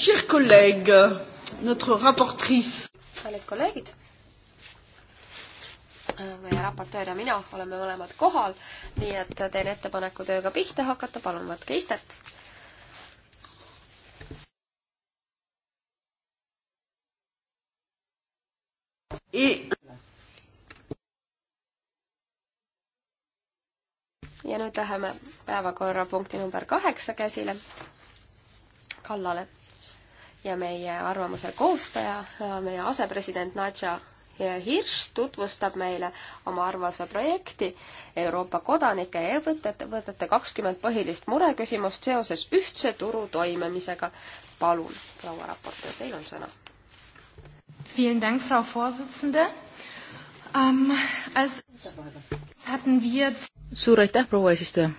Chers collègues, notre rapportrice. kallid kolleegid, meie raportöör ja mina oleme mõlemad kohal, nii et teen ettepaneku tööga pihta hakata, palun võtke istet. ja nüüd läheme päevakorrapunkti number kaheksa käsile kallale ja meie arvamuse koostaja, meie asepresident Nadja Hirš tutvustab meile oma arvamuse projekti Euroopa kodanike ja ettevõtete kakskümmend põhilist mureküsimust seoses ühtse turu toimimisega. palun, proua raportöör, teil on sõna. Vielen Dank, Frau Vorsitzende. Ähm, als hatten wir... Suur aitäh, proua eesistuja.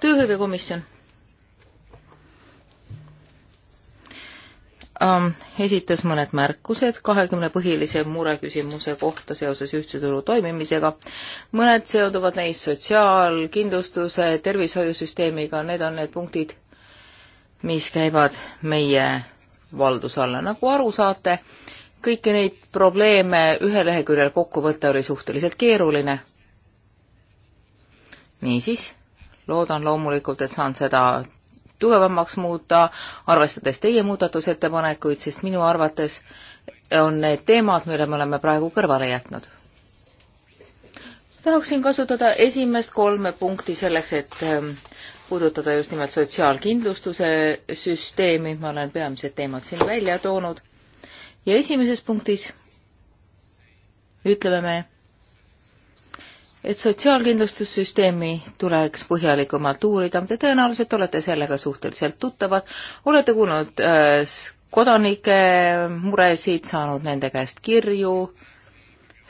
tööhõivekomisjon Ähm, esitas mõned märkused kahekümne põhilise mureküsimuse kohta seoses ühtse turu toimimisega. mõned seonduvad neist sotsiaalkindlustuse, tervishoiusüsteemiga, need on need punktid, mis käivad meie valduse alla, nagu aru saate, kõiki neid probleeme ühe leheküljel kokku võtta oli suhteliselt keeruline. niisiis, loodan loomulikult, et saan seda tugevamaks muuta, arvestades teie muudatusettepanekuid, sest minu arvates on need teemad, mille me oleme praegu kõrvale jätnud. tahaksin kasutada esimest kolme punkti selleks, et ähm, puudutada just nimelt sotsiaalkindlustuse süsteemi, ma olen peamised teemad siin välja toonud. ja esimeses punktis ütleme me, et sotsiaalkindlustussüsteemi tuleks põhjalikumalt uurida, te tõenäoliselt olete sellega suhteliselt tuttavad, olete kuulnud äh, kodanike muresid, saanud nende käest kirju,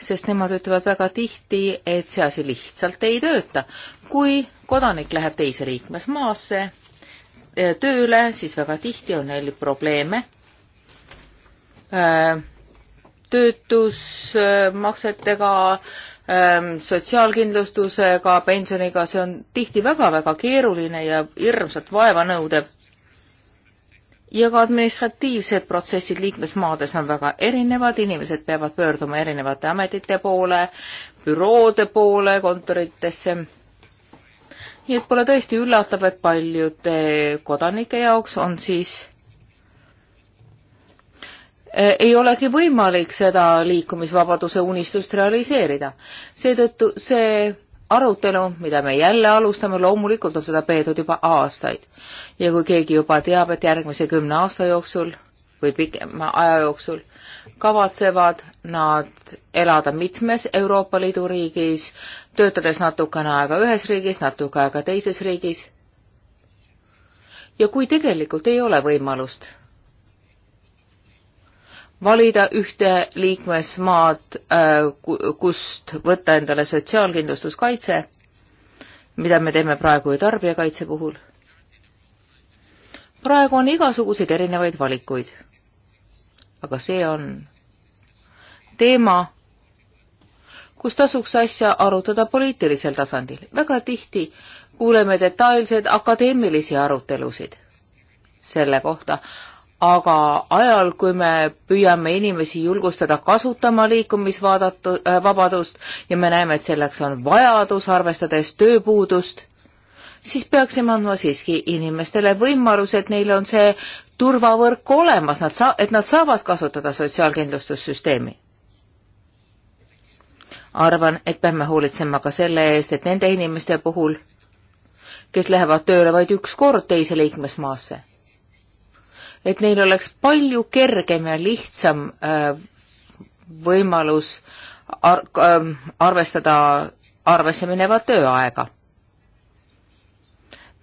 sest nemad ütlevad väga tihti, et see asi lihtsalt ei tööta. kui kodanik läheb teise liikmesmaasse äh, tööle, siis väga tihti on neil probleeme äh, töötusmaksetega, Ehm, sotsiaalkindlustusega, pensioniga, see on tihti väga-väga keeruline ja hirmsat vaeva nõudev. ja ka administratiivsed protsessid liikmesmaades on väga erinevad, inimesed peavad pöörduma erinevate ametite poole, büroode poole, kontoritesse, nii et pole tõesti üllatav, et paljude kodanike jaoks on siis Äh, ei olegi võimalik seda liikumisvabaduse unistust realiseerida. seetõttu see arutelu, mida me jälle alustame, loomulikult on seda peetud juba aastaid. ja kui keegi juba teab, et järgmise kümne aasta jooksul või pikema aja jooksul kavatsevad nad elada mitmes Euroopa Liidu riigis, töötades natukene aega ühes riigis, natuke aega teises riigis. ja kui tegelikult ei ole võimalust valida ühte liikmesmaad, äh, kust võtta endale sotsiaalkindlustuskaitse, mida me teeme praegu ju tarbijakaitse puhul. praegu on igasuguseid erinevaid valikuid. aga see on teema, kus tasuks asja arutada poliitilisel tasandil. väga tihti kuuleme detailseid akadeemilisi arutelusid selle kohta, aga ajal, kui me püüame inimesi julgustada kasutama liikumisvaadatu- äh,, vabadust ja me näeme, et selleks on vajadus, arvestades tööpuudust, siis peaksime andma siiski inimestele võimaluse, et neil on see turvavõrk olemas, nad saa-, et nad saavad kasutada sotsiaalkindlustussüsteemi. arvan, et peame hoolitsema ka selle eest, et nende inimeste puhul, kes lähevad tööle vaid üks kord teise liikmesmaasse et neil oleks palju kergem ja lihtsam äh, võimalus ar-, ähm, arvestada arvesse minevat tööaega.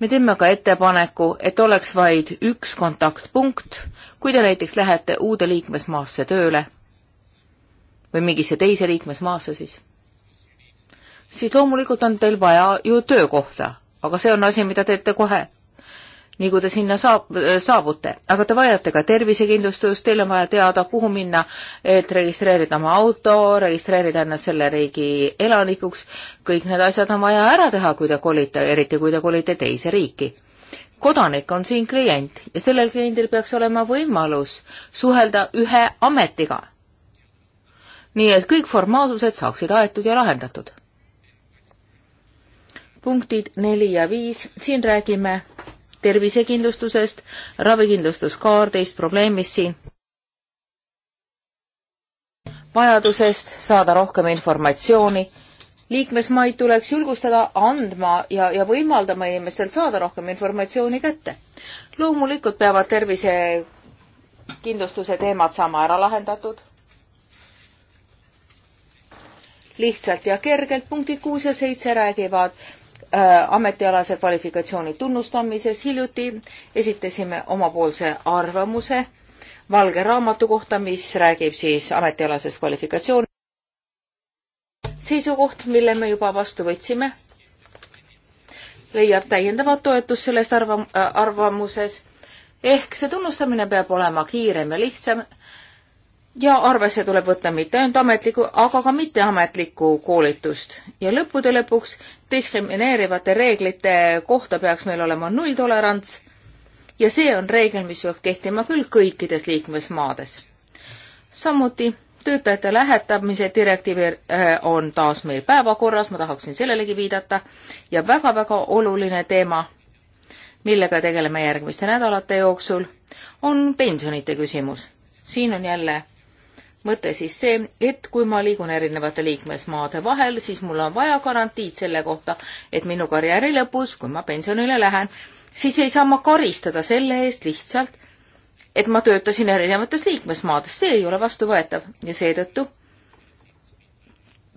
me teeme ka ettepaneku, et oleks vaid üks kontaktpunkt, kui te näiteks lähete uude liikmesmaasse tööle või mingisse teise liikmesmaasse siis, siis loomulikult on teil vaja ju töökohta, aga see on asi, mida teete kohe nii kui te sinna saab, saabute, aga te vajate ka tervisekindlustust, teil on vaja teada, kuhu minna, et registreerida oma auto, registreerida ennast selle riigi elanikuks, kõik need asjad on vaja ära teha, kui te kolite, eriti kui te kolite teise riiki. kodanik on siin klient ja sellel kliendil peaks olema võimalus suhelda ühe ametiga. nii et kõik formaalsused saaksid aetud ja lahendatud punktid neli ja viis, siin räägime tervisekindlustusest, ravikindlustuskaardist, probleemist siin, vajadusest saada rohkem informatsiooni, liikmesmaid tuleks julgustada andma ja, ja võimaldama inimestel saada rohkem informatsiooni kätte. loomulikult peavad tervisekindlustuse teemad saama ära lahendatud, lihtsalt ja kergelt punktid kuus ja seitse räägivad Äh, ametialase kvalifikatsiooni tunnustamises. hiljuti esitasime omapoolse arvamuse valge raamatu kohta, mis räägib siis ametialasest kvalifikatsiooni. seisukoht, mille me juba vastu võtsime, leiab täiendavat toetust sellest arvam-, äh, arvamuses ehk see tunnustamine peab olema kiirem ja lihtsam ja arvesse tuleb võtta mitte ainult ametlikku, aga ka mitteametlikku koolitust ja lõppude lõpuks diskrimineerivate reeglite kohta peaks meil olema nulltolerants ja see on reegel, mis peab kehtima küll kõikides liikmesmaades. samuti töötajate lähetamise direktiiv äh, on taas meil päevakorras, ma tahaksin sellelegi viidata ja väga-väga oluline teema, millega tegeleme järgmiste nädalate jooksul, on pensionite küsimus. siin on jälle mõte siis see, et kui ma liigun erinevate liikmesmaade vahel, siis mul on vaja garantiid selle kohta, et minu karjääri lõpus, kui ma pensionile lähen, siis ei saa ma karistada selle eest lihtsalt, et ma töötasin erinevates liikmesmaades, see ei ole vastuvõetav ja seetõttu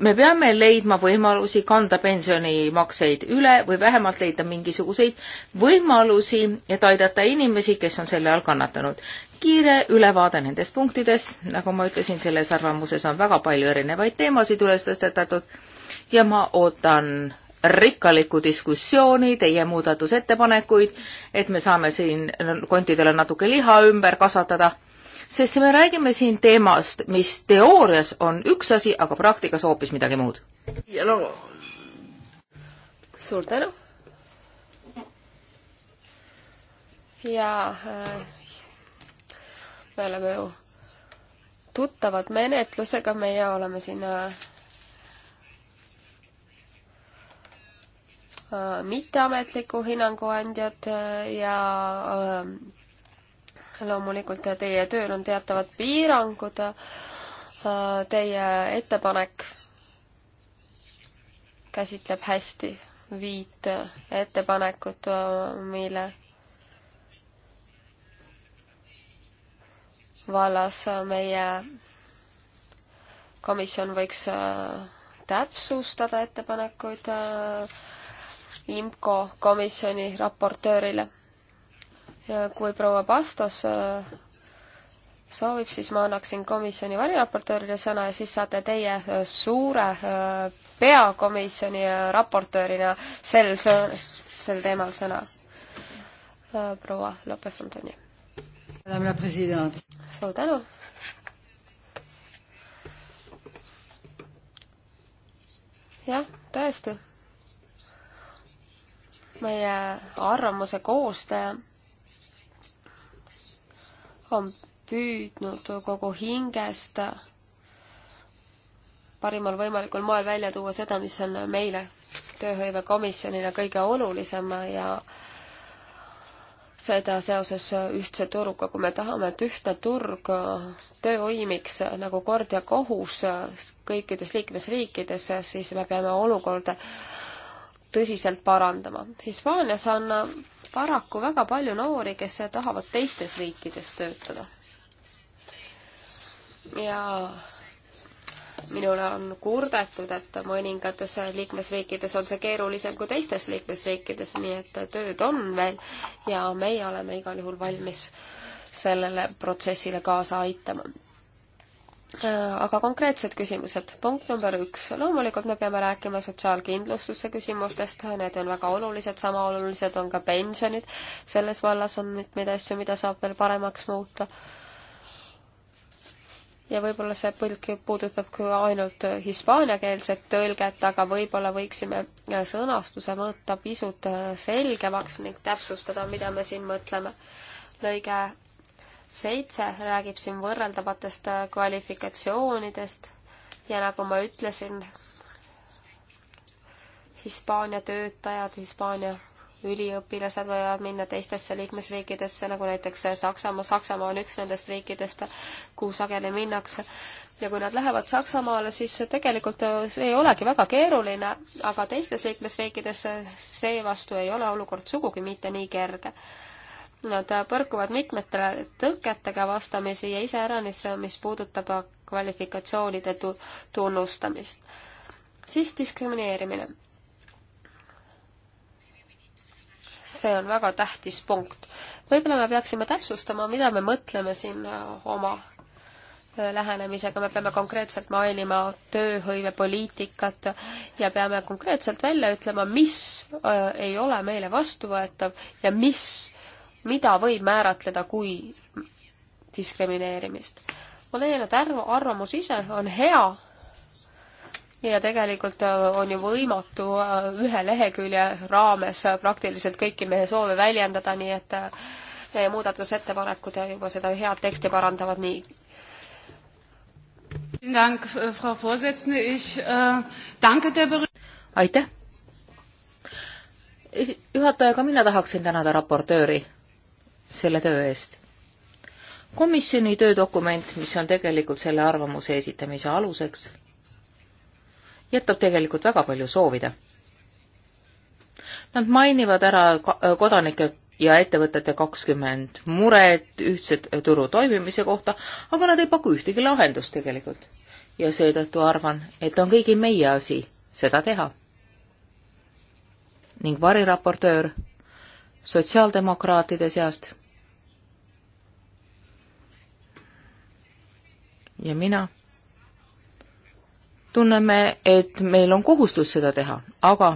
me peame leidma võimalusi kanda pensionimakseid üle või vähemalt leida mingisuguseid võimalusi, et aidata inimesi, kes on selle all kannatanud kiire ülevaade nendes punktides, nagu ma ütlesin, selles arvamuses on väga palju erinevaid teemasid üles tõstetatud ja ma ootan rikkalikku diskussiooni, teie muudatusettepanekuid, et me saame siin kontidele natuke liha ümber kasvatada, sest me räägime siin teemast, mis teoorias on üks asi, aga praktikas hoopis midagi muud. No. suur tänu! ja äh, me oleme ju tuttavad menetlusega, meie oleme siin äh, äh, mitteametliku hinnangu andjad äh, ja loomulikult teie tööl on teatavad piirangud. Teie ettepanek käsitleb hästi viit ettepanekut, mille vallas meie komisjon võiks äh, täpsustada ettepanekuid äh, IMCO komisjoni raportöörile. kui proua Pastos äh, soovib, siis ma annaksin komisjoni variraportöörile sõna ja siis saate teie suure peakomisjoni raportöörina sel, sel teemal sõna. proua Lope-Fontani suur tänu. jah, tõesti. meie arvamuse koostaja on püüdnud kogu hingest parimal võimalikul moel välja tuua seda, mis on meile, tööhõivekomisjonile kõige olulisem ja seda seoses ühtse turuga, kui me tahame, et ühtne turg toimiks nagu kord ja kohus kõikides liikmesriikides, siis me peame olukorda tõsiselt parandama. Hispaanias on paraku väga palju noori, kes tahavad teistes riikides töötada. ja minule on kurdetud, et mõningates liikmesriikides on see keerulisem kui teistes liikmesriikides, nii et tööd on veel ja meie oleme igal juhul valmis sellele protsessile kaasa aitama. Äh, aga konkreetsed küsimused. punkt number üks. loomulikult me peame rääkima sotsiaalkindlustuse küsimustest, need on väga olulised, sama olulised on ka pensionid. selles vallas on mitmeid asju, mida saab veel paremaks muuta ja võib-olla see põlk puudutab ka ainult hispaaniakeelset tõlget, aga võib-olla võiksime äh, sõnastuse mõõta pisut äh, selgemaks ning täpsustada, mida me siin mõtleme. lõige seitse räägib siin võrreldavatest äh, kvalifikatsioonidest ja nagu ma ütlesin, Hispaania töötajad, Hispaania üliõpilased võivad minna teistesse liikmesriikidesse, nagu näiteks Saksamaa, Saksamaa on üks nendest riikidest, kuhu sageli minnakse. ja kui nad lähevad Saksamaale, siis tegelikult see ei olegi väga keeruline, aga teistes liikmesriikides seevastu ei ole olukord sugugi mitte nii kerge. Nad põrkuvad mitmetele tõketega vastamisi ja iseäranis, mis puudutab kvalifikatsioonide tunnustamist. siis diskrimineerimine see on väga tähtis punkt. võib-olla me peaksime täpsustama, mida me mõtleme siin äh, oma äh, lähenemisega, me peame konkreetselt mainima tööhõivepoliitikat ja peame konkreetselt välja ütlema, mis äh, ei ole meile vastuvõetav ja mis, mida võib määratleda kui diskrimineerimist. ma leian, et arvamus ise on hea, ja tegelikult äh, on ju võimatu äh, ühe lehekülje raames äh, praktiliselt kõiki meie soove väljendada, nii et muudatusettepanekud ja juba seda head teksti parandavad nii. aitäh! juhataja, ka mina tahaksin tänada raportööri selle töö eest. komisjoni töödokument, mis on tegelikult selle arvamuse esitamise aluseks jätab tegelikult väga palju soovida. Nad mainivad ära kodanike ja ettevõtete kakskümmend muret ühtse turu toimimise kohta, aga nad ei paku ühtegi lahendust tegelikult. ja seetõttu arvan, et on kõigi meie asi seda teha. ning variraportöör sotsiaaldemokraatide seast ja mina tunneme, et meil on kohustus seda teha, aga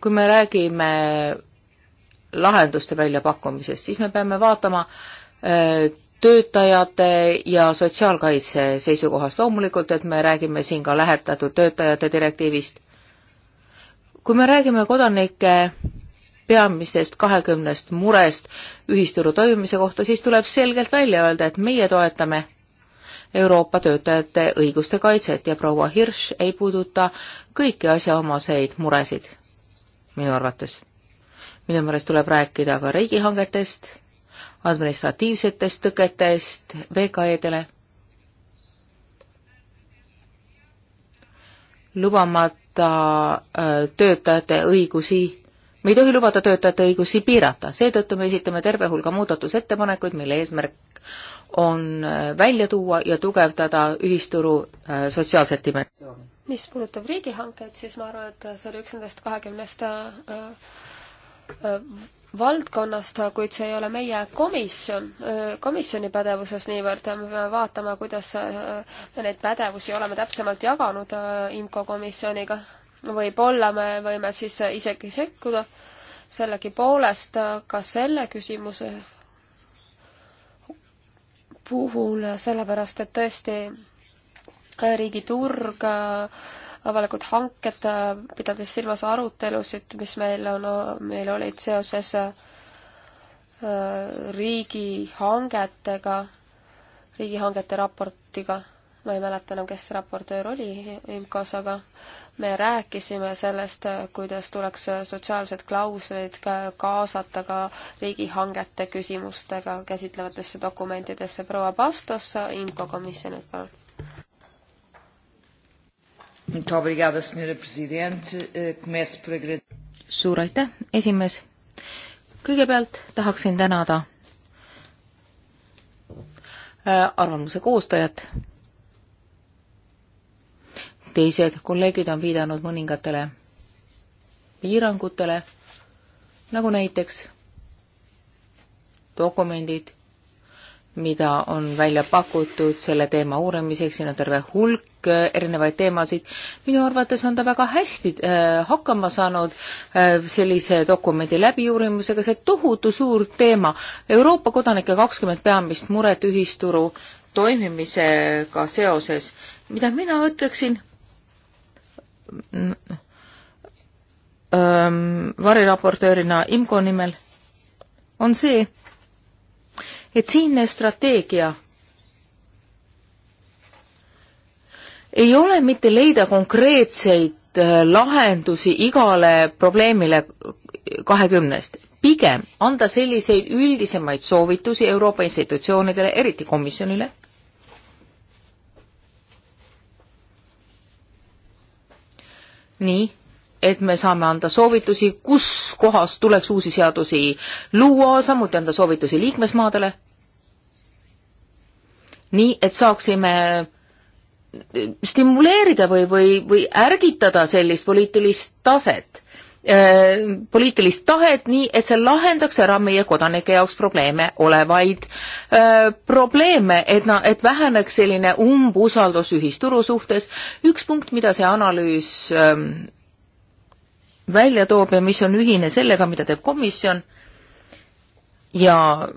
kui me räägime lahenduste väljapakkumisest, siis me peame vaatama äh, töötajate ja sotsiaalkaitse seisukohast loomulikult, et me räägime siin ka lähetatud töötajate direktiivist. kui me räägime kodanike peamistest kahekümnest murest ühisturu toimimise kohta, siis tuleb selgelt välja öelda, et meie toetame Euroopa töötajate õiguste kaitset ja proua Hirsch ei puuduta kõiki asjaomaseid muresid, minu arvates. minu meelest tuleb rääkida ka riigihangetest, administratiivsetest tõketest VKE-dele, lubamata äh, töötajate õigusi me ei tohi lubada töötajate õigusi piirata, seetõttu me esitame terve hulga muudatusettepanekuid, mille eesmärk on äh, välja tuua ja tugevdada ühisturu äh, sotsiaalset dimensiooni. mis puudutab riigihankeid, siis ma arvan, et see oli üks nendest kahekümnest äh, valdkonnast, kuid see ei ole meie komisjon, komisjoni pädevuses niivõrd, me peame vaatama, kuidas me neid pädevusi oleme täpsemalt jaganud IMCO komisjoniga. võib-olla me võime siis isegi sekkuda sellegipoolest ka selle küsimuse puhul, sellepärast et tõesti riigi turg, avalikud hanked, pidades silmas arutelusid, mis meil on, meil olid seoses äh, riigihangetega, riigihangete raportiga ma ei mäleta enam, kes raportöör oli IMCO-s, aga me rääkisime sellest, kuidas tuleks sotsiaalsed klauslid ka kaasata ka riigihangete küsimustega käsitlevatesse dokumentidesse. proua Pastos, IMCO komisjonilt, palun. Eh, suur aitäh, esimees. kõigepealt tahaksin tänada äh, arvamuse koostajat teised kolleegid on viidanud mõningatele piirangutele, nagu näiteks dokumendid, mida on välja pakutud selle teema uurimiseks, siin on terve hulk äh, erinevaid teemasid. minu arvates on ta väga hästi äh, hakkama saanud äh, sellise dokumendi läbiuurimisega, see tohutu suur teema, Euroopa kodanike kakskümmend peamist muret ühisturu toimimisega seoses, mida mina ütleksin variraportöörina IMCO nimel, on see, et siinne strateegia ei ole mitte leida konkreetseid lahendusi igale probleemile kahekümnest, pigem anda selliseid üldisemaid soovitusi Euroopa institutsioonidele, eriti komisjonile, nii et me saame anda soovitusi, kus kohas tuleks uusi seadusi luua, samuti anda soovitusi liikmesmaadele. nii et saaksime stimuleerida või, või, või ärgitada sellist poliitilist taset poliitilist tahet, nii et see lahendaks ära meie kodanike jaoks probleeme olevaid öö, probleeme, et na-, et väheneks selline umbusaldus ühisturu suhtes. üks punkt, mida see analüüs öö, välja toob ja mis on ühine sellega, mida teeb komisjon ja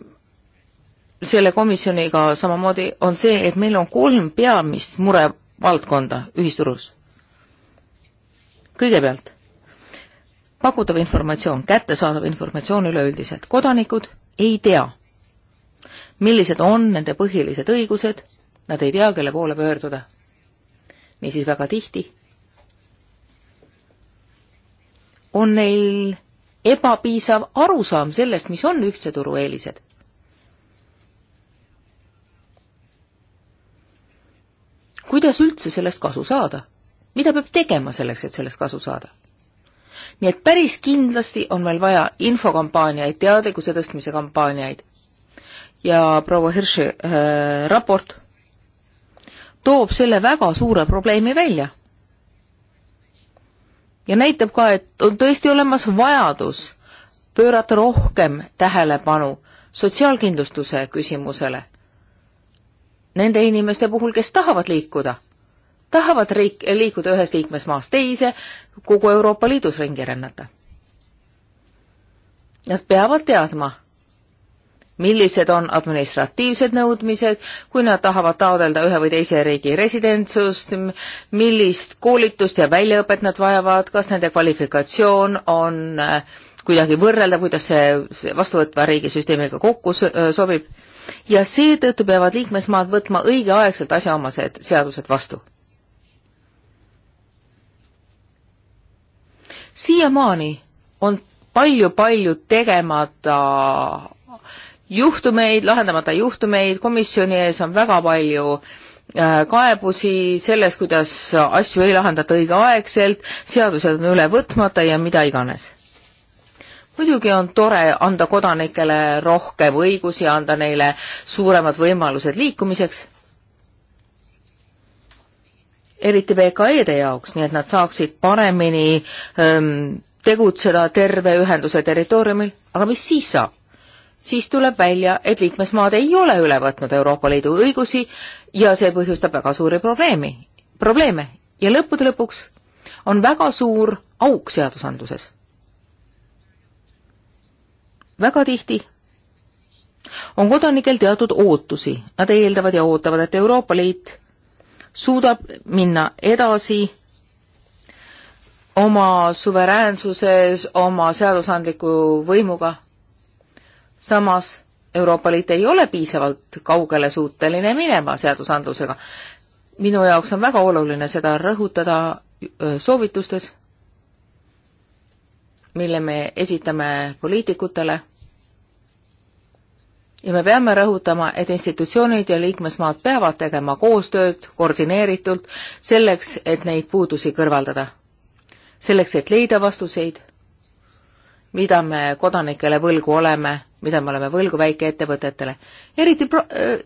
selle komisjoniga samamoodi, on see, et meil on kolm peamist murevaldkonda ühisturus. kõigepealt pakutav informatsioon, kättesaadav informatsioon üleüldiselt. kodanikud ei tea, millised on nende põhilised õigused, nad ei tea, kelle poole pöörduda. niisiis väga tihti on neil ebapiisav arusaam sellest, mis on ühtse turu eelised. kuidas üldse sellest kasu saada? mida peab tegema selleks, et sellest kasu saada? nii et päris kindlasti on meil vaja infokampaaniaid, teadlikkuse tõstmise kampaaniaid. ja proua Hirši äh, raport toob selle väga suure probleemi välja. ja näitab ka, et on tõesti olemas vajadus pöörata rohkem tähelepanu sotsiaalkindlustuse küsimusele nende inimeste puhul, kes tahavad liikuda tahavad riik, liikuda ühest liikmesmaast teise, kogu Euroopa Liidus ringi rännata. Nad peavad teadma, millised on administratiivsed nõudmised, kui nad tahavad taodelda ühe või teise riigi residentsust, millist koolitust ja väljaõpet nad vajavad, kas nende kvalifikatsioon on äh, kuidagi võrrelda, kuidas see vastuvõtva riigi süsteemiga kokku äh, sobib ja seetõttu peavad liikmesmaad võtma õigeaegselt asjaomased seadused vastu siiamaani on palju-palju tegemata juhtumeid, lahendamata juhtumeid, komisjoni ees on väga palju äh, kaebusi selles, kuidas asju ei lahendata õigeaegselt, seadused on üle võtmata ja mida iganes. muidugi on tore anda kodanikele rohkem õigusi, anda neile suuremad võimalused liikumiseks, eriti VKE-de jaoks, nii et nad saaksid paremini ähm, tegutseda terve ühenduse territooriumil, aga mis siis saab? siis tuleb välja, et liikmesmaad ei ole üle võtnud Euroopa Liidu õigusi ja see põhjustab väga suuri probleemi, probleeme ja lõppude lõpuks on väga suur auk seadusandluses. väga tihti on kodanikel teatud ootusi, nad eeldavad ja ootavad, et Euroopa Liit suudab minna edasi oma suveräänsuses, oma seadusandliku võimuga. samas Euroopa Liit ei ole piisavalt kaugele suuteline minema seadusandlusega. minu jaoks on väga oluline seda rõhutada soovitustes, mille me esitame poliitikutele ja me peame rõhutama, et institutsioonid ja liikmesmaad peavad tegema koostööd koordineeritult selleks, et neid puudusi kõrvaldada. selleks, et leida vastuseid, mida me kodanikele võlgu oleme, mida me oleme võlgu väikeettevõtetele, eriti pro-, äh,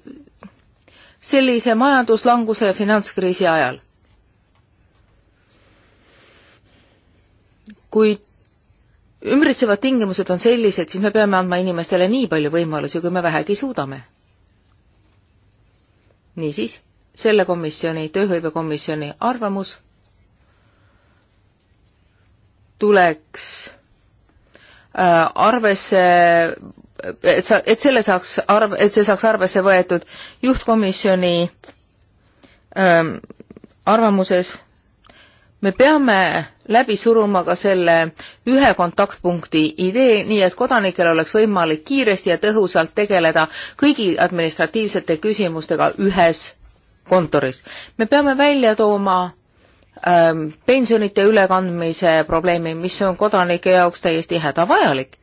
sellise majanduslanguse ja finantskriisi ajal. kuid ümbritsevad tingimused on sellised, siis me peame andma inimestele nii palju võimalusi, kui me vähegi suudame. niisiis, selle komisjoni, tööhõivekomisjoni arvamus tuleks äh, arvesse, et selle saaks arv, et see saaks arvesse võetud juhtkomisjoni ähm, arvamuses me peame läbi suruma ka selle ühe kontaktpunkti idee, nii et kodanikel oleks võimalik kiiresti ja tõhusalt tegeleda kõigi administratiivsete küsimustega ühes kontoris. me peame välja tooma ähm, pensionite ülekandmise probleemi, mis on kodanike jaoks täiesti hädavajalik,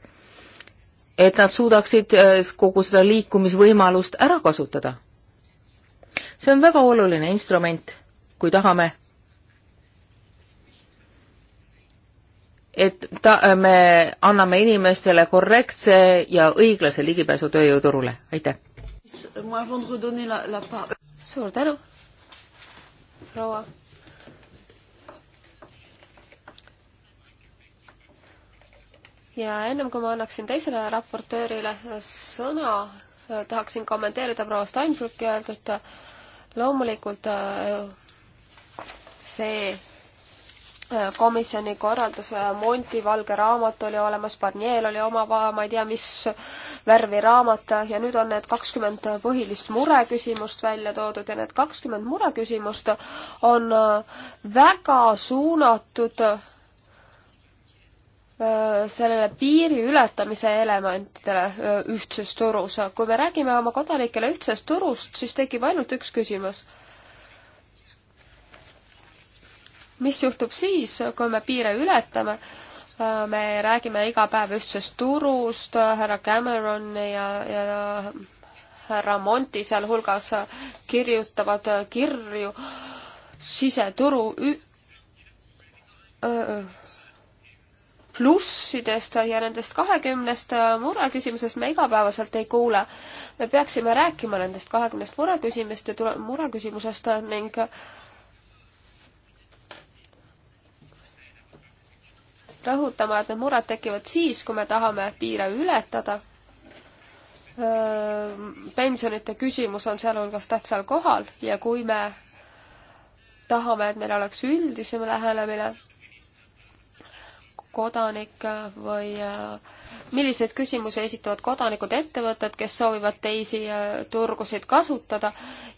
et nad suudaksid äh, kogu seda liikumisvõimalust ära kasutada. see on väga oluline instrument, kui tahame et ta, me anname inimestele korrektse ja õiglase ligipääsu tööjõuturule, aitäh! suur tänu, proua! ja ennem kui ma annaksin teisele raportöörile sõna, tahaksin kommenteerida proua Steinbrücki öeldut, loomulikult äh, see komisjoni korraldus, äh, Monti valge raamat oli olemas, Barnier oli oma, ma ei tea, mis värvi raamat ja nüüd on need kakskümmend põhilist mureküsimust välja toodud ja need kakskümmend mureküsimust on äh, väga suunatud äh, sellele piiri ületamise elementidele ühtses turus. kui me räägime oma kodanikele ühtsest turust, siis tekib ainult üks küsimus mis juhtub siis, kui me piire ületame? Äh, me räägime iga päev ühtsest turust, härra Cameron ja, ja härra Monti sealhulgas kirjutavad kirju siseturu ü-, öö, plussidest ja nendest kahekümnest mureküsimusest me igapäevaselt ei kuule. me peaksime rääkima nendest kahekümnest mureküsimust ja tule-, mureküsimusest ning äh, rõhutama, et need mured tekivad siis, kui me tahame piire ületada. pensionite küsimus on sealhulgas tähtsal kohal ja kui me tahame, et meil oleks üldisem lähenemine, kodanik või milliseid küsimusi esitavad kodanikud, ettevõtted, kes soovivad teisi turgusid kasutada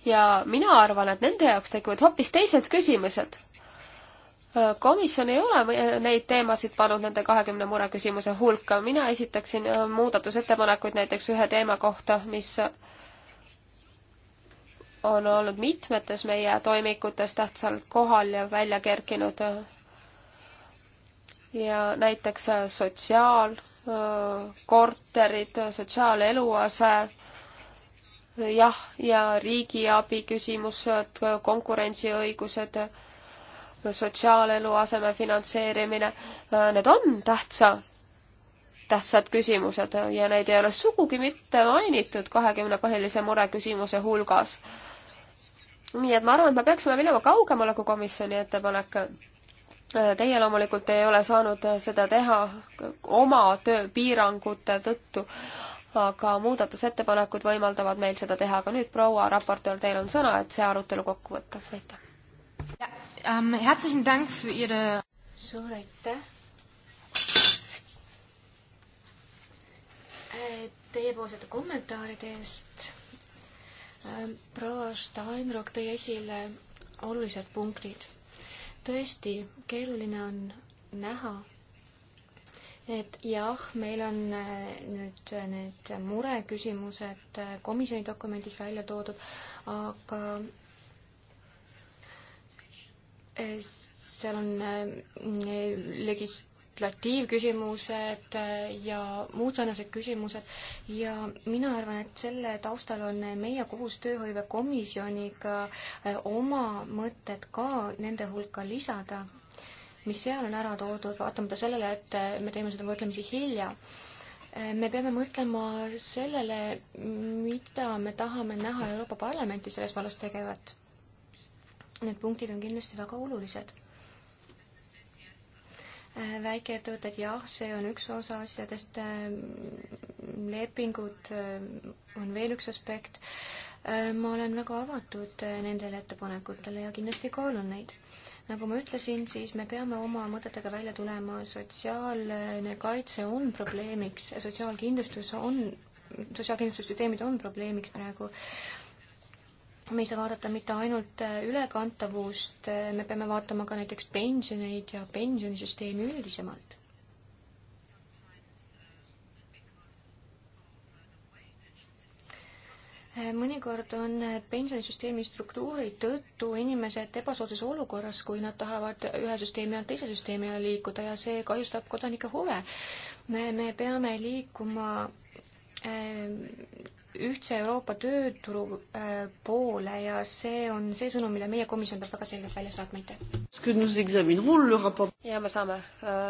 ja mina arvan, et nende jaoks tekivad hoopis teised küsimused komisjon ei ole neid teemasid pannud nende kahekümne mureküsimuse hulka, mina esitaksin äh, muudatusettepanekuid näiteks ühe teema kohta, mis on olnud mitmetes meie toimikutes tähtsal kohal ja välja kerkinud. ja näiteks äh, sotsiaalkorterid, äh, sotsiaaleluase, jah, ja riigiabi küsimused, konkurentsiõigused sotsiaalelu aseme finantseerimine, äh, need on tähtsa, tähtsad küsimused ja neid ei ole sugugi mitte mainitud kahekümne põhilise mureküsimuse hulgas. nii et ma arvan, et me peaksime minema kaugemale kui komisjoni ettepanek. Äh, teie loomulikult ei ole saanud seda teha oma tööpiirangute tõttu, aga muudatusettepanekud võimaldavad meil seda teha ka nüüd, proua raportöör, teil on sõna, et see arutelu kokku võtta, aitäh! Ähm, suur aitäh. Äh, teiepoolsete kommentaaride eest. Ähm, proua Steinrock tõi esile olulised punktid. tõesti, keeruline on näha, et jah, meil on äh, nüüd äh, need mureküsimused komisjoni dokumendis välja toodud, aga Äh, seal on äh, legislatiivküsimused äh, ja muud sarnased küsimused ja mina arvan, et selle taustal on meie kohus tööhõivekomisjoniga oma mõtted ka nende hulka lisada, mis seal on ära toodud, vaatamata sellele, et me teeme seda võrdlemisi hilja me peame mõtlema sellele, mida me tahame näha Euroopa Parlamenti selles vallas tegevat Need punktid on kindlasti väga olulised. Äh, väikeettevõtted, jah, see on üks osa asjadest, äh, lepingud äh, on veel üks aspekt. ma olen väga avatud nendele ettepanekutele ja kindlasti kaalun neid nagu ma ütlesin, siis me peame oma mõtetega välja tulema, sotsiaalne kaitse on probleemiks, sotsiaalkindlustus on, sotsiaalkindlustussüsteemid on probleemiks praegu me ei saa vaadata mitte ainult äh, ülekantavust, äh, me peame vaatama ka näiteks pensioneid ja pensionisüsteemi üldisemalt. Äh, mõnikord on pensionisüsteemi struktuuri tõttu inimesed ebasoodsas olukorras, kui nad tahavad ühe süsteemi alt teise süsteemi alla liikuda ja see kahjustab kodanike huve. me peame liikuma ühtse Euroopa tööturu äh, poole ja see on see sõnum, mille meie komisjon peab väga selgelt välja saatma, aitäh. ja me saame äh,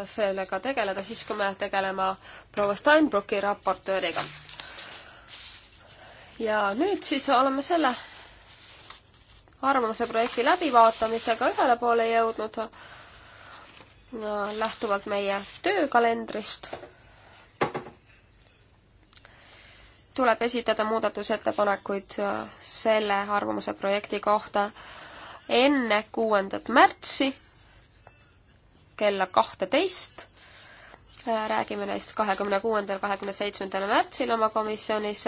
sellega tegeleda siis, kui me tegeleme proua Steinbrocki raportööriga. ja nüüd siis oleme selle arvamuse projekti läbivaatamisega ühele poole jõudnud no, äh, lähtuvalt meie töökalendrist tuleb esitada muudatusettepanekuid äh, selle arvamuse projekti kohta enne kuuendat märtsi kella kahteteist. Äh, räägime neist kahekümne kuuendal, kahekümne seitsmendal märtsil oma komisjonis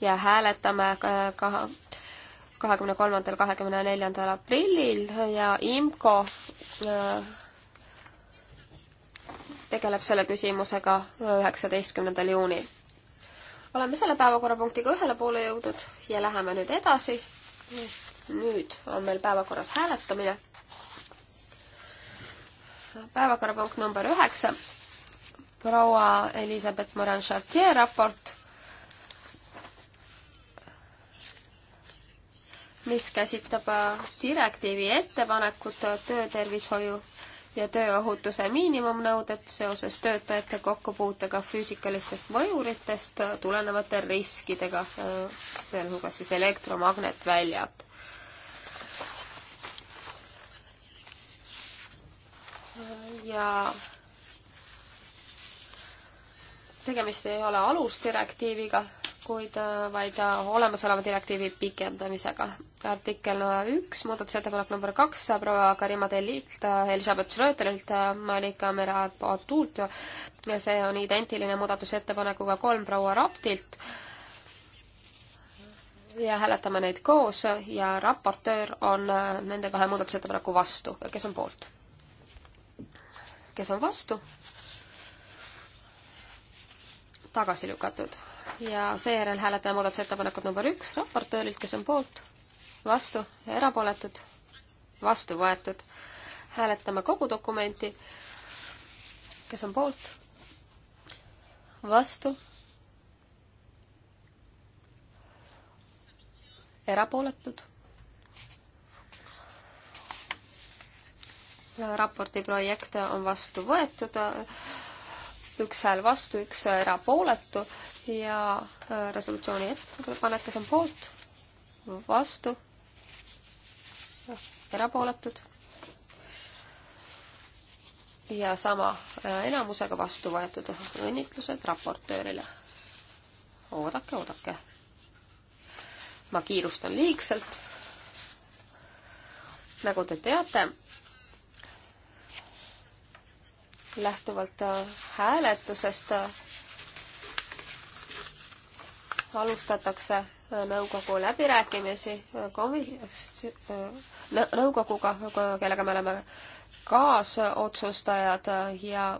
ja hääletame ka kahekümne kolmandal, kahekümne neljandal aprillil ja IMCO äh, tegeleb selle küsimusega üheksateistkümnendal juunil oleme selle päevakorrapunktiga ühele poole jõudnud ja läheme nüüd edasi. nüüd on meil päevakorras hääletamine. päevakorrapunkt number üheksa, proua Elizabeth Morin-Chartier raport, mis käsitleb direktiivi ettepanekut töötervishoiu ja tööohutuse miinimumnõuded seoses töötajate kokkupuutega füüsikalistest mõjuritest tulenevate riskidega, sealhulgas siis elektromagnetväljad. ja tegemist ei ole alusdirektiiviga, kuid vaid äh, olemasoleva direktiivi pikendamisega. artikkel üks, muudatusettepanek number kaks, proua Karima Tellilt, Elizabeth Schröderilt, Monika Mera-Atult ja see on identiline muudatusettepanekuga kolm proua Raptilt. ja hääletame neid koos ja raportöör on äh, nende kahe muudatusettepaneku vastu. kes on poolt? kes on vastu? tagasi lükatud ja seejärel hääletame muudatusettepanekut number üks raportöörilt, kes on poolt, vastu ja erapooletud, vastu võetud. hääletame kogu dokumenti, kes on poolt, vastu, erapooletud. raporti projekt on vastu võetud, üks hääl vastu, üks erapooletu ja äh, resolutsiooni ettepanek, kes on poolt, vastu, erapooletud ja sama äh, enamusega vastu võetud õnnitlused raportöörile. oodake, oodake. ma kiirustan liigselt. nagu te teate, lähtuvalt äh, hääletusest alustatakse äh, nõukogu läbirääkimisi äh, komi-, äh, nõukoguga, kellega me oleme kaasotsustajad ja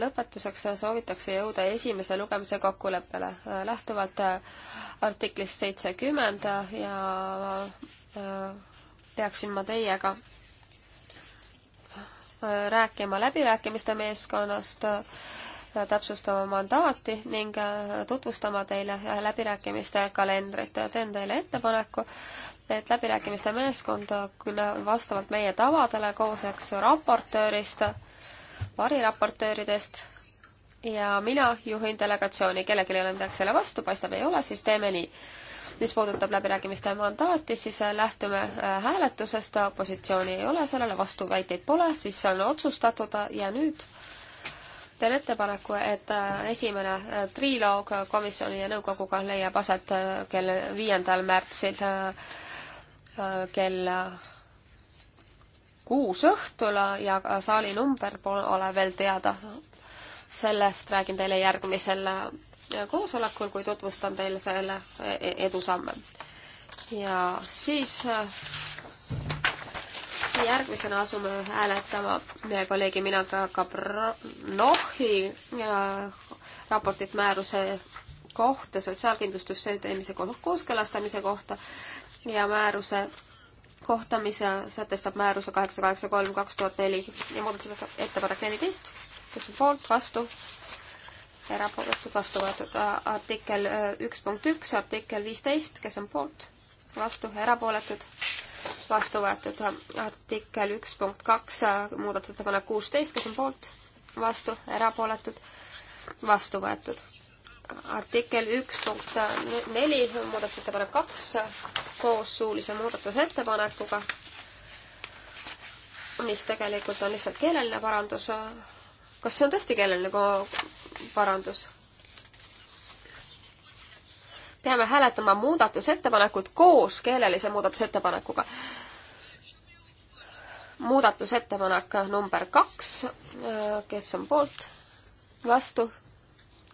lõpetuseks soovitakse jõuda esimese lugemise kokkuleppele lähtuvalt artiklist seitsekümmend ja peaksin ma teiega rääkima läbirääkimiste meeskonnast, täpsustama mandaati ning tutvustama teile läbirääkimiste kalendrit. teen teile ettepaneku, et läbirääkimiste meeskond küll vastavalt meie tavadele koosneks raportöörist, variraportööridest ja mina juhin delegatsiooni. kellelgi ei ole midagi selle vastu, paistab ei ole, siis teeme nii mis puudutab läbirääkimiste mandaati, siis äh, lähtume äh, hääletusest, opositsiooni ei ole, sellele vastuväiteid pole, siis on otsustatud äh, ja nüüd teen ettepaneku, et esimene triloog komisjoni ja nõukoguga leiab aset kell viiendal märtsil kell kuus õhtul ja saali number pole veel teada. sellest räägin teile järgmisel koosolekul, kui tutvustan teile selle e-, e-, edusamme. ja siis äh, järgmisena asume hääletama meie kolleegi Minaka Kabrnohhi äh, raportit määruse kohta, sotsiaalkindlustussüsteemise kooskõlastamise kohta ja määruse kohta, mis äh, sätestab määruse kaheksa, kaheksa, kolm, kaks tuhat neli ja muudatusettepanek neliteist, kes on poolt, vastu, erapooletud vastu võetud äh, artikkel äh, üks punkt üks, artikkel viisteist, kes on poolt, vastu, erapooletud, vastu võetud artikkel üks punkt kaks, äh, muudatusettepanek kuusteist, kes on poolt, vastu, erapooletud, vastu võetud. artikkel üks punkt neli, muudatusettepanek kaks, koos suulise muudatusettepanekuga, mis tegelikult on lihtsalt keeleline parandus kas see on tõesti keeleline parandus? peame hääletama muudatusettepanekut koos keelelise muudatusettepanekuga. muudatusettepanek number kaks, äh, kes on poolt, vastu,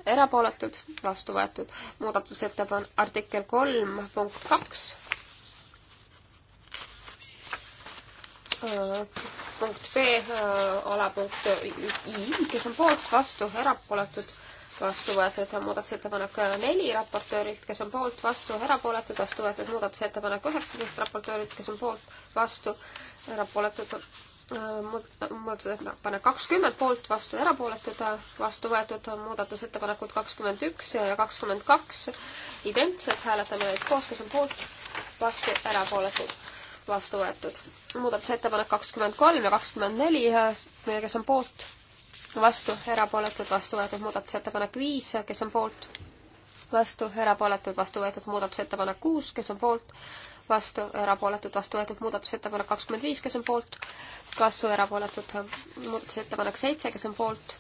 erapooletud, vastu võetud. muudatusettepanek artikkel kolm punkt kaks äh, punkt B äh, alapunkt I, kes on poolt, vastu, erapooletud, vastu võetud muudatusettepanek äh, neli raportöörilt, kes on poolt, vastu, erapooletud, vastu võetud muudatusettepanek üheksateist raportöörilt, kes on poolt, vastu, erapooletud äh, muudatusettepanek kakskümmend poolt, vastu erapooletud, vastu võetud muudatusettepanekud kakskümmend üks ja kakskümmend kaks identsed, hääletame neid koos, kes on poolt, vastu erapooletud vastu võetud. muudatusettepanek kakskümmend kolm ja kakskümmend neli, eh, kes on poolt, vastu, erapooletud, vastu võetud. muudatusettepanek viis, kes on poolt, vastu, erapooletud, vastu võetud. muudatusettepanek kuus, kes on poolt, vastu, erapooletud, vastu võetud. muudatusettepanek kakskümmend viis, kes on poolt, vastu, erapooletud. muudatusettepanek seitse, kes on poolt,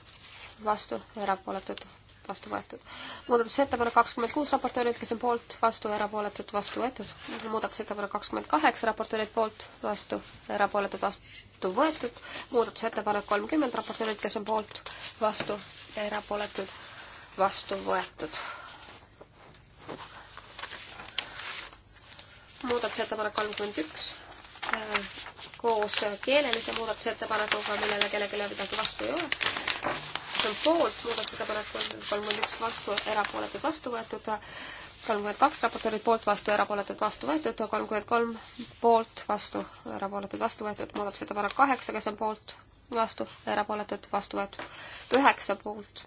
vastu, erapooletud, vastu võetud. muudatusettepanek kakskümmend kuus raportöörilt, kes on poolt, vastu, erapooletud, vastu võetud. muudatusettepanek kakskümmend kaheksa raportöörilt poolt, vastu, erapooletud, vastu võetud. muudatusettepanek kolmkümmend raportöörilt, kes on poolt, vastu, erapooletud, vastu võetud. muudatusettepanek kolmkümmend üks äh, koos keelelise muudatusettepanekuga, millele kellelgi midagi vastu ei ole on poolt, muudatusettepanek kolmkümmend üks vastu, erapooletud vastu võetud, kolmkümmend kaks raportööri poolt vastu, erapooletud vastu võetud, kolmkümmend kolm poolt vastu, erapooletud vastu võetud, muudatusettepanek kaheksa, kes on poolt, vastu, erapooletud vastu võetud, üheksa poolt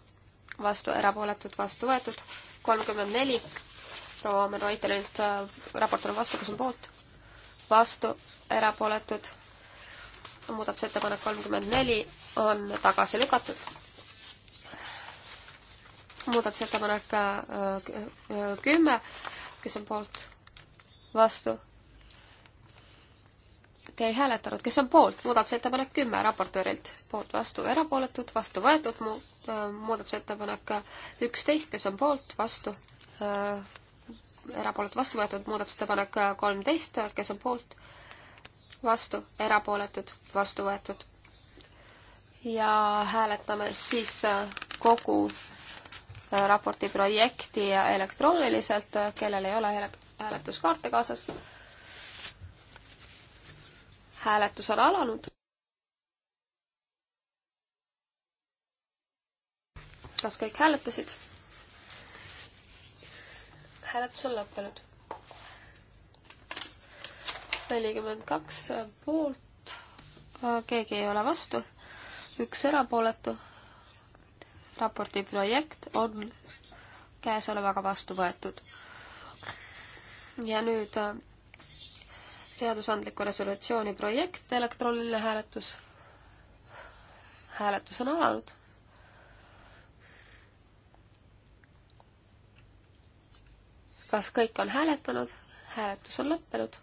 vastu, erapooletud vastu võetud, kolmkümmend neli proua Omen Reutelilt äh, raport on vastu, kas on poolt? vastu, erapooletud muudatusettepanek kolmkümmend neli on tagasi lükatud muudatusettepanek äh, äh, kümme, kes on poolt, vastu? Te ei hääletanud, kes on poolt, muudatusettepanek kümme raportöörilt, poolt, vastu, erapooletud, vastu võetud mu,, äh, muudatusettepanek üksteist, kes on poolt, vastu, erapooletud, vastu võetud, muudatusettepanek kolmteist, kes on poolt, vastu, erapooletud, vastu võetud ja hääletame siis kogu Äh, raporti projekti elektrooniliselt, äh, kellel ei ole hääletuskaarte kaasas. hääletus on alanud. kas kõik hääletasid? hääletus on lõppenud. nelikümmend kaks poolt, äh, keegi ei ole vastu, üks erapooletu raporti projekt on käesolevaga vastu võetud. ja nüüd äh, seadusandliku resolutsiooni projekt, elektrooniline hääletus. hääletus on alanud. kas kõik on hääletanud? hääletus on lõppenud.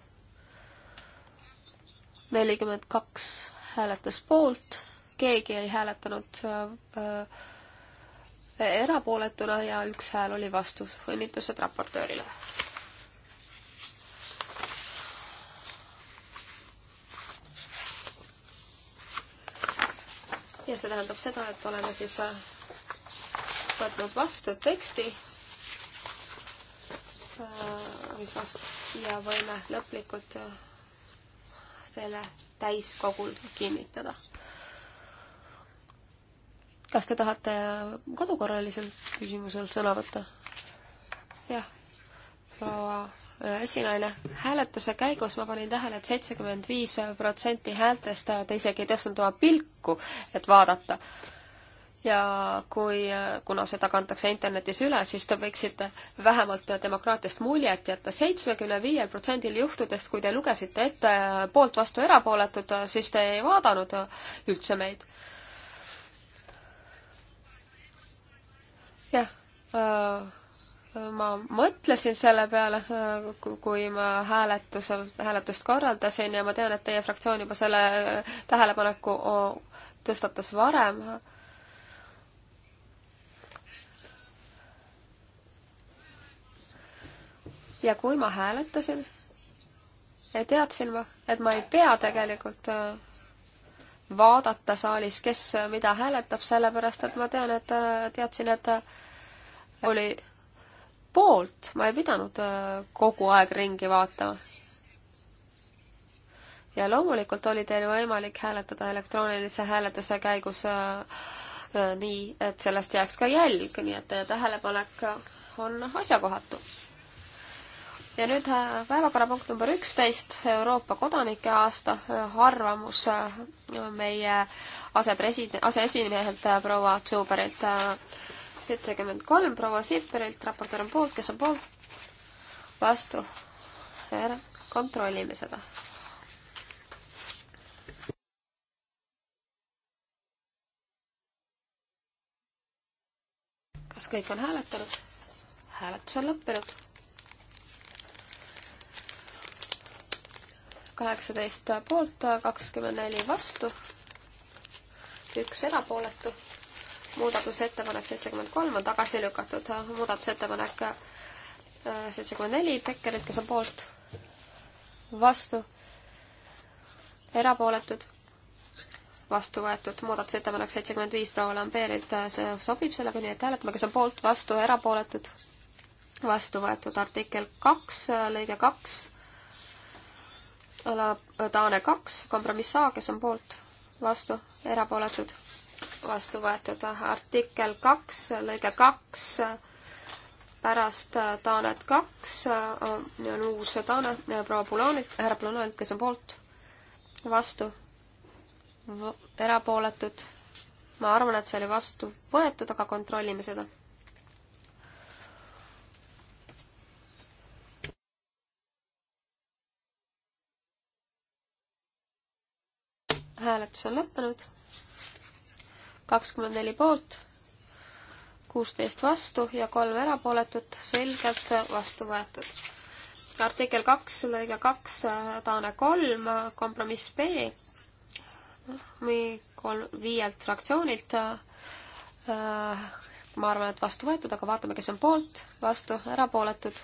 nelikümmend kaks hääletas poolt, keegi ei hääletanud äh, äh erapooletuna ja üks hääl oli vastu. õnnitlused raportöörile. ja see tähendab seda, et oleme siis võtnud vastu teksti, äh, mis vastu ja võime lõplikult selle täiskogul kinnitada kas te tahate kodukorralisel küsimusel sõna võtta? jah, proua äh, esinaine, hääletuse käigus ma panin tähele et, et seitsekümmend viis protsenti häältest äh, ta isegi ei tõstnud oma pilku, et vaadata. ja kui, äh, kuna seda kantakse internetis üle, siis te võiksite vähemalt demokraatiast muljet jätta. seitsmekümne viiel protsendil juhtudest, kui te lugesite ette poolt vastu erapooletut, siis te ei vaadanud üldse meid jah äh,, ma mõtlesin selle peale, äh, kui ma hääletuse, hääletust korraldasin ja ma tean, et teie fraktsioon juba selle äh, tähelepaneku tõstatas varem ja kui ma hääletasin, teadsin ma, et ma ei pea tegelikult äh, vaadata saalis, kes mida hääletab, sellepärast et ma tean, et teadsin, et oli poolt, ma ei pidanud äh, kogu aeg ringi vaatama. ja loomulikult oli teil võimalik hääletada elektroonilise hääletuse käigus äh, äh, nii, et sellest jääks ka jälg, nii et teie tähelepanek on asjakohatu. ja nüüd päevakorrapunkt number üksteist, Euroopa kodanike aasta arvamus meie asepresident, aseesimehelt proua Zuberilt seitsekümmend kolm proua Sipperilt, raportöör on poolt, kes on poolt? vastu. kontrollime seda. kas kõik on hääletanud? hääletus on lõppenud. kaheksateist poolt, kakskümmend neli vastu, üks erapooletu muudatusettepanek seitsekümmend kolm on tagasi lükatud, muudatusettepanek äh, seitsekümmend neli, Beckerilt, kes on poolt, vastu, erapooletud, vastu võetud, muudatusettepanek seitsekümmend viis proua Lamberilt, see sobib sellega, nii et hääletame, kes on poolt, vastu, erapooletud, vastu võetud, artikkel kaks, lõige kaks, ala, Taane kaks, kompromiss A, kes on poolt, vastu, erapooletud vastu võetud. artikkel kaks, lõige kaks, pärast taanet kaks on uus taane proua Pulaanilt, härra Pulaanilt, kes on poolt, vastu, erapooletud. ma arvan, et see oli vastu võetud, aga kontrollime seda hääletus on lõppenud kakskümmend neli poolt, kuusteist vastu ja kolm erapooletut, selgelt vastu võetud. artikkel kaks, lõige kaks, taane kolm, kompromiss B, kolm, viielt fraktsioonilt äh, ma arvan, et vastu võetud, aga vaatame, kes on poolt, vastu, erapooletud,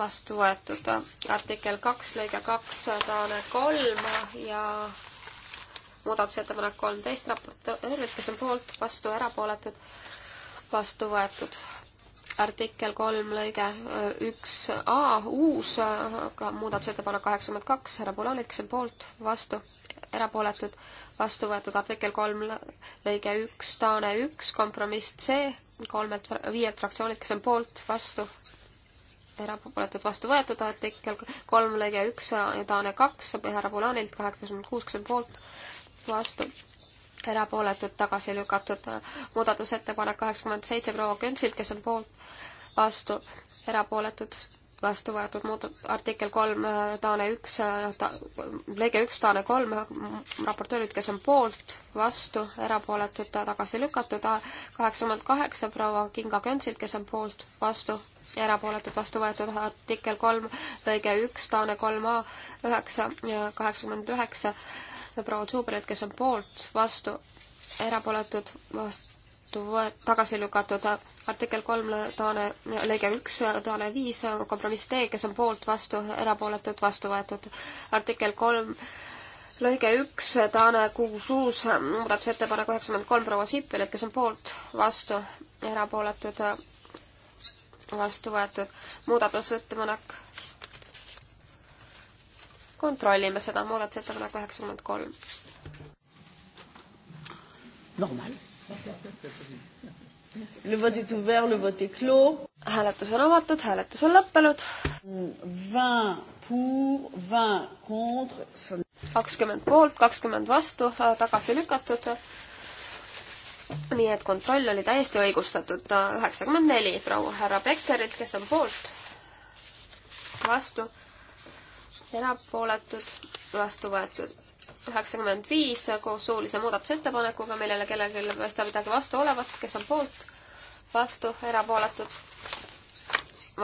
vastu võetud. artikkel kaks, lõige kaks, taane kolm ja muudatusettepanek kolmteist, raportöörid, kes on poolt, vastu, erapooletud, vastu võetud. artikkel kolm lõige üks A, uus muudatusettepanek kaheksakümmend kaks, härra Pulanit, kes on poolt, vastu, erapooletud, vastu võetud. artikkel kolm lõige üks, Taane üks, kompromiss C, kolmelt, viielt fraktsioonilt, kes on poolt, vastu, erapooletud vastu võetud artikkel kolm lõige üks ja Taane kaks, härra Pulanilt kaheksakümmend kuus, kes on poolt, vastu, erapooletud, tagasi lükatud. muudatusettepanek kaheksakümmend seitse proua Köntsilt, kes on poolt, vastu, erapooletud, vastu võetud muud-, artikkel kolm, äh, taane üks äh, ta,, lõige üks, taane kolm, äh, raportöörid, kes on poolt, vastu, erapooletud, tagasi lükatud, kaheksakümmend kaheksa proua Kinga Köntsilt, kes on poolt, vastu, erapooletud vastu võetud artikkel kolm, lõige üks, Taane kolm A üheksa ja kaheksakümmend üheksa proua Zuberit, kes on poolt, vastu, erapooletud, vastu, tagasi lükatud. artikkel kolm, taane, lõige üks, taane viis, kompromiss D, kes on poolt, vastu, erapooletud, vastu võetud. artikkel kolm, lõige üks, Taane kuus-kuus, muudatusettepanek üheksakümmend kolm, proua Sippel, et kes on poolt, vastu, erapooletud, vastu võetud. muudatusettepanek kontrollime seda, muudatusettepanek üheksakümmend kolm. normaal. Le vote est ouvert, le vote est clos. hääletus on avatud, hääletus on lõppenud. kakskümmend poolt, kakskümmend vastu, äh, tagasi lükatud. nii et kontroll oli täiesti õigustatud. Äh, üheksakümmend neli proua härra Beckerilt, kes on poolt, vastu erapooletud, vastu võetud. üheksakümmend viis koos suulise muudatusettepanekuga, millele kellelgi ei paista midagi vastu olevat, kes on poolt, vastu, erapooletud,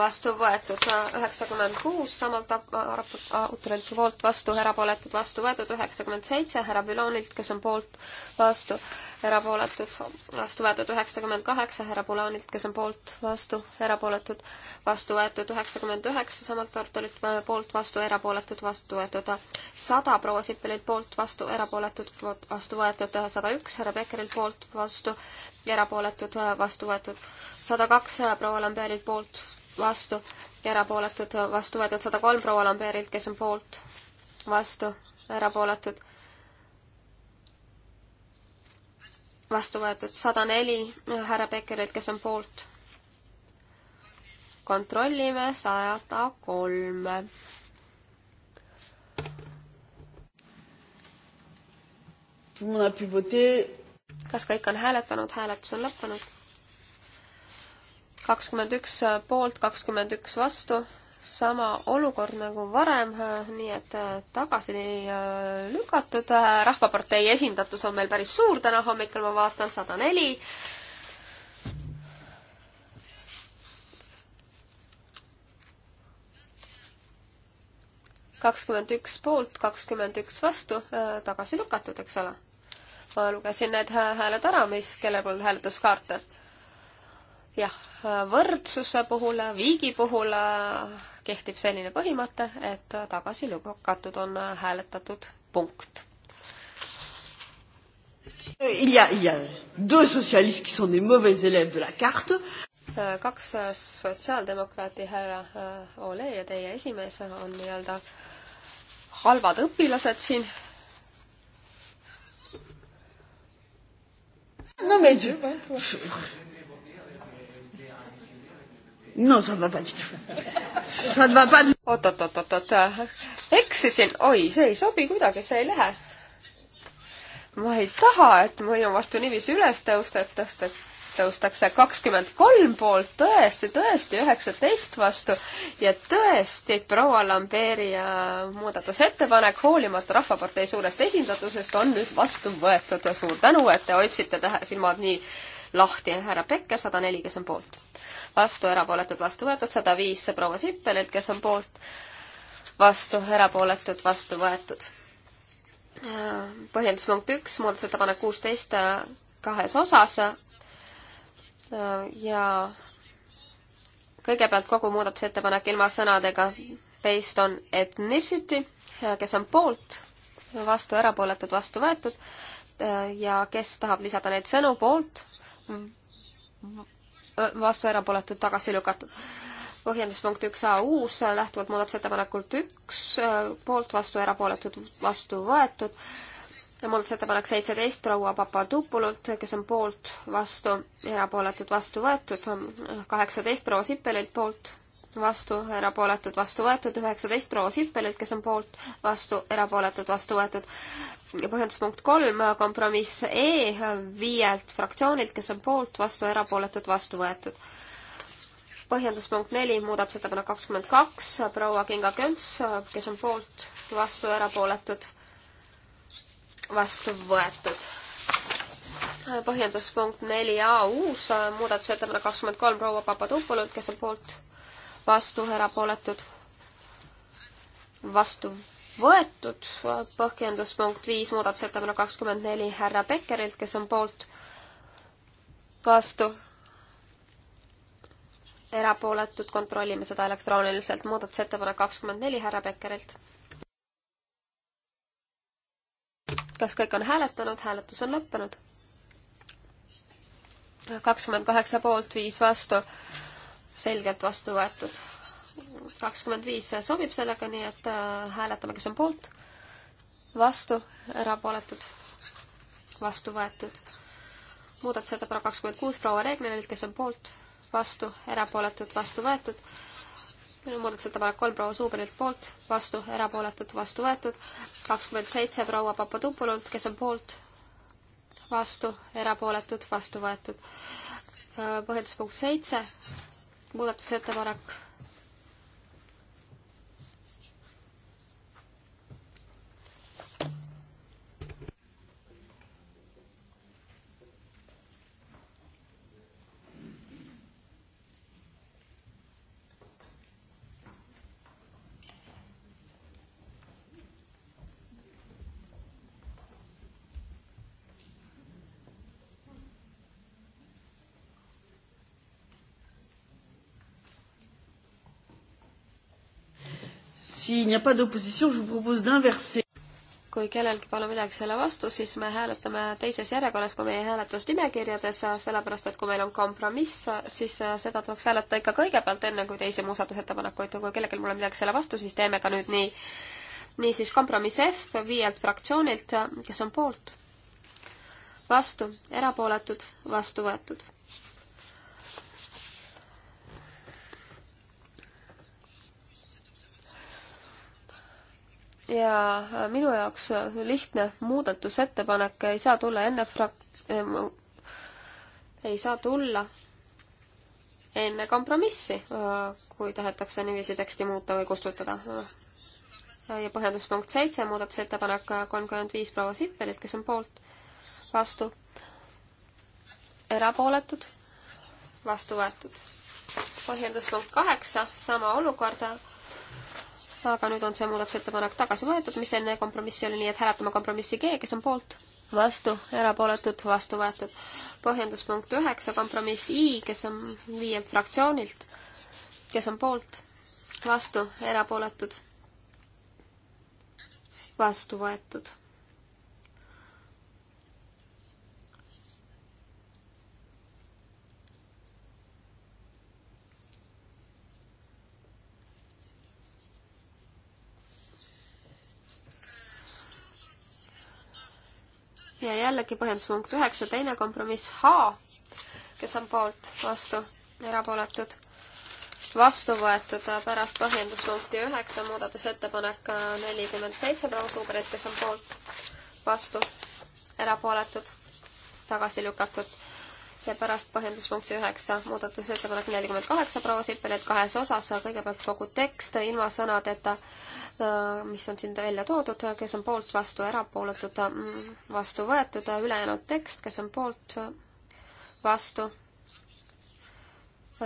vastu võetud. üheksakümmend kuus samalt autorilt poolt, vastu, erapooletud, vastu võetud. üheksakümmend seitse härra Bülonilt, kes on poolt, vastu erapooletud, vastu võetud üheksakümmend kaheksa härra Pulaanilt, kes on poolt, vastu, erapooletud, vastu võetud üheksakümmend üheksa, samalt autorilt äh, poolt, vastu, erapooletud, vastu võetud sada proua Sippelilt poolt, vastu, erapooletud, vastu võetud sada üks härra Beckerilt poolt, vastu, erapooletud, vastu võetud sada kaks proua Lamberilt poolt, vastu, erapooletud, vastu võetud sada kolm proua Lamberilt, kes on poolt, vastu, erapooletud vastu võetud sada neli härra Beckerilt, kes on poolt. kontrollime sada kolme. kas kõik on hääletanud, hääletus on lõppenud? kakskümmend üks poolt, kakskümmend üks vastu sama olukord nagu varem, nii et äh, tagasi äh, lükatud. rahvapartei esindatus on meil päris suur täna hommikul, ma vaatan, sada neli. kakskümmend üks poolt, kakskümmend üks vastu, äh, tagasi lükatud, eks ole. ma lugesin need hääled ära, mis, kelle poolt hääletuskaarte jah, võrdsuse puhul, viigi puhul kehtib selline põhimõte, et tagasi lükatud on hääletatud punkt. Il y a, il y a deux socialistes qui sont des mauvais élèves de la carte kaks sotsiaaldemokraati, härra äh, Ole ja teie esimees on nii-öelda halvad õpilased siin. no meil no ça va pas du tout. Ça ne va pas du tout. oot, oot, oot, oot, oot. eksisin, oi, see ei sobi kuidagi, see ei lähe. ma ei taha, et minu vastu niiviisi üles tõustetest, et tõustakse kakskümmend kolm poolt, tõesti, tõesti, üheksateist vastu ja tõesti, proua Lamberi äh, muudatusettepanek hoolimata Rahvapartei suurest esindatusest on nüüd vastu võetud ja suur tänu, et te hoidsite tähe, silmad nii lahti härra Pekker, sada neli, kes on poolt. vastu, erapooletud, vastu võetud, sada viis proua Sippelilt, kes on poolt. vastu, erapooletud, vastu võetud. põhjendus punkt üks, muudatusettepanek kuusteist äh, kahes osas. Äh, ja kõigepealt kogu muudatusettepanek ilma sõnadega based on ethnicity, äh, kes on poolt, vastu erapooletud, vastu võetud ja kes tahab lisada neid sõnu poolt, Mm. vastu erapooletud tagasi lükatud. põhjendus punkt üks A uus lähtuvalt muudatusettepanekult üks poolt vastu erapooletud vastu võetud. muudatusettepanek seitseteist proua Papadopolult, kes on poolt vastu erapooletud vastu võetud. kaheksateist proua Sippelilt poolt vastu, erapooletud, vastu võetud, üheksateist proua Sippelilt, kes on poolt, vastu, erapooletud, vastu võetud, põhjenduspunkt kolm, kompromiss E viielt fraktsioonilt, kes on poolt, vastu, erapooletud, vastu võetud. põhjenduspunkt neli, muudatusettepanek kakskümmend kaks, proua Kinga Könts, kes on poolt, vastu, erapooletud, vastu võetud. põhjenduspunkt neli A uus, muudatusettepanek kakskümmend kolm, proua Papadopolult, kes on poolt, vastu, erapooletud, vastu võetud, põhjenduspunkt viis, muudatusettepanek kakskümmend neli härra Beckerilt, kes on poolt, vastu, erapooletud, kontrollime seda elektrooniliselt, muudatusettepanek kakskümmend neli härra Beckerilt. kas kõik on hääletanud, hääletus on lõppenud? kakskümmend kaheksa poolt, viis vastu, selgelt vastu võetud kakskümmend viis sobib sellega, nii et äh, hääletame, kes on poolt, vastu, erapooletud, vastu võetud. muudatusettepanek kakskümmend kuus proua Regnerilt, kes on poolt, vastu, erapooletud, vastu võetud. muudatusettepanek kolm proua Suuberilt poolt, vastu, erapooletud, vastu võetud. kakskümmend seitse proua Papadopolult, kes on poolt, vastu, erapooletud, vastu võetud. põhjenduspunkt seitse, muudatusettepanek S'il n'y a pas d'opposition, je vous propose d'inverser. kui kellelgi pole midagi selle vastu, siis me hääletame teises järjekorras kui meie hääletusnimekirjades, sellepärast et kui meil on kompromiss, siis seda tuleks hääletada ikka kõigepealt, enne kui teisi muudatusettepanekuid, kui kellelgi pole midagi selle vastu, siis teeme ka nüüd nii. niisiis kompromiss F viielt fraktsioonilt, kes on poolt? vastu, erapooletud, vastu võetud ja äh, minu jaoks äh, lihtne muudatusettepanek ei saa tulla enne frak-, ähm, ei saa tulla enne kompromissi, äh, kui tahetakse niiviisi teksti muuta või kustutada. ja põhjenduspunkt seitse, muudatusettepanek kolmkümmend viis proua Sippelilt, kes on poolt, vastu, erapooletud, vastu võetud. põhjenduspunkt kaheksa, sama olukorda aga nüüd on see muudatusettepanek tagasi võetud, mis enne kompromissi oli, nii et hääletame kompromissi G, kes on poolt, vastu, erapooletud, vastu võetud. põhjendus punkt üheksa, kompromiss I, kes on viielt fraktsioonilt, kes on poolt, vastu, erapooletud, vastu võetud ja jällegi põhjenduspunkt üheksa, teine kompromiss H, kes on poolt, vastu, erapooletud, vastu võetud pärast põhjenduspunkti üheksa, muudatusettepanek nelikümmend seitse, proua Suuberit, kes on poolt, vastu, erapooletud, tagasi lükatud ja pärast põhjenduspunkti üheksa muudatusettepanek nelikümmend kaheksa proua Sippelilt kahes osas, kõigepealt kogu tekst ilma sõnadeta, äh, mis on siin välja toodud, kes on poolt, vastu, erapooletud, mm, vastu võetud, ülejäänud tekst, kes on poolt, vastu,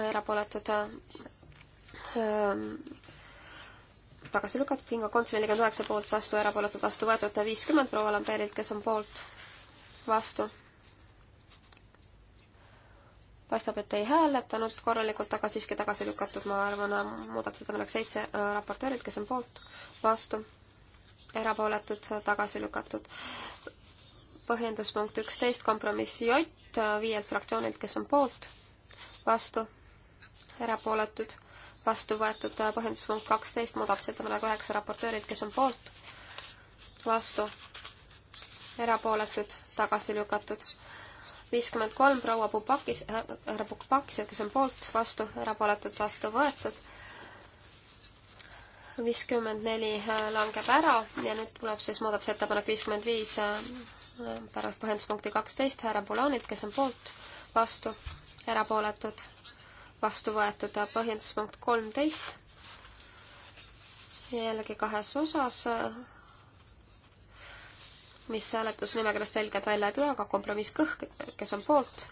erapooletud, äh, tagasi lükatud, Kingo Konts nelikümmend üheksa poolt, vastu, erapooletud, vastu võetud, viiskümmend proua Lamberilt, kes on poolt, vastu paistab, et ei hääletanud korralikult, aga siiski tagasi lükatud, ma arvan, muudatusettepanek seitse äh, raportöörid, kes on poolt, vastu, erapooletud, tagasi lükatud. põhjendus punkt üksteist, kompromiss J viielt fraktsioonilt, kes on poolt, vastu, erapooletud, vastu võetud põhjendus punkt kaksteist, muudatusettepanek üheksa raportöörilt, kes on poolt, vastu, erapooletud, tagasi lükatud viiskümmend kolm proua Pupakis, härra Pupakis, kes on poolt, vastu, erapooletud, vastu võetud. viiskümmend neli äh, langeb ära ja nüüd tuleb siis muudatusettepanek viiskümmend viis äh, pärast põhjenduspunkti kaksteist härra Pulaanilt, kes on poolt, vastu, erapooletud, vastu võetud äh, põhjenduspunkt kolmteist. jällegi kahes osas, mis hääletusnimekirjast selgelt välja ei tule, aga kompromiss kõh, kes on poolt,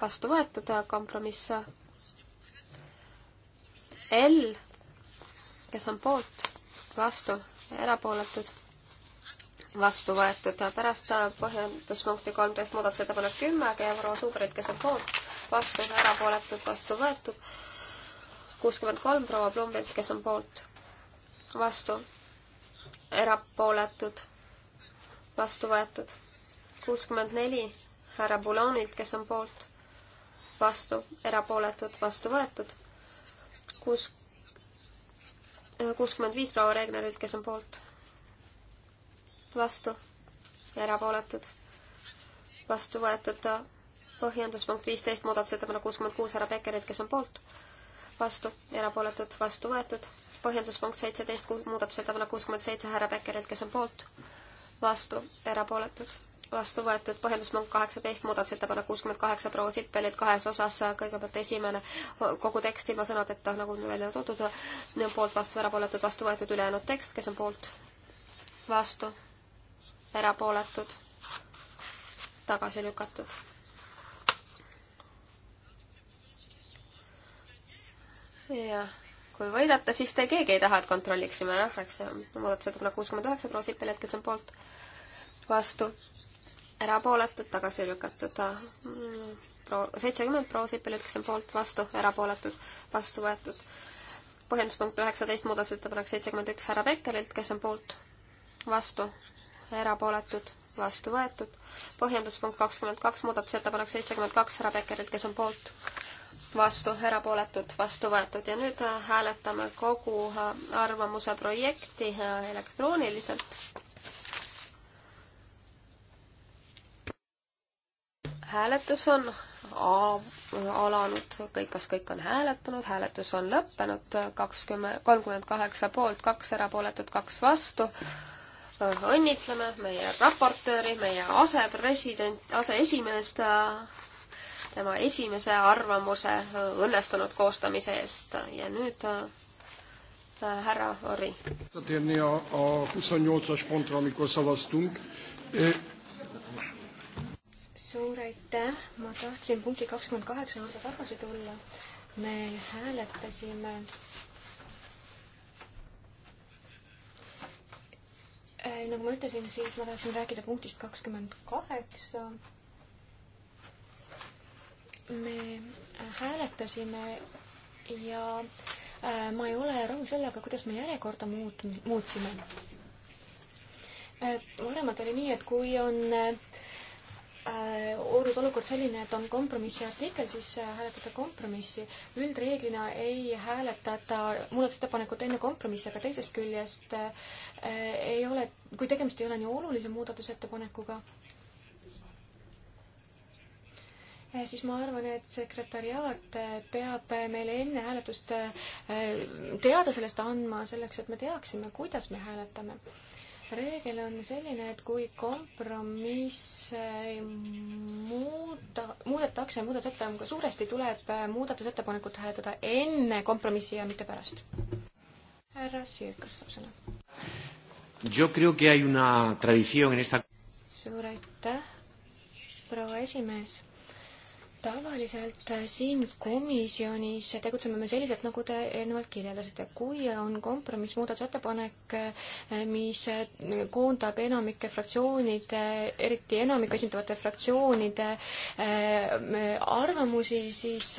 vastu võetud, kompromiss L, kes on poolt, vastu, erapooletud, vastu võetud. pärast põhjenduspunkti kolmteist muudatusettepanek kümme, Kevro Suubrit, kes on poolt, vastu, erapooletud, vastu võetud. kuuskümmend kolm, proua Plumbilt, kes on poolt, vastu, erapooletud vastu võetud. kuuskümmend neli härra Bulanilt, kes on poolt, vastu, erapooletud, vastu võetud. kuus, kuuskümmend viis proua Regnerilt, kes on poolt, vastu, erapooletud, vastu võetud. põhjenduspunkt viisteist, muudatusettepanek kuuskümmend kuus härra Beckerilt, kes on poolt, vastu, erapooletud, vastu võetud. põhjenduspunkt seitseteist, muudatusettepanek kuuskümmend seitse härra Beckerilt, kes on poolt vastu, erapooletud, vastu võetud, põhjenduspunkt kaheksateist, muudatusettepanek kuuskümmend kaheksa, proua Sippelid kahes osas, kõigepealt esimene, kogu tekst ilma sõnadeta, nagu välja toodud, poolt, vastu, erapooletud, vastu võetud, ülejäänud tekst, kes on poolt, vastu, erapooletud, tagasi lükatud. jah kui võidate, siis te keegi ei taha, et kontrolliksime, jah, eks muudatusettepanek kuuskümmend üheksa, Kroosipillet, kes on poolt, vastu, erapooletud, tagasi lükatud. Pro-, seitsekümmend Kroosipillet, kes on poolt, vastu, erapooletud, vastu võetud. põhjenduspunkt üheksateist, muudatusettepanek seitsekümmend üks härra Bekkerilt, kes on poolt, vastu, erapooletud, vastu võetud. põhjenduspunkt kakskümmend kaks, muudatusettepanek seitsekümmend kaks härra Bekkerilt, kes on poolt, vastu, erapooletud, vastu võetud ja nüüd äh, hääletame kogu äh, arvamuse projekti äh, elektrooniliselt. hääletus on alanud, kõik, kas kõik on hääletanud, hääletus on lõppenud, kakskümmend, kolmkümmend kaheksa poolt, kaks erapooletut, kaks vastu. õnnitleme meie raportööri, meie asepresident, aseesimeest tema esimese arvamuse äh, õnnestunud koostamise eest ja nüüd äh, äh, härra Orri. suur aitäh, ma tahtsin punkti kakskümmend kaheksa juurde tagasi tulla. me hääletasime nagu ma ütlesin, siis ma tahaksin rääkida punktist kakskümmend kaheksa me äh, hääletasime ja äh, ma ei ole rahul sellega, kuidas me järjekorda muut-, muutsime. varemalt oli nii, et kui on äh, olnud olukord selline, et on kompromissi artikkel, siis hääletada kompromissi. üldreeglina ei hääletata muudatusettepanekut enne kompromissi, aga teisest küljest ei ole, kui tegemist ei ole nii olulise muudatusettepanekuga, Eh, siis ma arvan, et sekretariaat eh, peab eh, meile enne hääletust teada sellest andma, selleks et me teaksime, kuidas me hääletame. reegel on selline, et kui kompromiss muuda, muudetakse, muudatusettepanekuga suuresti tuleb muudatusettepanekut hääletada enne kompromissi ja mitte pärast. härra Siir, kas saab sõna? Yo creo que hay una tradición en esta... suur aitäh, proua esimees tavaliselt äh, siin komisjonis tegutseme me selliselt, nagu te eelnevalt kirjeldasite, kui on kompromiss, muudatusettepanek, äh, mis äh, koondab enamike fraktsioonide, eriti enamike esindavate fraktsioonide arvamusi, siis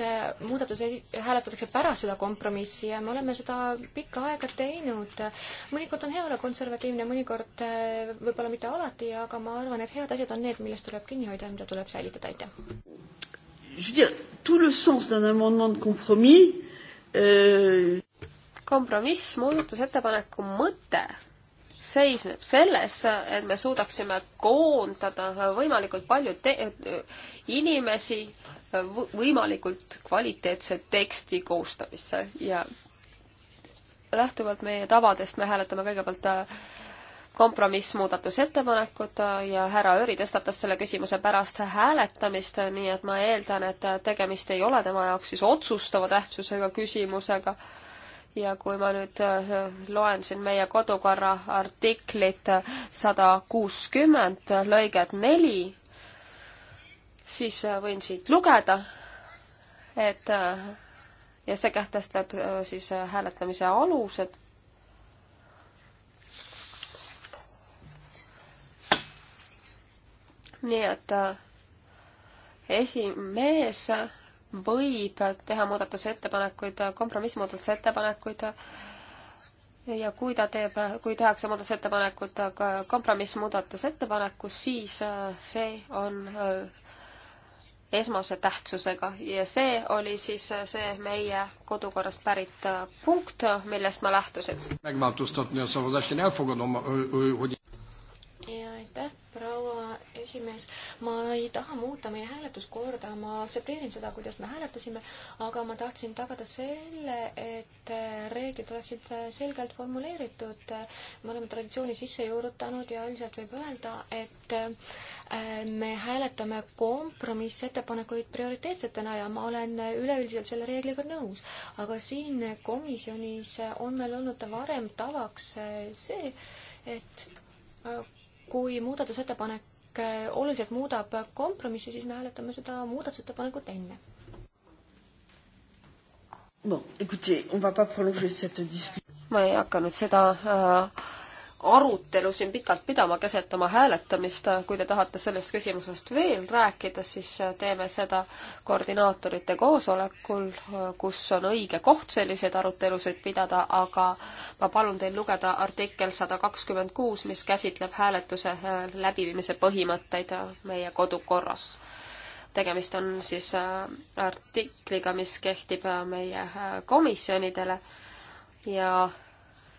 muudatus hääletatakse pärast seda kompromissi ja me oleme seda pikka aega teinud. mõnikord on hea olla konservatiivne, mõnikord võib-olla mitte alati, aga ma arvan, et head asjad on need, millest tuleb kinni hoida ja mida tuleb säilitada, aitäh! je veux dire, tout le sens d'un amendement de compromis euh.... kompromiss, muudatusettepaneku mõte seisneb selles, et me suudaksime koondada võimalikult palju inimesi võimalikult kvaliteetse teksti koostamisse ja lähtuvalt meie tavadest me hääletame kõigepealt äh, kompromissmuudatusettepanekut äh, ja härra Öri tõstatas selle küsimuse pärast hääletamist, nii et ma eeldan, et tegemist ei ole tema jaoks siis otsustava tähtsusega küsimusega. ja kui ma nüüd äh, loen siin meie kodukorra artiklit sada kuuskümmend lõiget neli, siis äh, võin siit lugeda, et ja see kähtestab siis hääletamise alused nii et äh, esimees võib teha muudatusettepanekuid, kompromissmuudatusettepanekuid ja kui ta teeb, kui tehakse muudatusettepanekut kompromissmuudatusettepanekus, siis äh, see on äh, esmase tähtsusega ja see oli siis see meie kodukorrast pärit punkt, millest ma lähtusin. ja aitäh esimees. ma ei taha muuta meie hääletuskorda, ma aktsepteerin seda, kuidas me hääletasime, aga ma tahtsin tagada selle, et äh, reeglid oleksid äh, selgelt formuleeritud. me oleme traditsiooni sisse juurutanud ja üldiselt võib öelda, et äh, me hääletame kompromissettepanekuid prioriteetsetena ja ma olen üleüldiselt selle reegliga nõus. aga siin komisjonis on meil olnud varem tavaks see, et kui muudatusettepanek oluliselt muudab kompromissi, siis me hääletame seda muudatusettepanekut enne. ma ei hakanud seda äh, arutelu siin pikalt pidama keset oma hääletamist. kui te tahate sellest küsimusest veel rääkida, siis teeme seda koordinaatorite koosolekul, kus on õige koht selliseid arutelusid pidada, aga ma palun teil lugeda artikkel sada kakskümmend kuus, mis käsitleb hääletuse äh, läbiviimise põhimõtteid äh, meie kodukorras tegemist on siis äh, artikliga, mis kehtib meie komisjonidele ja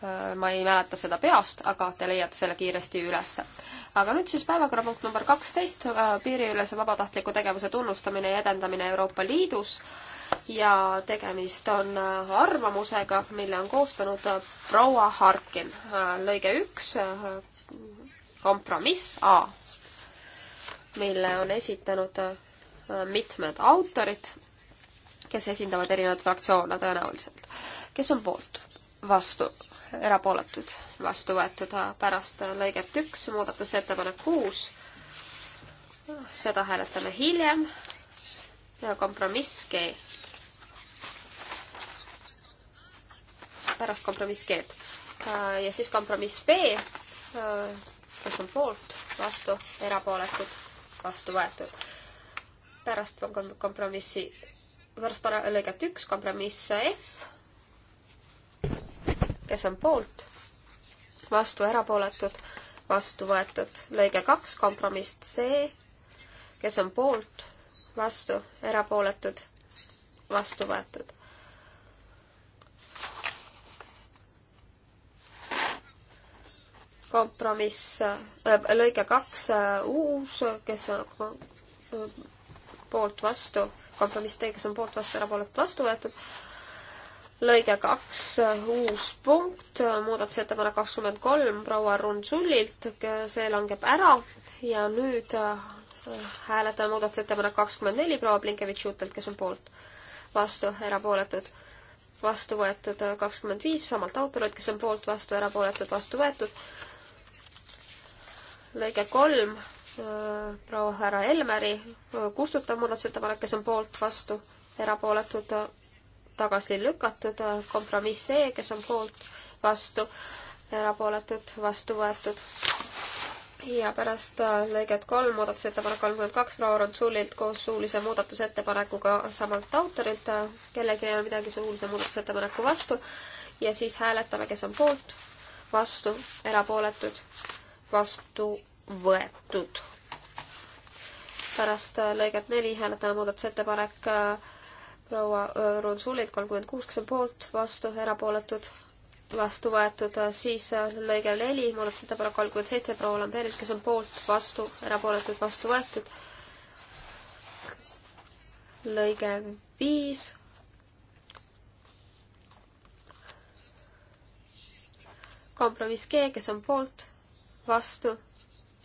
Äh, ma ei mäleta seda peast, aga te leiate selle kiiresti üles. aga nüüd siis päevakorrapunkt number kaksteist, äh, piiriülese vabatahtliku tegevuse tunnustamine ja edendamine Euroopa Liidus ja tegemist on äh, arvamusega, mille on koostanud proua Harkin. lõige üks, kompromiss A, mille on esitanud mitmed autorid, kes esindavad erinevaid fraktsioone tõenäoliselt. kes on poolt? vastu erapooletud, vastu võetud pärast lõiget üks, muudatusettepanek kuus, seda hääletame hiljem ja kompromiss G. pärast kompromiss G-d. ja siis kompromiss B, kes on poolt, vastu, erapooletud, vastu võetud. pärast kompromissi, pärast lõiget üks, kompromiss F kes on poolt, vastu erapooletud, vastu võetud. lõige kaks, kompromiss C, kes on poolt, vastu erapooletud, vastu võetud. kompromiss äh,, lõige kaks äh,, uus, kes on äh, poolt vastu, kompromiss D, kes on poolt vastu, erapooletud, vastu võetud lõige kaks, uus punkt, muudatusettepanek kakskümmend kolm proua Rundsullilt, see langeb ära ja nüüd äh, hääletame muudatusettepanek kakskümmend neli proua Blinkevitš-Jutelt, kes on poolt, vastu, erapooletud, vastu võetud äh, kakskümmend viis samalt autorilt, kes on poolt, vastu, erapooletud, vastu võetud. lõige kolm, äh, proua härra Elmeri kustutav muudatusettepanek, kes on poolt, vastu, erapooletud tagasi lükatud, kompromiss E, kes on poolt, vastu, erapooletud, vastu võetud. ja pärast äh, lõiget kolm, muudatusettepanek kolmkümmend kaks, proua Rondsulilt koos suulise muudatusettepanekuga samalt autorilt, äh, kellelgi ei ole midagi suulise muudatusettepaneku vastu, ja siis hääletame, kes on poolt, vastu, erapooletud, vastu võetud. pärast äh, lõiget neli hääletame muudatusettepanek kakssada proua äh, Ronsulilt kolmkümmend kuus, kes on poolt, vastu, erapooletud, vastu võetud, äh, siis äh, lõige neli, muudatusettepanek kolmkümmend seitse, proua Lamberilt, kes on poolt, vastu, erapooletud, vastu võetud. lõige viis. kompromiss G, kes on poolt, vastu,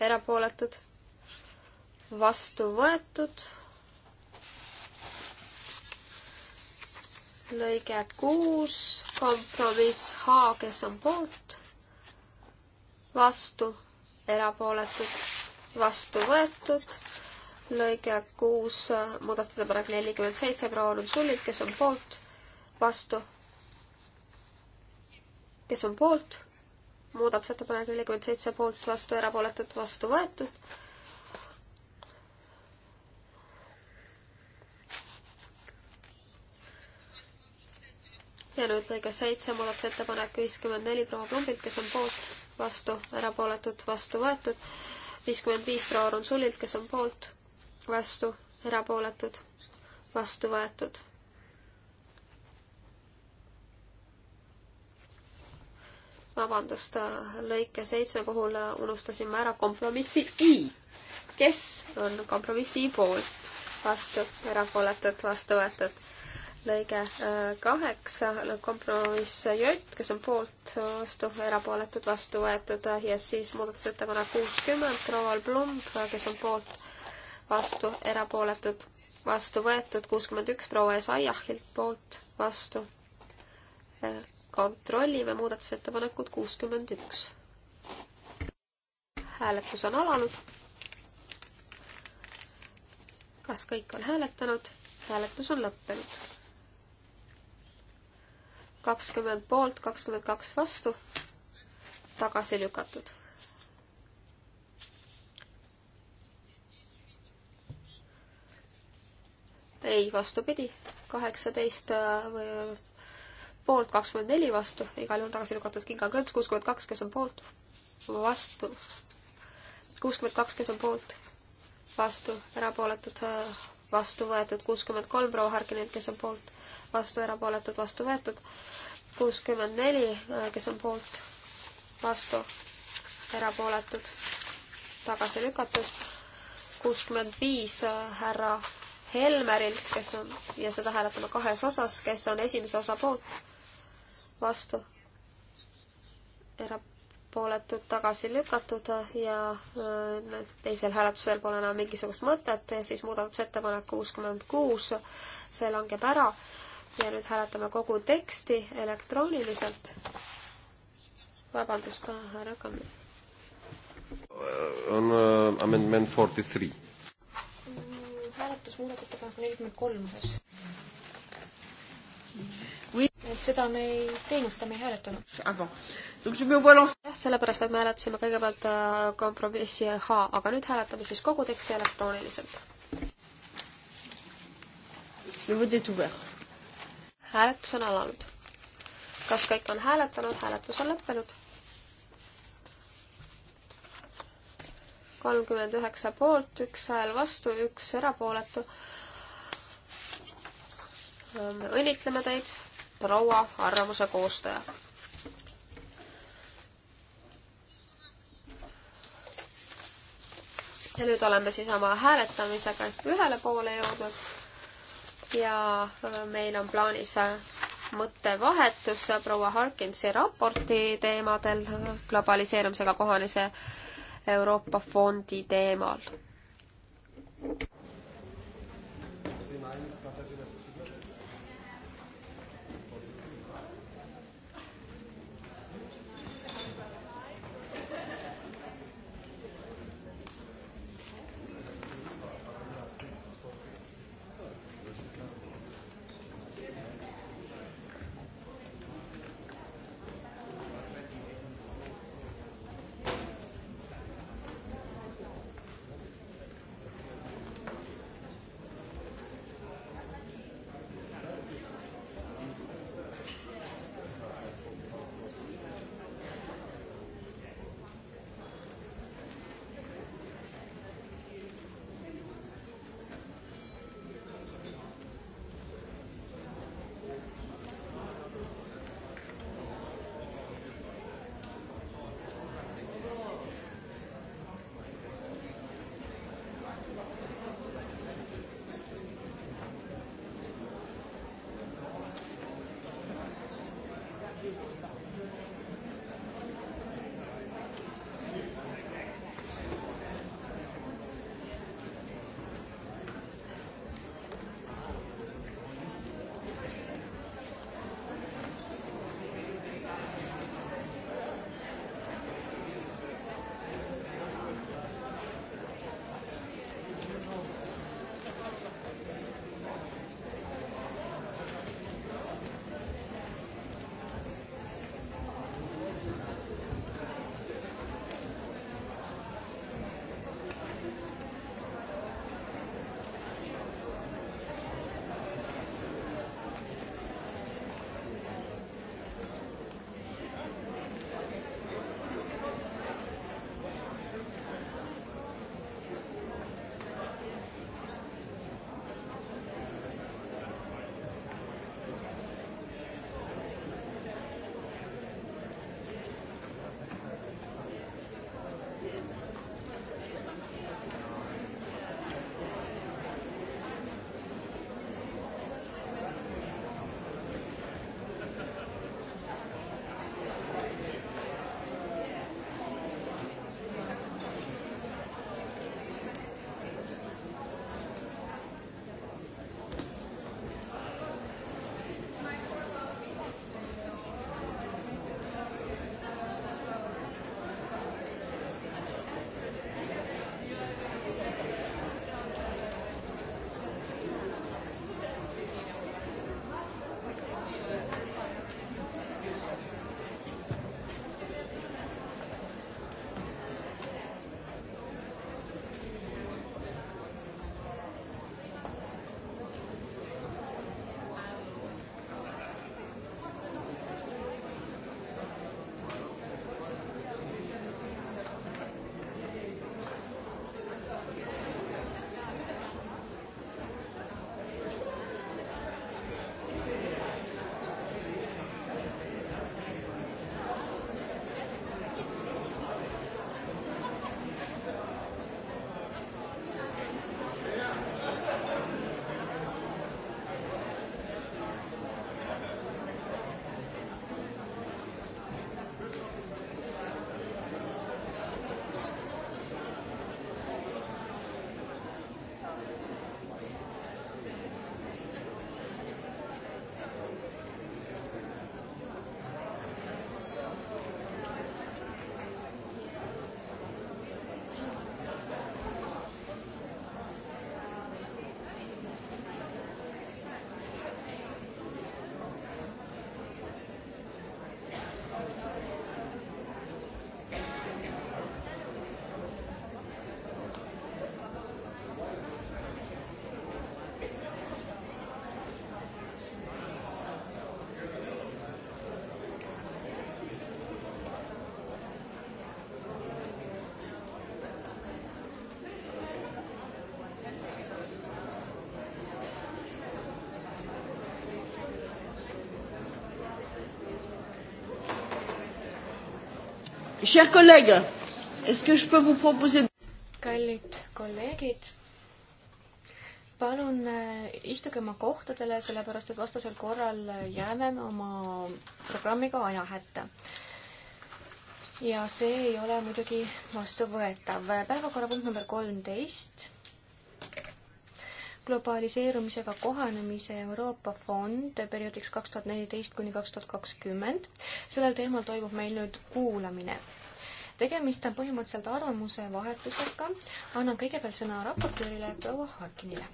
erapooletud, vastu võetud lõige kuus, kompromiss H, kes on poolt, vastu, erapooletud, vastu võetud, lõige kuus, muudatusettepanek nelikümmend seitse, proua Nutsulid, kes on poolt, vastu, kes on poolt, muudatusettepanek nelikümmend seitse, poolt, vastu, erapooletud, vastu võetud ja nüüd lõige seitse, muudatusettepanek viiskümmend neli proua Plumbilt, kes on poolt, vastu, erapooletud, vastu võetud. viiskümmend viis proua Ronsulilt, kes on poolt, vastu, erapooletud, vastu võetud. vabandust, lõike seitsme puhul unustasime ära kompromissi I. kes on kompromissi I poolt? vastu, erapooletud, vastu võetud lõige äh, kaheksa, kompromiss J, kes on poolt, vastu, erapooletud, vastu võetud äh, ja siis muudatusettepanek kuuskümmend, Kroal Plumb, äh, kes on poolt, vastu, erapooletud, vastu võetud, kuuskümmend üks, proua Esaiahilt poolt, vastu. kontrollime muudatusettepanekut kuuskümmend üks. hääletus on alanud. kas kõik on hääletanud? hääletus on lõppenud kakskümmend poolt, kakskümmend kaks vastu, tagasi lükatud. ei, vastupidi, kaheksateist äh, või äh, poolt, kakskümmend neli vastu, igal juhul tagasi lükatud Kinga Kõlts, kuuskümmend kaks, kes on poolt, vastu, kuuskümmend kaks, kes on poolt, vastu, erapooletud, äh, vastu võetud kuuskümmend kolm proua Harkinilt, kes on poolt, vastu, erapooletud, vastu võetud. kuuskümmend neli, äh, kes on poolt, vastu, erapooletud, tagasi lükatud. kuuskümmend viis äh, härra Helmerilt, kes on, ja seda hääletame kahes osas, kes on esimese osa poolt, vastu, erapooletud, tagasi lükatud äh, ja teisel hääletusel pole enam mingisugust mõtet ja siis muudatusettepanek kuuskümmend kuus, see langeb ära ja nüüd hääletame kogu teksti elektrooniliselt. vabandust, härra Kammi. Uh, on uh, amendment forty three. hääletus muudatusettepaneku nelikümmend kolm osas. et seda me ei teinud, seda me ei hääletanud. jah, sellepärast, et me hääletasime kõigepealt äh, kompromissi H, aga nüüd hääletame siis kogu teksti elektrooniliselt. Le vote est ouvert hääletus on alanud. kas kõik on hääletanud, hääletus on lõppenud. kolmkümmend üheksa poolt, üks hääl vastu, üks erapooletu. me õnnitleme teid, proua arvamuse koostaja. ja nüüd oleme siis oma hääletamisega ühele poole jõudnud ja äh, meil on plaanis äh, mõttevahetus äh, proua Harkinsi raporti teemadel globaliseerumisega kohanise Euroopa fondi teemal. Chers collègues, est-ce que je peux vous proposer... Kallid kolleegid, palun äh, istuge oma kohtadele, sellepärast et vastasel korral äh, jääme oma programmiga ajahätta. ja see ei ole muidugi vastuvõetav. päevakorrapunkt number kolmteist, globaliseerumisega kohanemise Euroopa fond perioodiks kaks tuhat neliteist kuni kaks tuhat kakskümmend sellel teemal toimub meil nüüd kuulamine. tegemist on põhimõtteliselt arvamuse vahetusega. annan kõigepealt sõna raportöörile proua Harkinile.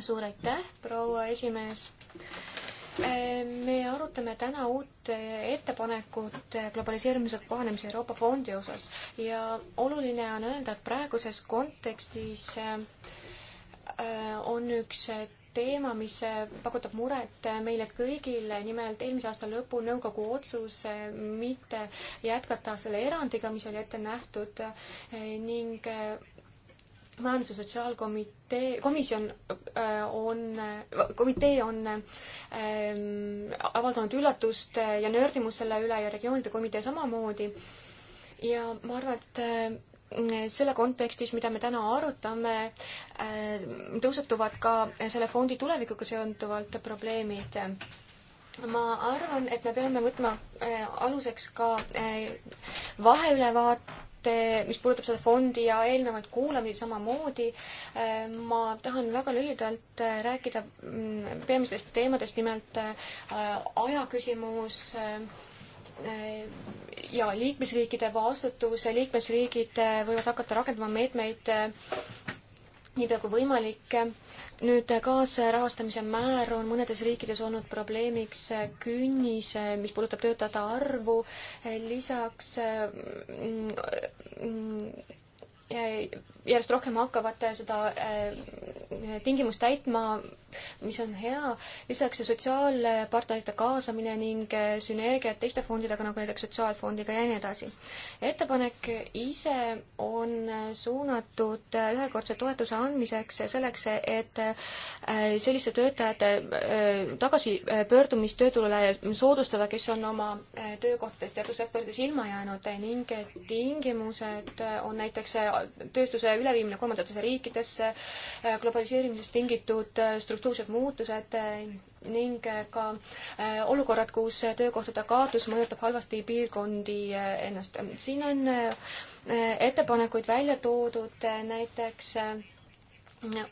suur aitäh, proua esimees ehm, Me arutame täna uut ettepanekut globaliseerumisega kohanemise Euroopa fondi osas ja oluline on öelda, et praeguses kontekstis ehm, on üks teema, mis äh, pakutab muret äh, meile kõigile, nimelt eelmise aasta lõpu nõukogu otsus äh, mitte jätkata selle erandiga, mis oli ette nähtud ning majandus- ja sotsiaalkomitee, komisjon on, komitee on ähm, avaldanud üllatust ja nördimust selle üle ja regioonide komitee samamoodi. ja ma arvan, et selle kontekstis, mida me täna arutame, äh, tõusetuvad ka selle fondi tulevikuga seonduvalt probleemid. ma arvan, et me peame võtma äh, aluseks ka äh, vaheülevaate, mis puudutab seda fondi ja eelnevaid kuulamisi samamoodi. ma tahan väga lühidalt rääkida mm, peamistest teemadest, nimelt ajaküsimus, Äh, ja liikmesriikide vastutus, liikmesriigid äh, võivad hakata rakendama meetmeid äh, niipea kui võimalik. nüüd kaasrahastamise määr on mõnedes riikides olnud probleemiks künnis, mis puudutab töötajate arvu, lisaks mm, mm, järjest rohkem hakkavad äh, seda äh, tingimust täitma, mis on hea. lisaks sotsiaalpartnerite kaasamine ning äh, sünergiad teiste fondidega, nagu näiteks Sotsiaalfondiga ja nii edasi. ettepanek ise on suunatud ühekordse toetuse andmiseks selleks, et selliste töötajate tagasipöördumist tööturule soodustada, kes on oma töökohtadest teadussektorites ilma jäänud ning tingimused on näiteks tööstuse Äh, üleviimine kolmandatesse riikidesse, äh, globaliseerimisest tingitud äh, struktuursed muutused ning ka olukorrad, kus töökohtade kaotus mõjutab halvasti piirkondi ennast. siin on ettepanekuid välja toodud näiteks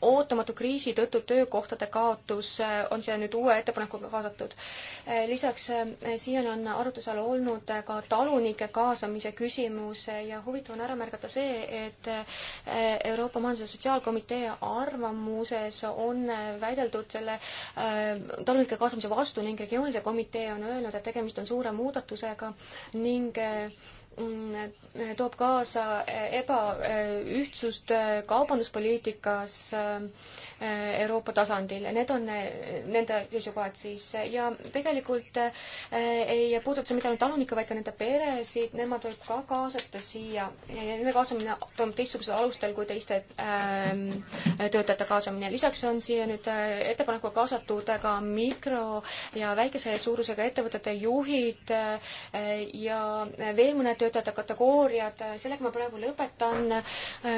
ootamatu kriisi tõttu töökohtade kaotus äh, on siia nüüd uue ettepanekuga kaasatud. Äh, lisaks äh, siiani on arutluse all olnud ka talunike kaasamise küsimus ja huvitav on ära märgata see, et Euroopa Majandus- ja Sotsiaalkomitee arvamuses on väideldud selle talunike kaasamise vastu ning regioonide komitee on öelnud, et tegemist on suure muudatusega ning Mm, toob kaasa ebaühtsust äh, kaubanduspoliitikas äh, Eh, Euroopa tasandil. Need on eh, nende seisukohad siis ja tegelikult eh, ei puuduta see mitte ainult talunikke, vaid ka nende peresid, nemad võib ka kaasata siia. Nende kaasamine toimub teistsugusel alustel kui teiste ehm, töötajate kaasamine. lisaks on siia nüüd ettepanekul kaasatud ka mikro- ja väikese suurusega ettevõtete juhid ja veel mõned töötajate kategooriad. sellega ma praegu lõpetan.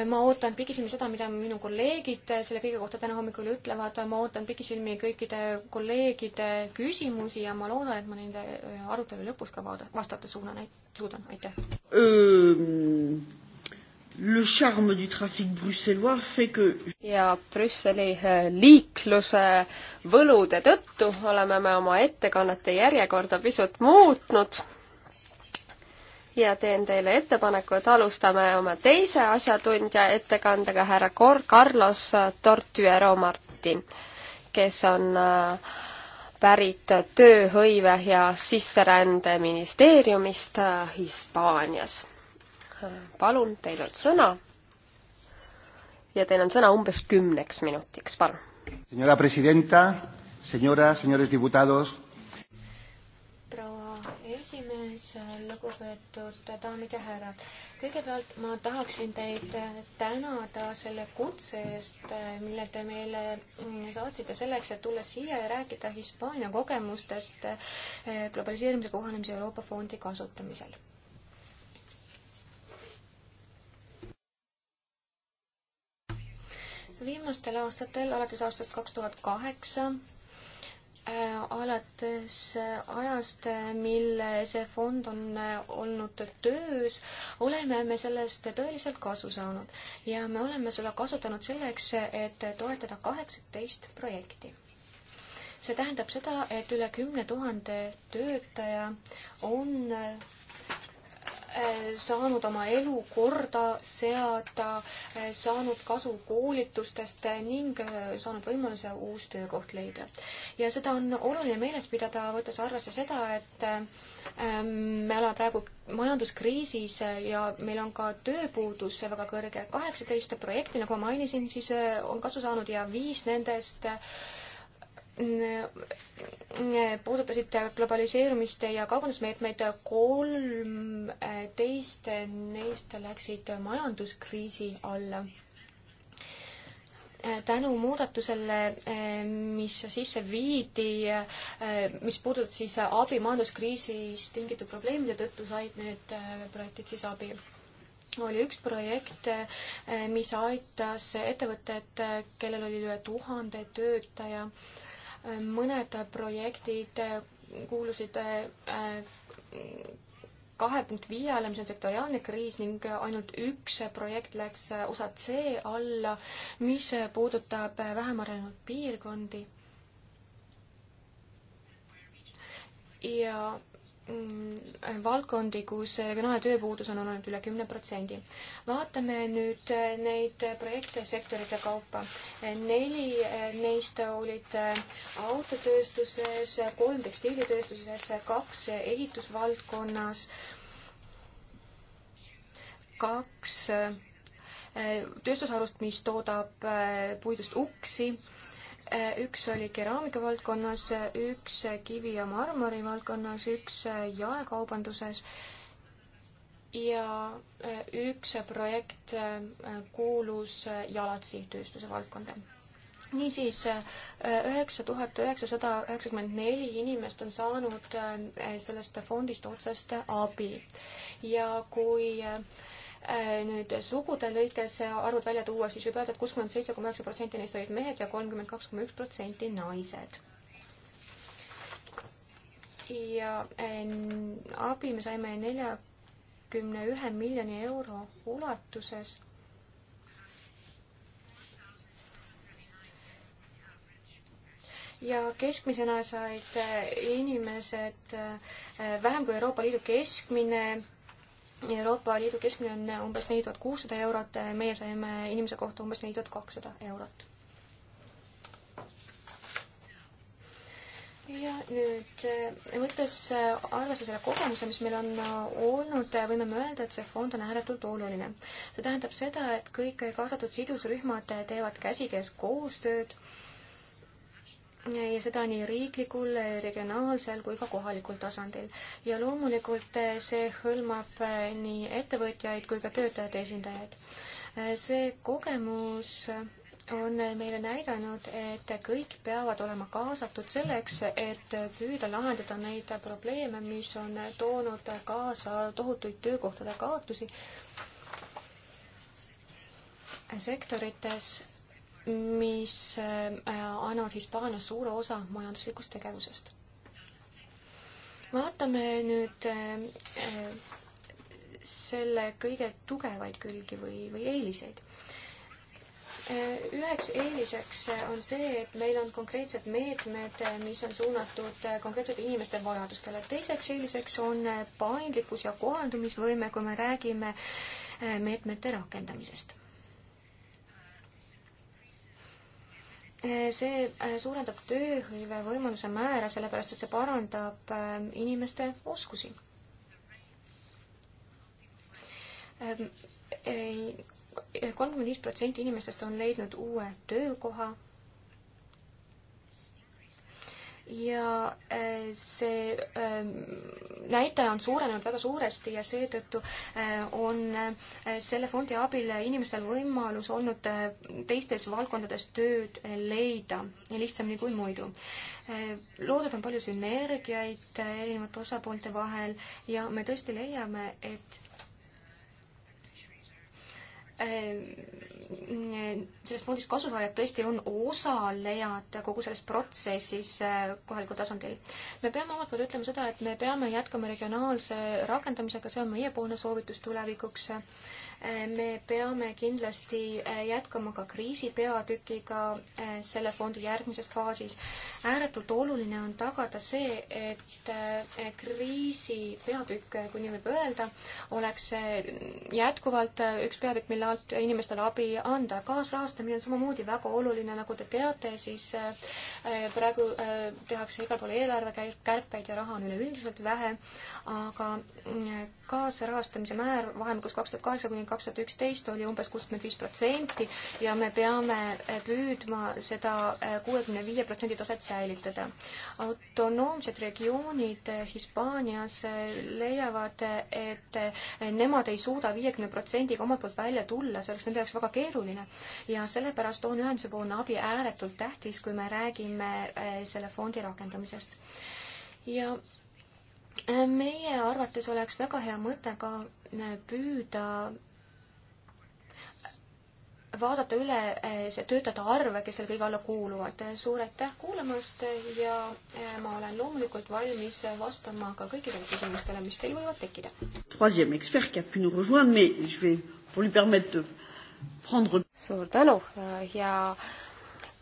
ma ootan pigisilmi seda, mida minu kolleegid selle kõige kohta täna täna hommikul ütlevad, ma ootan pikisilmi kõikide kolleegide küsimusi ja ma loodan, et ma nende äh, arutelu lõpus ka vaada-, vastata suunan, suudan, aitäh. Le charme du trafic bruxellois fait que ja Brüsseli äh, liikluse võlude tõttu oleme me oma ettekannete järjekorda pisut muutnud ja teen teile ettepaneku, et alustame oma teise asjatundja ettekandega, härra Cor-, Carlos Tortuero Martin, kes on äh, pärit tööhõive ja sisserändeministeeriumist äh, Hispaanias. palun, teil on sõna. ja teil on sõna umbes kümneks minutiks, palun. Señora presidenta, señoras, señores diputados esimees, lugupeetud daamid ja härrad. kõigepealt ma tahaksin teid tänada selle kutse eest, mille te meile saatsite selleks, et tulla siia ja rääkida Hispaania kogemustest eh, globaliseerimise kohanemise Euroopa fondi kasutamisel viimastel aastatel, alates aastast kaks tuhat kaheksa, Äh, alates äh, ajast, äh, mil see fond on olnud töös, oleme me sellest tõeliselt kasu saanud ja me oleme seda kasutanud selleks, et toetada kaheksateist projekti. see tähendab seda, et üle kümne tuhande töötaja on Eh, saanud oma elu korda seada, eh, saanud kasu koolitustest eh, ning saanud võimaluse uus töökoht leida. ja seda on oluline meeles pidada, võttes arvesse seda, et me oleme praegu majanduskriisis ja meil on ka tööpuudus väga kõrge. kaheksateist projekti, nagu ma mainisin, siis on kasu saanud ja viis nendest äh, Äh, äh, puudutasid globaliseerumist ja kaubandusmeetmeid, kolmteist neist läksid majanduskriisi alla. Äh, tänu muudatusele, mis sisse viidi, mis puudutas siis abi majanduskriisist tingitud probleemide tõttu, said need projektid siis abi oli üks projekt, mis aitas ettevõtet, kellel oli üle tuhande töötaja äh, mõned projektid kuulusid äh, kahe punkt viiele, mis on sektoriaalne kriis ning ainult üks projekt läks osa C alla, mis puudutab vähem arenenud piirkondi. ja Mm, valdkondi, kus regionaalne tööpuudus on olnud üle kümne protsendi. vaatame nüüd äh, neid projekte sektorite kaupa. Äh, neli äh, neist olid autotööstuses, kolm tekstiilitööstuses, kaks ehitusvaldkonnas, kaks tööstusharust, mis toodab puidust uksi üks oli keraamika valdkonnas, üks kivi ja marmori valdkonnas, üks jaekaubanduses ja äh, üks projekt äh, kuulus äh, jalatsitööstuse valdkonda. niisiis üheksa tuhat üheksasada üheksakümmend neli inimest on saanud sellest fondist otsest abi ja kui Äh, nüüd sugude lõikes arvud välja tuua, siis võib öelda et, et kuuskümmend seitse koma üheksa protsenti neist olid mehed ja kolmkümmend kaks koma üks protsenti naised. ja äh, abi me saime neljakümne ühe miljoni euro ulatuses. ja keskmisena said äh, inimesed vähem kui Euroopa Liidu keskmine Euroopa Liidu keskmine on umbes neli tuhat kuussada eurot, meie saime inimese kohta umbes neli tuhat kakssada eurot. ja nüüd võttes arvesse selle kogemuse, mis meil on olnud, võime me öelda, et see fond on ääretult oluline. see tähendab seda, et kõik kaasatud sidusrühmad teevad käsikäes koostööd ja seda nii riiklikul, regionaalsel kui ka kohalikul tasandil. ja loomulikult eh, see hõlmab eh, nii ettevõtjaid kui ka töötajate esindajaid. Eh, see kogemus on meile näidanud, et kõik peavad olema kaasatud selleks, et püüda lahendada neid probleeme, mis on toonud kaasa tohutuid töökohtade kaotusi sektorites, mis äh, annavad Hispaanias suure osa majanduslikust tegevusest. vaatame nüüd äh, äh, selle kõige tugevaid külgi või, või eeliseid. Üheks eeliseks on see, et meil on konkreetsed meetmed, mis on suunatud konkreetsete inimeste vajadustele. teiseks eeliseks on paindlikkus ja kohandumisvõime, kui me räägime meetmete rakendamisest Eh, see eh, suurendab tööhõive võimaluse määra, sellepärast et see parandab eh, inimeste oskusi. Ehm, kolmkümmend viis protsenti inimestest on leidnud uue töökoha ja äh, see ähm, näitaja on suurenenud väga suuresti ja seetõttu äh, on äh, selle fondi abil inimestel võimalus olnud teistes valdkondades tööd leida lihtsamini kui muidu. loodud on palju sünergiaid erinevate osapoolte vahel ja me tõesti leiame, et Ehm, sellest fondist kasusaajad tõesti on osalejad kogu selles protsessis eh, kohalikul tasandil. me peame omalt poolt ütlema seda, et me peame jätkama regionaalse rakendamisega, see on meiepoolne soovitus tulevikuks me peame kindlasti äh, jätkama ka kriisipeatükiga äh, selle fondi järgmises faasis. ääretult oluline on tagada see, et äh, kriisipeatükk, kui nii võib öelda, oleks jätkuvalt üks peatükk, mille alt inimestele abi anda. kaasrahastamine on samamoodi väga oluline, nagu te teate, siis praegu tehakse igal pool eelarvekärpeid ja raha on üleüldiselt vähe, aga kaasrahastamise määr vahemikus kaks tuhat kaheksa kuni kaks tuhat üksteist oli umbes kuuskümmend viis protsenti ja me peame eh, püüdma seda eh, kuuekümne viie protsendi taset säilitada. autonoomsed regioonid eh, Hispaanias leiavad, et nemad ei suuda viiekümne protsendiga omalt poolt välja tulla, see oleks nende jaoks väga keeruline. ja sellepärast on ühendusepoolne abi ääretult tähtis, kui me räägime selle fondi rakendamisest. ja meie arvates oleks väga hea mõte ka püüda vaadata üle eh, see töötajate arv, kes selle kõige alla kuuluvad. suur aitäh kuulamast ja eh, ma olen loomulikult valmis vastama ka kõikidele küsimustele, mis teil võivad tekkida. suur tänu eh, ja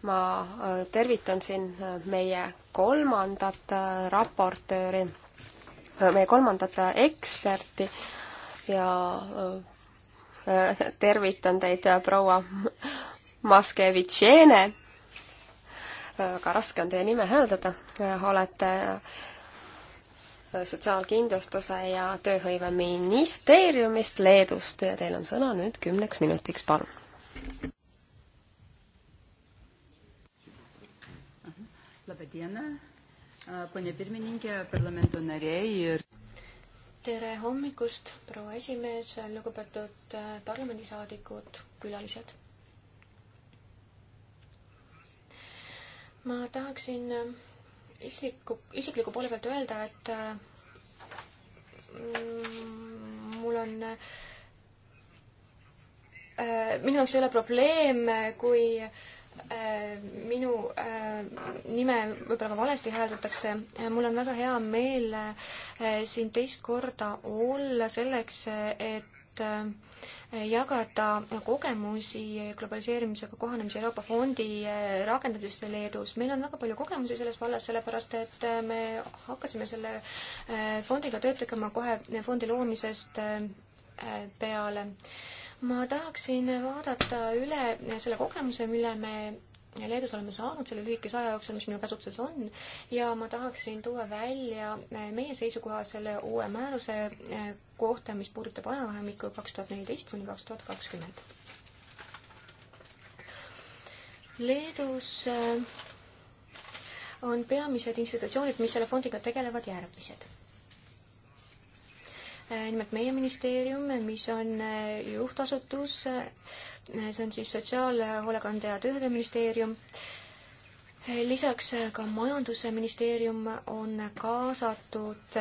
ma tervitan siin meie kolmandat raportööri, meie kolmandat eksperti ja tervitan teid, proua Maskevitšene. väga raske on teie nime hääldada, olete sotsiaalkindlustuse ja tööhõive ministeeriumist Leedust ja teil on sõna nüüd kümneks minutiks, palun. Labadiena, põnevirmining ja parlamendonäri tere hommikust, proua esimees, lugupeetud äh, parlamendisaadikud, külalised. ma tahaksin äh, isikliku, isikliku poole pealt öelda, et äh, mul on minu jaoks ei ole probleem, kui äh, Äh, minu äh, nime võib-olla ka valesti hääldatakse. Äh, mul on väga hea meel siin teist korda olla selleks, et jagada kogemusi globaliseerimisega kohanemise Euroopa Fondi rakendamisest Leedus. meil on väga palju kogemusi selles vallas, sellepärast et me hakkasime selle fondiga tööd tegema kohe fondi loomisest peale ma tahaksin vaadata üle selle kogemuse, mille me Leedus oleme saanud selle lühikese aja jooksul, mis minu käsutuses on ja ma tahaksin tuua välja meie seisukoha selle uue määruse eh, kohta, mis puudutab ajavahemikku kaks tuhat neliteist kuni kaks tuhat kakskümmend. Leedus eh, on peamised institutsioonid, mis selle fondiga tegelevad, järgmised Äh, nimelt meie ministeerium, mis on äh, juhtasutus, äh, see on siis Sotsiaalhoolekande ja Tööhõiveministeerium. lisaks ka Majandusministeerium on kaasatud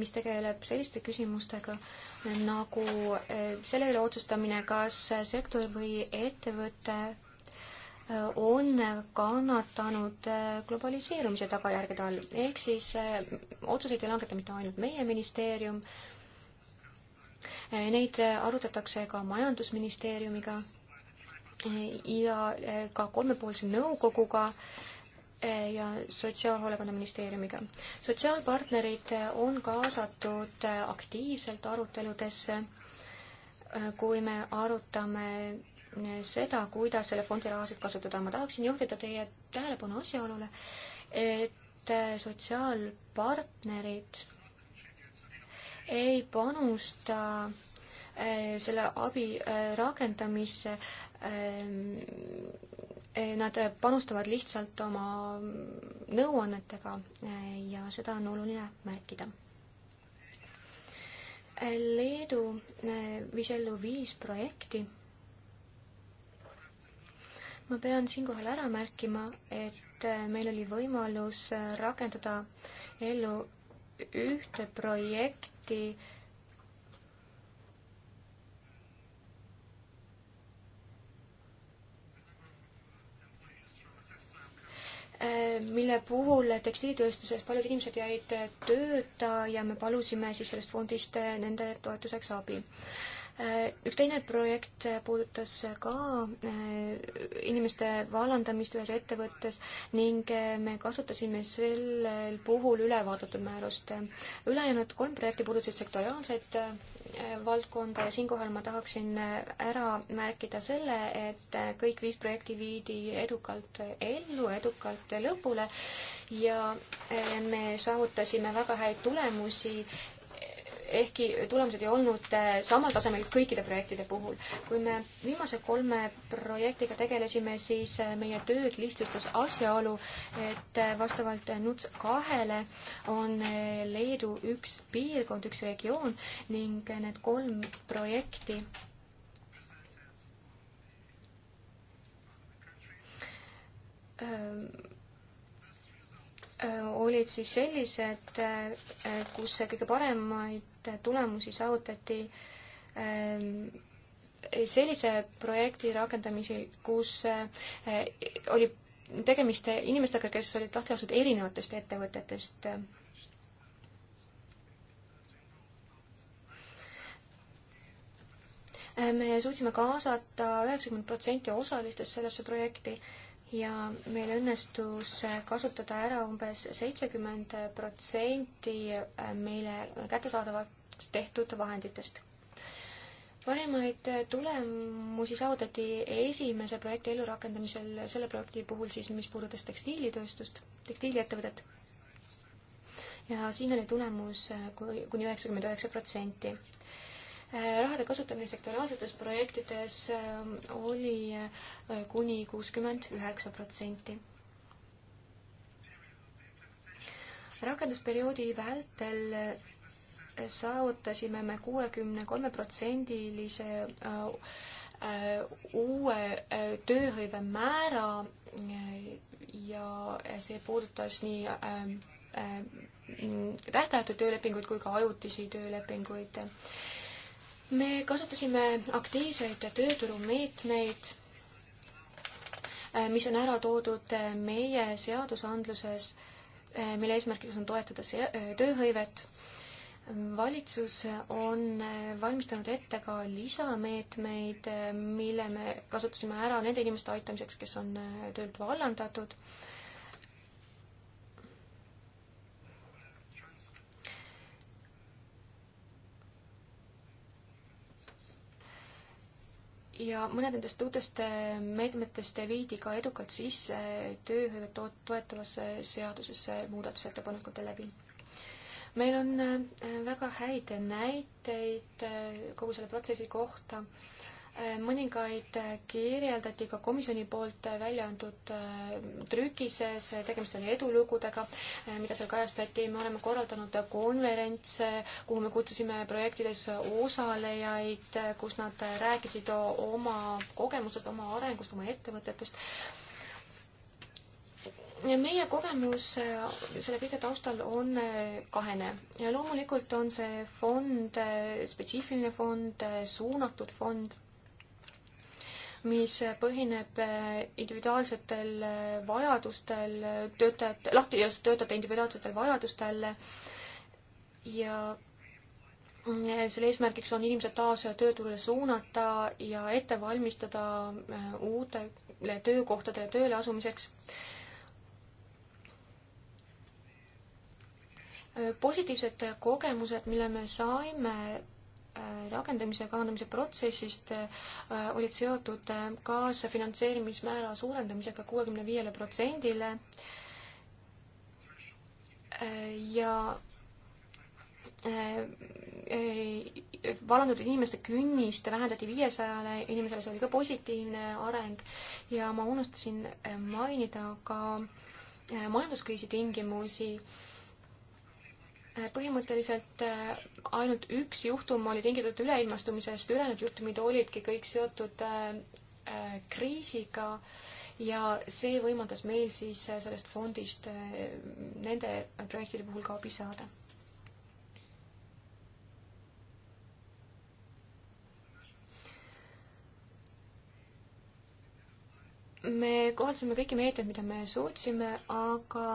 mis tegeleb selliste küsimustega nagu selle üle otsustamine, kas sektor või ettevõte on kannatanud globaliseerumise tagajärgede all. ehk siis otsuseid ei langeta mitte ainult meie ministeerium, Neid arutatakse ka Majandusministeeriumiga ja ka kolmepoolse nõukoguga ja Sotsiaalhoolekandeministeeriumiga. sotsiaalpartnerid on kaasatud aktiivselt aruteludesse, kui me arutame seda, kuidas selle fondi rahasid kasutada. ma tahaksin juhtida teie tähelepanu asjaolule, et sotsiaalpartnerid ei panusta äh, selle abi äh, rakendamisse. Äh, nad panustavad lihtsalt oma nõuannetega ja seda on oluline märkida Leedu viis ellu viis projekti. ma pean siinkohal ära märkima, et meil oli võimalus rakendada ellu ühte projekti, äkki äh, mille puhul tekstiilitööstuses paljud inimesed jäid tööta ja me palusime siis sellest fondist nende toetuseks abi. Äh, üks teine projekt puudutas ka äh, inimeste vallandamist ühes ettevõttes ning äh, me kasutasime sellel puhul ülevaadatud määrust. ülejäänud kolm projekti puudutasid sektoriaalseid valdkonda ja siinkohal ma tahaksin ära märkida selle, et kõik viis projekti viidi edukalt ellu, edukalt lõpule ja me saavutasime väga häid tulemusi ehkki tulemused ei olnud äh, samal tasemel kõikide projektide puhul. kui me viimase kolme projektiga tegelesime, siis äh, meie tööd lihtsustas asjaolu, et äh, vastavalt NUTS kahele on Leedu üks piirkond, üks regioon ning need kolm projekti öö, ähm, olid siis sellised, kus kõige paremaid et tulemusi saavutati ähm, sellise projekti rakendamisel, kus äh, oli tegemist inimestega, kes olid tahtlikult erinevatest ettevõtetest äh, me suutsime kaasata üheksakümmend protsenti osalistest sellesse projekti ja meil õnnestus kasutada ära umbes seitsekümmend protsenti äh, meile kättesaadavaks tehtud vahenditest. parimaid tulemusi saavutati esimese projekti ellurakendamisel selle projekti puhul siis, mis puudutas tekstiilitööstust, tekstiiliettevõtet. ja siin oli tulemus äh, kuni üheksakümmend üheksa protsenti Äh, rahade kasutamine sektoriaalsetes projektides ähm, oli äh, kuni kuuskümmend üheksa protsenti. rakendusperioodi vältel äh, saavutasime me kuuekümne kolme protsendilise uue tööhõive määra ja see puudutas nii ähm, tähtajatu töölepinguid kui ka ajutisi töölepinguid me kasutasime aktiivseid tööturumeetmeid, mis on ära toodud meie seadusandluses, mille eesmärgiks on toetada tööhõivet. valitsus on valmistanud ette ka lisameetmeid, mille me kasutasime ära nende inimeste aitamiseks, kes on töölt vallandatud ja mõned nendest uutest äh, meetmetest viidi ka edukalt sisse tööhõivet toetavasse seadusesse muudatusettepanekute läbi. meil on äh, väga häid näiteid äh, kogu selle protsessi kohta mõningaid kirjeldati ka komisjoni poolt välja antud äh, trükises, äh, tegemist oli edulugudega, äh, mida seal kajastati, me oleme korraldanud konverentse, kuhu me kutsusime projektides osalejaid, kus nad rääkisid oma kogemusest, oma arengust, oma ettevõtetest. Ja meie kogemus selle kõige taustal on kahene. ja loomulikult on see fond spetsiifiline fond, suunatud fond mis põhineb äh, individuaalsetel äh, vajadustel, töötajate, lahti jäänud töötajate individuaalsetel vajadustel ja äh, selle eesmärgiks on inimesed taas tööturule suunata ja ette valmistada uutele töökohtadele tööle asumiseks. positiivsed kogemused, mille me saime Äh, rakendamise ja kavandamise protsessist äh, olid seotud äh, kaasfinantseerimismäära suurendamisega kuuekümne viiele protsendile ja vallandatud inimeste künnist vähendati viiesajale inimesele, see oli ka positiivne areng ja ma unustasin mainida ka majanduskriisi tingimusi äh, põhimõtteliselt äh, ainult üks juhtum oli tingitud üleilmastumisest, ülejäänud juhtumid olidki kõik seotud äh, äh, kriisiga ja see võimaldas meil siis sellest fondist nende projektide puhul ka abi saada. me kohaldasime kõiki meetmeid, mida me suutsime, aga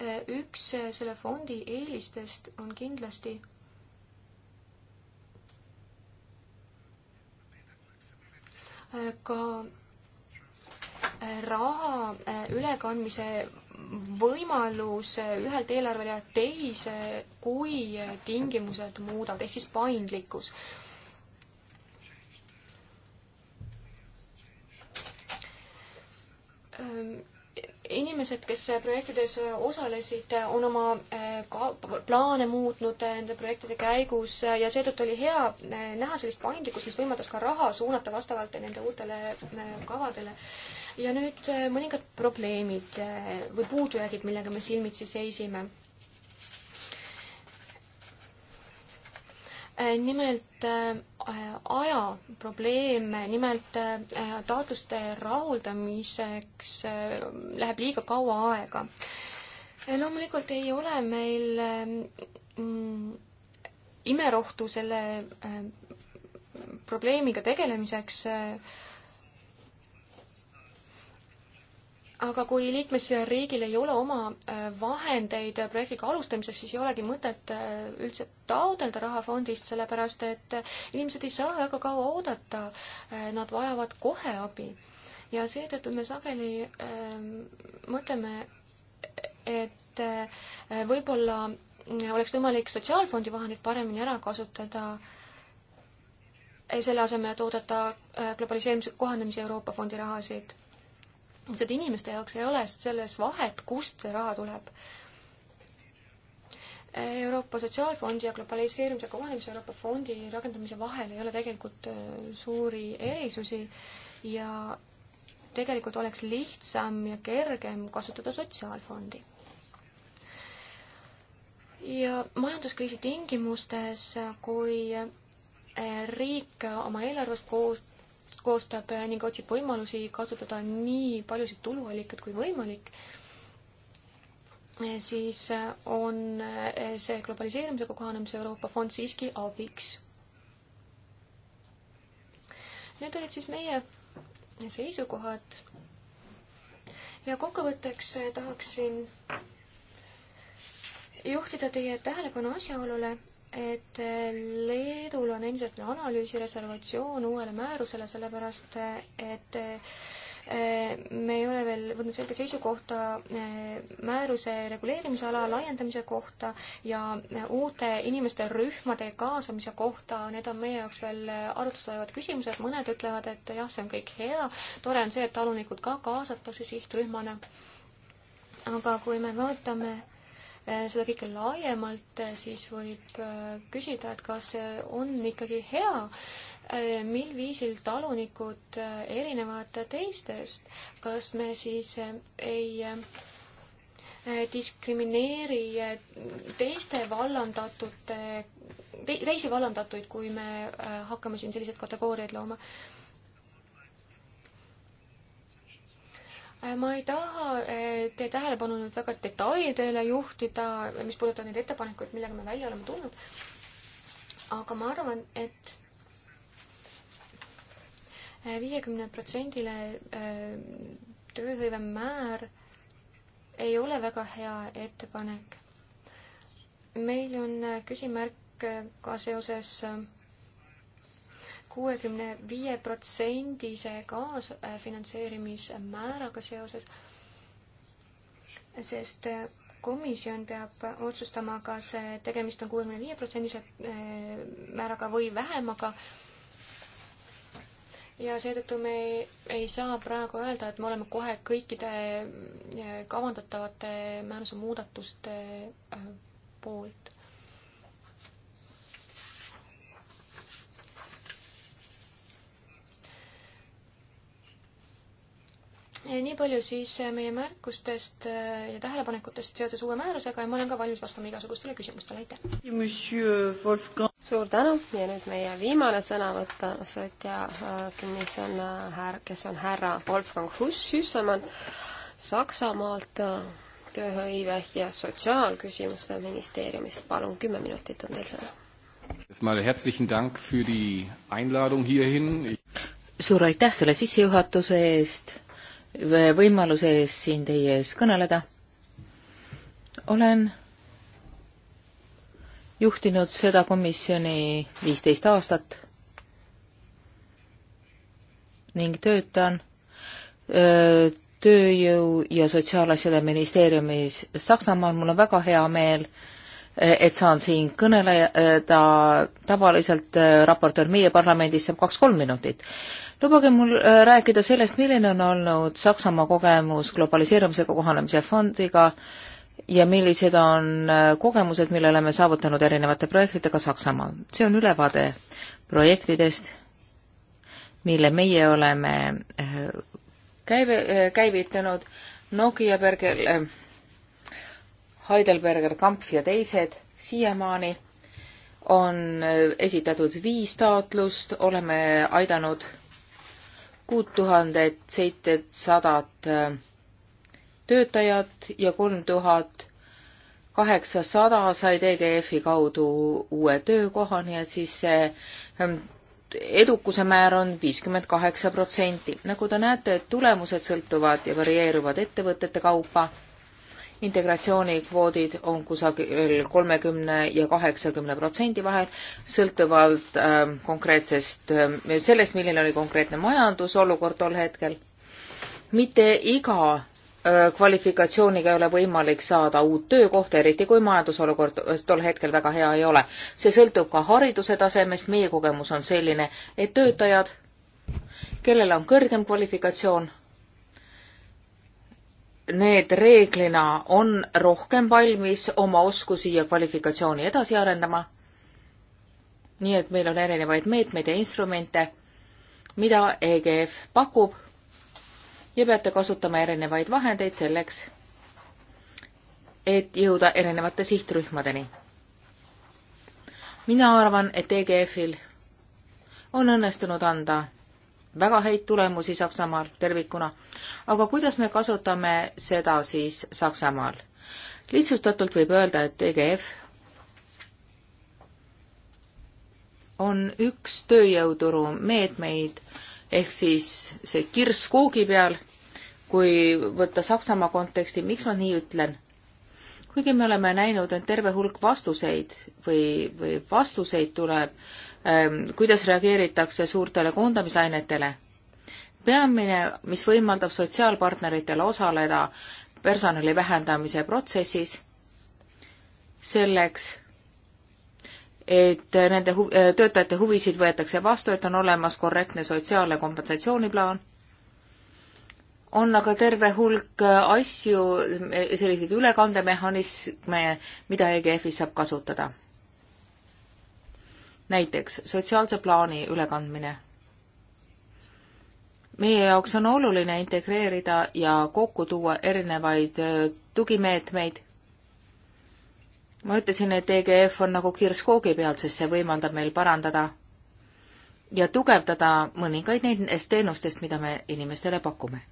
üks eh, selle fondi eelistest on kindlasti eh, ka eh, raha ülekandmise võimalus ühelt eelarvele teise, kui tingimused muudavad, ehk siis paindlikkus ähm inimesed, kes projektides osalesid, on oma eh, ka plaane muutnud eh, nende projektide käigus eh, ja seetõttu oli hea näha sellist paindlikkust, mis võimaldas ka raha suunata vastavalt nende uutele kavadele. ja nüüd mõningad probleemid või puudujäägid, millega me silmitsi seisime Äh, nimelt äh, aja probleem, nimelt äh, taotluste rahuldamiseks läheb liiga kaua aega. loomulikult ei ole meil mm, imerohtu selle probleemiga tegelemiseks äh, aga kui liikmesriigil ei ole oma äh, vahendeid äh, projektiga alustamiseks, siis ei olegi mõtet äh, üldse taodelda raha fondist, sellepärast et inimesed ei saa väga kaua oodata, nad vajavad kohe abi. ja seetõttu me sageli ähm, mõtleme, et võib-olla oleks võimalik sotsiaalfondi vahendid paremini ära kasutada selle asemel, et oodata globaliseerimise kohanemise Euroopa Fondi rahasid seda inimeste jaoks ei ole selles vahet, kust see raha tuleb. Euroopa Sotsiaalfondi ja globaliseerimise kohanemise Euroopa Fondi rakendamise vahel ei ole tegelikult äh, suuri erisusi ja tegelikult oleks lihtsam ja kergem kasutada Sotsiaalfondi. ja majanduskriisi tingimustes, kui äh, riik oma eelarvest koos koostab ning otsib võimalusi kasutada nii paljusid tuluallikaid kui võimalik, siis on see globaliseerimisega kohanemise Euroopa fond siiski abiks. Need olid siis meie seisukohad ja kokkuvõtteks tahaksin juhtida teie tähelepanu asjaolule, et eh, Leedul on endiselt analüüsi reservatsioon uuele määrusele, sellepärast et eh, me ei ole veel võtnud selget seisukohta eh, määruse reguleerimisala laiendamise kohta ja uute inimeste rühmade kaasamise kohta, need on meie jaoks veel arutluse olevad küsimused, mõned ütlevad, et jah, see on kõik hea, tore on see, et talunikud ka kaasatakse sihtrühmana. aga kui me vaatame Eh, seda kõike laiemalt, eh, siis võib eh, küsida, et kas see on ikkagi hea, mil viisil talunikud erinevad teistest, kas me siis ei diskrimineeri teiste vallandatute, teisi vallandatuid, kui me hakkame siin selliseid kategooriaid looma Äh, ma ei taha teie tähelepanu nüüd väga detailidele juhtida, mis puudutab neid ettepanekuid, millega me välja oleme tulnud, aga ma arvan, et äh, viiekümne protsendile äh, tööhõive määr ei ole väga hea ettepanek. meil on küsimärk ka seoses kuuekümne viie protsendise kaasfinantseerimismääraga seoses, sest komisjon peab otsustama, kas tegemist on kuuekümne viie protsendise eh, määraga või vähemaga. ja seetõttu me ei, ei saa praegu öelda, et me oleme kohe kõikide eh, kavandatavate määruse muudatuste eh, poolt nii palju siis äh, meie märkustest äh, ja tähelepanekutest seoses uue määrusega ja ma olen ka valmis vastama igasugustele küsimustele, aitäh! suur tänu ja nüüd meie viimane sõnavõtt, sõitja, äh, kes on här-, kes on härra Wolfgang Hüssemann Saksamaalt, tööhõive ja sotsiaalküsimuste ministeeriumist, palun, kümme minutit on teil sõna. Erstmal herzlichen Dank für die Einladung hierhin. suur aitäh selle sissejuhatuse eest võimaluse eest siin teie ees kõneleda. olen juhtinud seda komisjoni viisteist aastat ning töötan öö, tööjõu- ja sotsiaalasjade ministeeriumis Saksamaal. mul on väga hea meel, et saan siin kõneleda, tavaliselt raportöör meie parlamendis saab kaks-kolm minutit lubage mul äh, rääkida sellest, milline on olnud Saksamaa kogemus globaliseerumisega kohanemise fondiga ja millised on äh, kogemused, mille oleme saavutanud erinevate projektidega Saksamaal. see on ülevaade projektidest, mille meie oleme äh, käive, käivitanud, Nokia Berger, Heidelberger, Kampf ja teised siiamaani on esitatud viis taotlust, oleme aidanud kuut tuhandet seitesadat äh, töötajat ja kolm tuhat kaheksasada said EGF-i kaudu uue töökoha, nii et siis see edukuse määr on viiskümmend kaheksa protsenti. nagu te näete, tulemused sõltuvad ja varieeruvad ettevõtete kaupa integratsioonikvoodid on kusagil kolmekümne ja kaheksakümne protsendi vahel, sõltuvalt äh, konkreetsest äh,, sellest, milline oli konkreetne majandusolukord tol hetkel. mitte iga äh, kvalifikatsiooniga ei ole võimalik saada uut töökohta, eriti kui majandusolukord tol hetkel väga hea ei ole. see sõltub ka hariduse tasemest, meie kogemus on selline, et töötajad, kellel on kõrgem kvalifikatsioon, need reeglina on rohkem valmis oma oskusi ja kvalifikatsiooni edasi arendama. nii et meil on erinevaid meetmeid ja instrumente, mida EGF pakub ja peate kasutama erinevaid vahendeid selleks, et jõuda erinevate sihtrühmadeni. mina arvan, et EGF-il on õnnestunud anda väga häid tulemusi Saksamaal tervikuna. aga kuidas me kasutame seda siis Saksamaal? lihtsustatult võib öelda, et EGF on üks tööjõuturu meetmeid ehk siis see kirss koogi peal, kui võtta Saksamaa konteksti, miks ma nii ütlen? kuigi me oleme näinud, et terve hulk vastuseid või, või vastuseid tuleb Ähm, kuidas reageeritakse suurtele koondamislainetele. peamine, mis võimaldab sotsiaalpartneritel osaleda personali vähendamise protsessis, selleks et nende hu-, äh, töötajate huvisid võetakse vastu, et on olemas korrektne sotsiaal- ja kompensatsiooniplaan, on aga terve hulk äh, asju, selliseid ülekandemehhanisme, mida EGF-is saab kasutada näiteks sotsiaalse plaani ülekandmine. meie jaoks on oluline integreerida ja kokku tuua erinevaid äh, tugimeetmeid. ma ütlesin, et EGF on nagu kirss koogi peal, sest see võimaldab meil parandada ja tugevdada mõningaid nendest teenustest, mida me inimestele pakume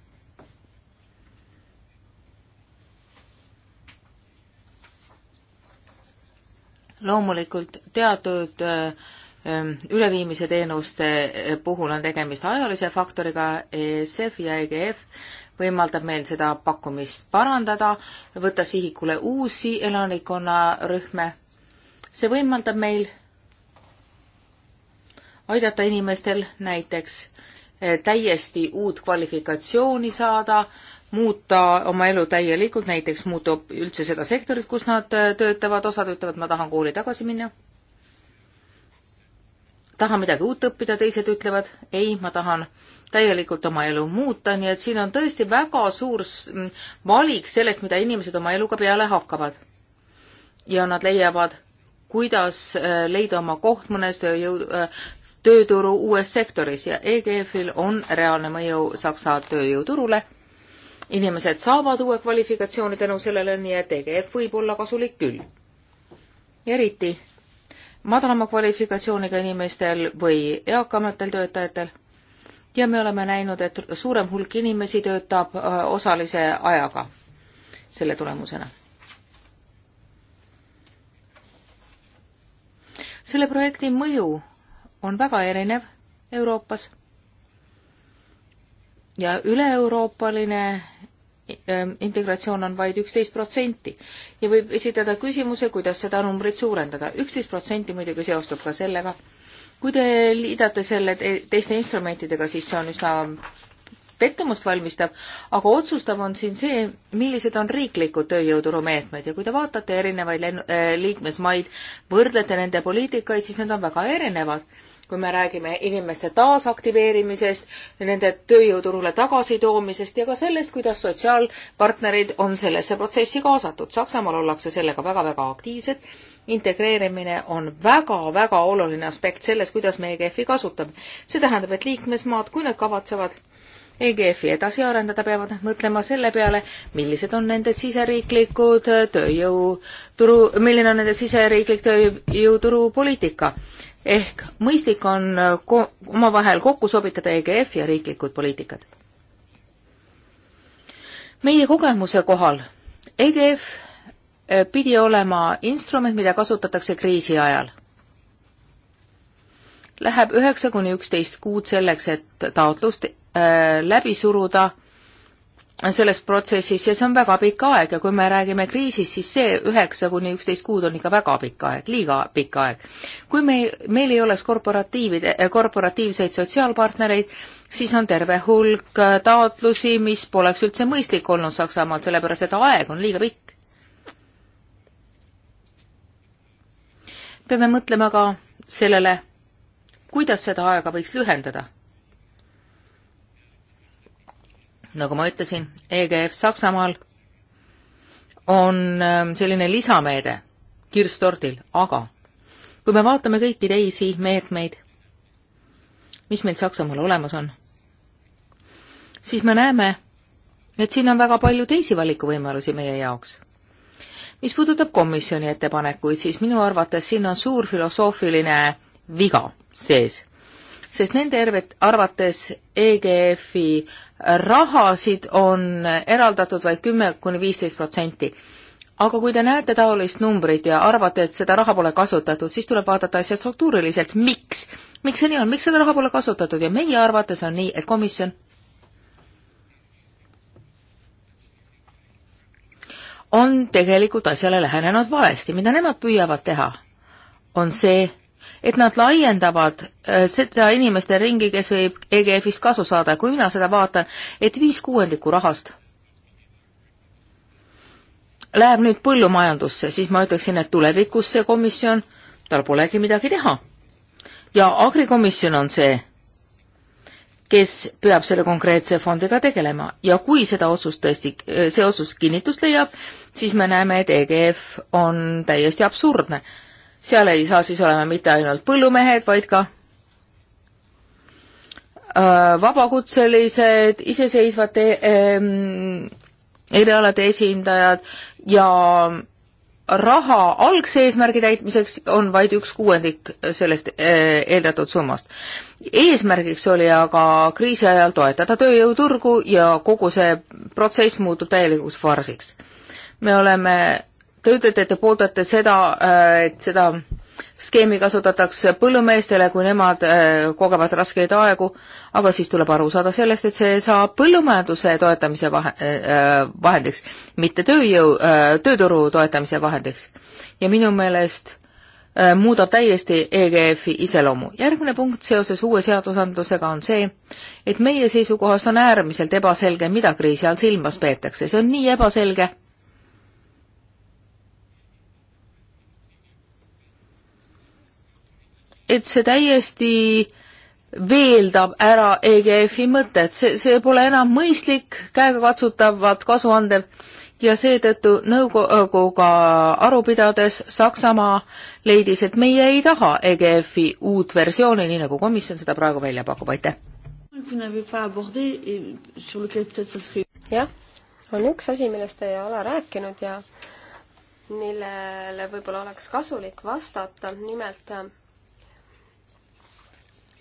loomulikult teatud äh, ähm, üleviimise teenuste äh, puhul on tegemist ajalise faktoriga, ESF ja EGF võimaldab meil seda pakkumist parandada, võtta sihikule uusi elanikkonnarühme. see võimaldab meil aidata inimestel näiteks äh, täiesti uut kvalifikatsiooni saada, muuta oma elu täielikult, näiteks muuta üldse seda sektorit, kus nad äh, töötavad, osad ütlevad, ma tahan kooli tagasi minna. tahan midagi uut õppida, teised ütlevad, ei, ma tahan täielikult oma elu muuta, nii et siin on tõesti väga suur mm, valik sellest, mida inimesed oma eluga peale hakkavad. ja nad leiavad, kuidas äh, leida oma koht mõnes tööjõu, äh, tööturu uues sektoris ja EGF-il on reaalne mõju Saksa tööjõuturule inimesed saavad uue kvalifikatsiooni tänu sellele, nii et EGF võib olla kasulik küll. eriti madalama kvalifikatsiooniga inimestel või eakamatel töötajatel. ja me oleme näinud, et suurem hulk inimesi töötab äh, osalise ajaga selle tulemusena. selle projekti mõju on väga erinev Euroopas ja üle-euroopaline Ähm, integratsioon on vaid üksteist protsenti ja võib esitada küsimuse, kuidas seda numbrit suurendada. üksteist protsenti muidugi seostub ka sellega. kui te liidate selle teiste instrumentidega, siis see on üsna pettumust valmistav, aga otsustav on siin see, millised on riiklikud tööjõuturumeetmed ja kui te vaatate erinevaid lenn-, äh, liikmesmaid, võrdlete nende poliitikaid, siis need on väga erinevad kui me räägime inimeste taasaktiveerimisest, nende tööjõuturule tagasitoomisest ja ka sellest, kuidas sotsiaalpartnerid on sellesse protsessi kaasatud. Saksamaal ollakse sellega väga-väga aktiivsed. integreerimine on väga-väga oluline aspekt selles, kuidas me EGF-i kasutame. see tähendab, et liikmesmaad, kui nad kavatsevad EGF-i edasi arendada, peavad nad mõtlema selle peale, millised on nende siseriiklikud tööjõuturu, milline on nende siseriiklik tööjõuturu poliitika ehk mõistlik on äh, ko-, omavahel kokku sobitada EGF ja riiklikud poliitikad. meie kogemuse kohal EGF äh, pidi olema instrument, mida kasutatakse kriisi ajal. Läheb üheksa kuni üksteist kuud selleks, et taotlust äh, läbi suruda selles protsessis ja see on väga pikk aeg ja kui me räägime kriisist, siis see üheksa kuni üksteist kuud on ikka väga pikk aeg, liiga pikk aeg. kui me, meil ei oleks korporatiivide, eh, korporatiivseid sotsiaalpartnereid, siis on terve hulk äh, taotlusi, mis poleks üldse mõistlik olnud Saksamaal, sellepärast et aeg on liiga pikk. peame mõtlema ka sellele, kuidas seda aega võiks lühendada nagu ma ütlesin, EGF Saksamaal on ähm, selline lisameede kirstordil, aga kui me vaatame kõiki teisi meetmeid, mis meil Saksamaal olemas on, siis me näeme, et siin on väga palju teisi valikuvõimalusi meie jaoks. mis puudutab komisjoni ettepanekuid, siis minu arvates siin on suur filosoofiline viga sees sest nende arvates EGF-i rahasid on eraldatud vaid kümme kuni viisteist protsenti. aga kui te näete taolist numbrit ja arvate, et seda raha pole kasutatud, siis tuleb vaadata asja struktuuriliselt, miks, miks see nii on, miks seda raha pole kasutatud ja meie arvates on nii, et komisjon on tegelikult asjale lähenenud valesti, mida nemad püüavad teha, on see, et nad laiendavad äh, seda inimeste ringi, kes võib EGF-ist kasu saada ja kui mina seda vaatan, et viis kuuendikku rahast läheb nüüd põllumajandusse, siis ma ütleksin, et tulevikus see komisjon, tal polegi midagi teha. ja agrikomisjon on see, kes peab selle konkreetse fondiga tegelema ja kui seda otsust tõesti, see otsus kinnitust leiab, siis me näeme, et EGF on täiesti absurdne seal ei saa siis olema mitte ainult põllumehed, vaid ka äh, vabakutselised, iseseisvate ähm, erialade esindajad ja raha algse eesmärgi täitmiseks on vaid üks kuuendik sellest äh, eeldatud summast. eesmärgiks oli aga kriisi ajal toetada tööjõuturgu ja kogu see protsess muutub täielikuks farsiks. me oleme Te ütlete, et te pooldate seda, äh, et seda skeemi kasutatakse põllumeestele, kui nemad äh, kogevad raskeid aegu, aga siis tuleb aru saada sellest, et see saab põllumajanduse toetamise vahe, äh, vahendiks, mitte tööjõu, tööturu toetamise vahendiks. ja minu meelest muudab täiesti EGF-i iseloomu. järgmine punkt seoses uue seadusandlusega on see, et meie seisukohast on äärmiselt ebaselge, mida kriisi all silmas peetakse, see on nii ebaselge et see täiesti veeldab ära EGF-i mõtet, see, see pole enam mõistlik, käegakatsutavat, kasuandev ja seetõttu nõukoguga aru pidades Saksamaa leidis, et meie ei taha EGF-i uut versiooni, nii nagu komisjon seda praegu välja pakub, aitäh. jah, on üks asi, millest te ei ole rääkinud ja millele võib-olla oleks kasulik vastata, nimelt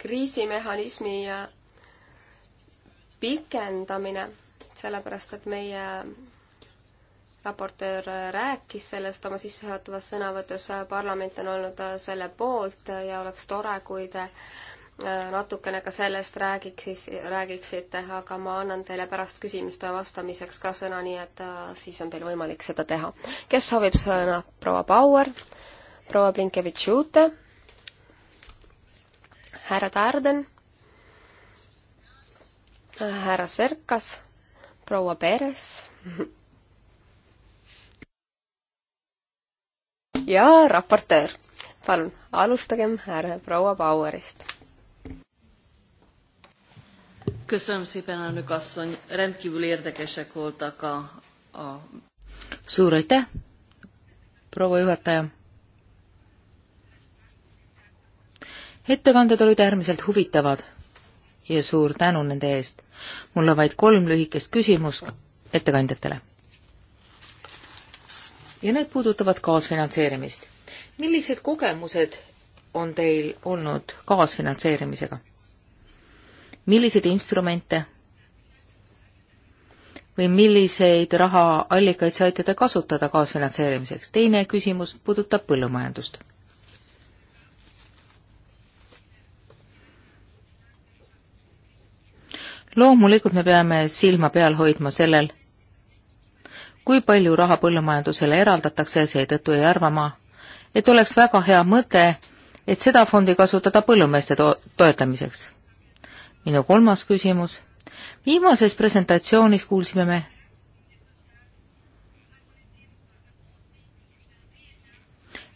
kriisimehhanismi pikendamine, sellepärast et meie raportöör rääkis sellest oma sissejuhatavas sõnavõtus, parlament on olnud selle poolt ja oleks tore, kui te äh, natukene ka sellest räägiks, räägiksite, aga ma annan teile pärast küsimuste vastamiseks ka sõna, nii et äh, siis on teil võimalik seda teha. kes soovib sõna? proua Bauer, proua Blinkevitš-Jute härra Tarden, härra Serkas, proua Peres ja raportöör. palun, alustagem härra proua Bauerist. köszönöm szépen, elnök asszony, rendkívül érdekesek voltak a, a... suur aitäh, proua juhataja ettekanded olid äärmiselt huvitavad ja suur tänu nende eest. mul on vaid kolm lühikest küsimust ettekandjatele. ja need puudutavad kaasfinantseerimist. millised kogemused on teil olnud kaasfinantseerimisega? milliseid instrumente või milliseid rahaallikaid saite te kasutada kaasfinantseerimiseks? teine küsimus puudutab põllumajandust loomulikult me peame silma peal hoidma sellel, kui palju raha põllumajandusele eraldatakse, seetõttu ei arva ma, et oleks väga hea mõte, et seda fondi kasutada põllumeeste to toetamiseks. minu kolmas küsimus. viimases presentatsioonis kuulsime me,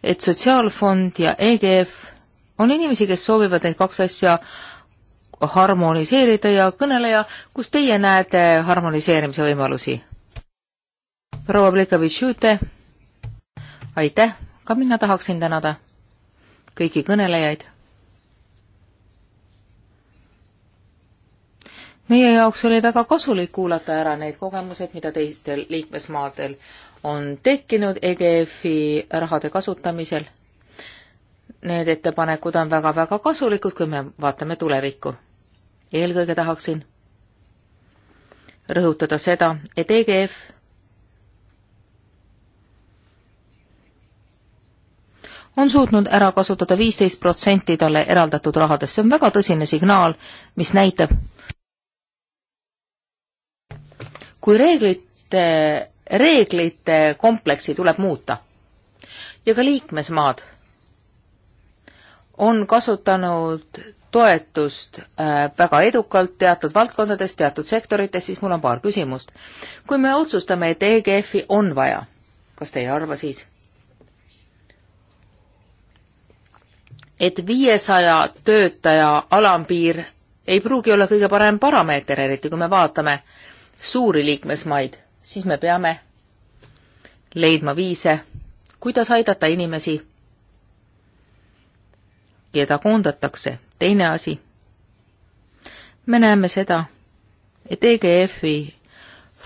et Sotsiaalfond ja EGF on inimesi, kes soovivad neid kaks asja harmoniseerida ja kõneleja, kus teie näete harmoniseerimise võimalusi? proua Plikovitš-Jute, aitäh, ka mina tahaksin tänada kõiki kõnelejaid. meie jaoks oli väga kasulik kuulata ära need kogemused, mida teistel liikmesmaadel on tekkinud EGF-i rahade kasutamisel. Need ettepanekud on väga-väga kasulikud, kui me vaatame tulevikku eelkõige tahaksin rõhutada seda, et EGF on suutnud ära kasutada viisteist protsenti talle eraldatud rahadest, see on väga tõsine signaal, mis näitab, kui reeglite, reeglite kompleksi tuleb muuta ja ka liikmesmaad on kasutanud toetust äh, väga edukalt teatud valdkondades, teatud sektorites, siis mul on paar küsimust. kui me otsustame, et EGF-i on vaja, kas te ei arva siis? et viiesaja töötaja alampiir ei pruugi olla kõige parem parameeter, eriti kui me vaatame suuri liikmesmaid, siis me peame leidma viise, kuidas aidata inimesi keda koondatakse. teine asi, me näeme seda, et EGF-i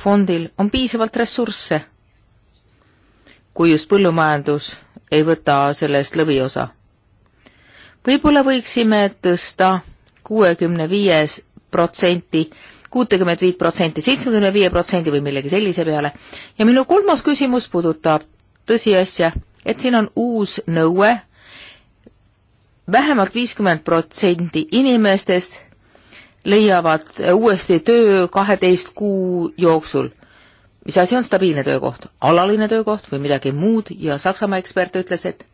fondil on piisavalt ressursse, kui just põllumajandus ei võta sellest lõviosa. võib-olla võiksime tõsta kuuekümne viies protsenti, kuutekümmet viit protsenti, seitsmekümne viie protsendi või millegi sellise peale. ja minu kolmas küsimus puudutab tõsiasja, et siin on uus nõue vähemalt viiskümmend protsendi inimestest leiavad uuesti töö kaheteist kuu jooksul. mis asi on stabiilne töökoht, alaline töökoht või midagi muud ja Saksamaa ekspert ütles, et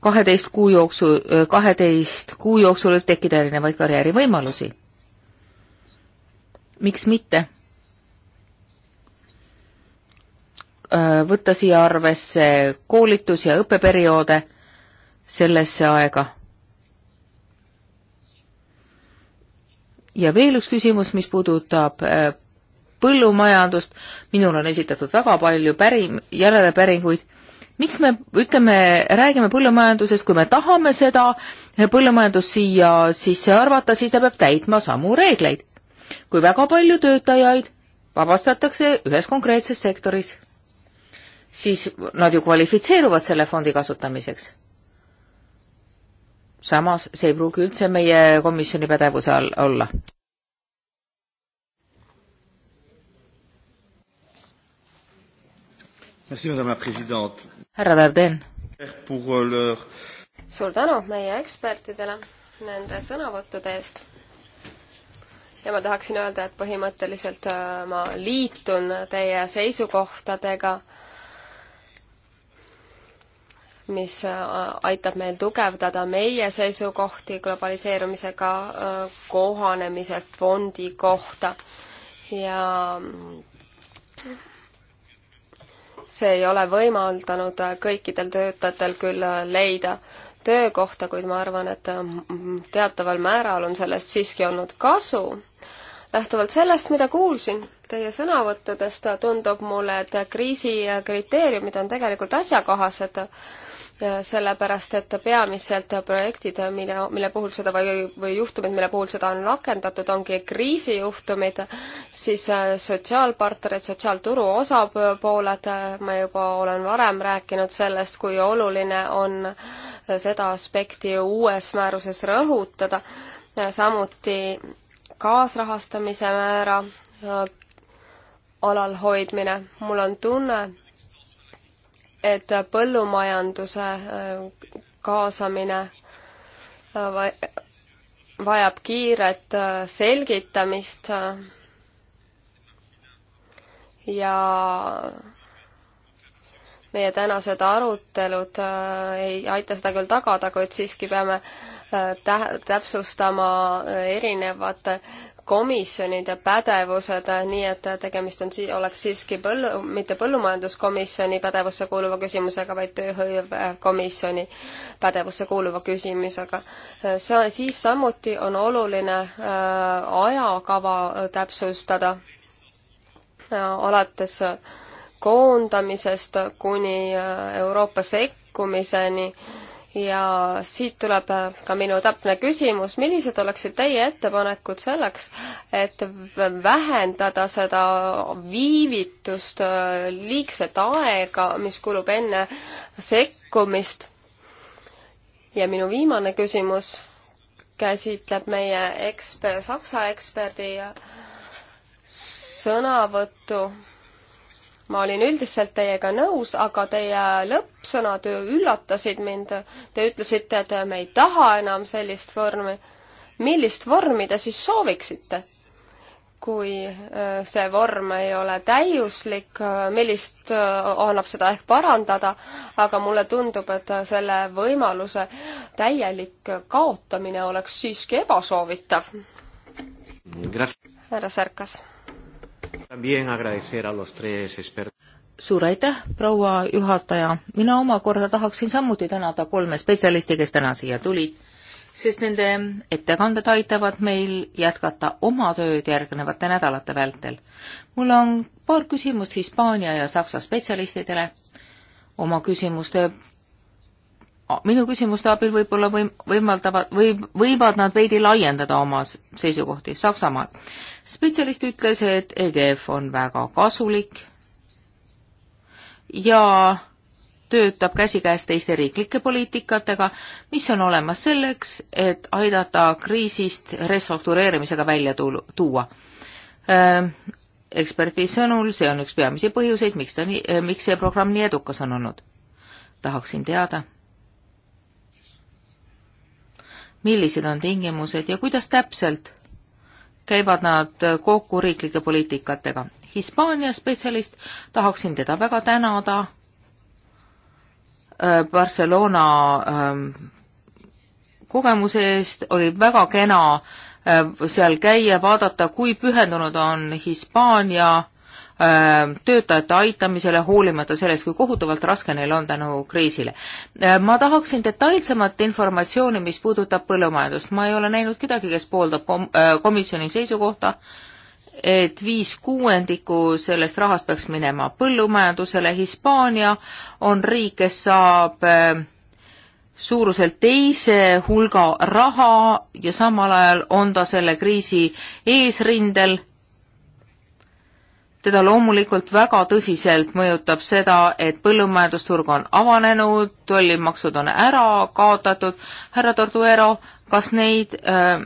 kaheteist kuu jooksul, kaheteist kuu jooksul võib tekkida erinevaid karjäärivõimalusi. miks mitte? Äh, võtta siia arvesse koolitus- ja õppeperioode sellesse aega. ja veel üks küsimus, mis puudutab äh, põllumajandust, minul on esitatud väga palju pärim-, järelepäringuid, miks me ütleme, räägime põllumajandusest, kui me tahame seda põllumajandust siia sisse arvata, siis ta peab täitma samu reegleid. kui väga palju töötajaid vabastatakse ühes konkreetses sektoris, siis nad ju kvalifitseeruvad selle fondi kasutamiseks samas see ei pruugi üldse meie komisjoni pädevuse all olla. härra Darden. Euh, suur tänu meie ekspertidele nende sõnavõttude eest. ja ma tahaksin öelda, et põhimõtteliselt äh, ma liitun teie seisukohtadega äh, mis äh, aitab meil tugevdada meie seisukohti globaliseerumisega äh, kohanemise fondi kohta ja mm, see ei ole võimaldanud äh, kõikidel töötajatel küll leida töökohta, kuid ma arvan, et mm, teataval määral on sellest siiski olnud kasu lähtuvalt sellest, mida kuulsin teie sõnavõttudest, tundub mulle, et kriisi kriteeriumid on tegelikult asjakohased Äh, sellepärast et peamiselt projektid, mille, mille puhul seda või, või juhtumid, mille puhul seda on rakendatud, ongi kriisijuhtumid, siis äh, sotsiaalpartnerid, sotsiaalturu osapooled, ma juba olen varem rääkinud sellest, kui oluline on seda aspekti uues määruses rõhutada, äh, samuti kaasrahastamise määra alalhoidmine, mul on tunne, et põllumajanduse äh, kaasamine äh, vajab kiiret äh, selgitamist ja meie tänased arutelud ei aita seda küll tagada, kuid siiski peame täpsustama erinevate komisjonide pädevused, nii et tegemist on, oleks siiski põllu, mitte põllumajanduskomisjoni pädevusse kuuluva küsimusega, vaid tööhõivekomisjoni pädevusse kuuluva küsimusega. sa, siis samuti on oluline äh, ajakava täpsustada, äh, alates koondamisest kuni äh, Euroopa sekkumiseni ja siit tuleb ka minu täpne küsimus, millised oleksid teie ettepanekud selleks, et vähendada seda viivitust, äh, liigset aega, mis kulub enne sekkumist? ja minu viimane küsimus käsitleb meie eksper-, Saksa eksperdi sõnavõttu ma olin üldiselt teiega nõus, aga teie lõppsõnad üllatasid mind. Te ütlesite, et me ei taha enam sellist vormi. millist vormi te siis sooviksite? kui äh, see vorm ei ole täiuslik, äh, millist äh, annab seda ehk parandada, aga mulle tundub, et selle võimaluse täielik kaotamine oleks siiski ebasoovitav. härra Särkas suur aitäh, proua juhataja, mina omakorda tahaksin samuti tänada kolme spetsialisti, kes täna siia tulid, sest nende ettekanded aitavad meil jätkata oma tööd järgnevate nädalate vältel. mul on paar küsimust Hispaania ja Saksa spetsialistidele. oma küsimuste minu küsimuste abil võib-olla võim-, võimaldavad, võib, võivad nad veidi laiendada oma seisukohti Saksamaal. spetsialist ütles, et EGF on väga kasulik ja töötab käsikäes teiste riiklike poliitikatega, mis on olemas selleks, et aidata kriisist restruktureerimisega välja tu-, tuua ehm, eksperdi sõnul see on üks peamisi põhjuseid, miks ta nii, miks see programm nii edukas on olnud. tahaksin teada millised on tingimused ja kuidas täpselt käivad nad kokku riiklike poliitikatega. Hispaania spetsialist, tahaksin teda väga tänada äh, Barcelona ähm, kogemuse eest, oli väga kena äh, seal käia, vaadata, kui pühendunud on Hispaania Äh, töötajate aitamisele, hoolimata sellest, kui kohutavalt raske neil on tänu kriisile. Äh, ma tahaksin detailsemat informatsiooni, mis puudutab põllumajandust. ma ei ole näinud kedagi, kes pooldab kom-, äh, komisjoni seisukohta, et viis kuuendikku sellest rahast peaks minema põllumajandusele, Hispaania on riik, kes saab suuruselt teise hulga raha ja samal ajal on ta selle kriisi eesrindel teda loomulikult väga tõsiselt mõjutab seda, et põllumajandusturg on avanenud, tollimaksud on ära kaotatud. härra Tortuero, kas neid, äh,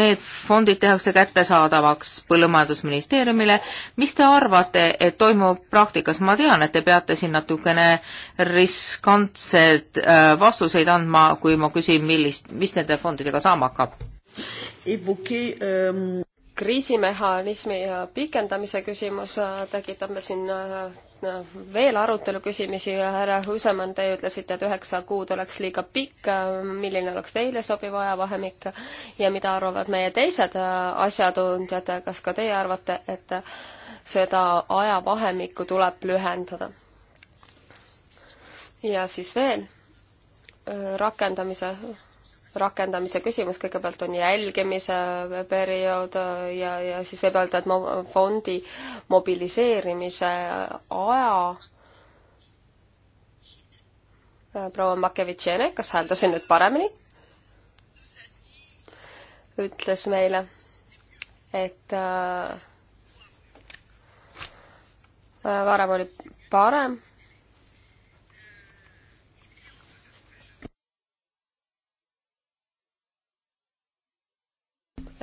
need fondid tehakse kättesaadavaks Põllumajandusministeeriumile, mis te arvate, et toimub praktikas, ma tean, et te peate siin natukene riskantsed äh, vastuseid andma, kui ma küsin, millist, mis nende fondidega saama hakkab? Euh, kriisimehhanismi pikendamise küsimus äh, tekitab meil siin äh, äh, veel arutelu küsimusi, härra Hüüsemann, te ütlesite, et üheksa kuud oleks liiga pikk, milline oleks teile sobiv ajavahemik ja mida arvavad meie teised asjatundjad, kas ka teie arvate, et seda ajavahemikku tuleb lühendada? ja siis veel rakendamise rakendamise küsimus, kõigepealt on jälgimise periood ja, ja siis võib öelda, et mo-, fondi mobiliseerimise aja proua Makevitšene, kas hääldasin nüüd paremini? ütles meile, et äh, äh varem oli parem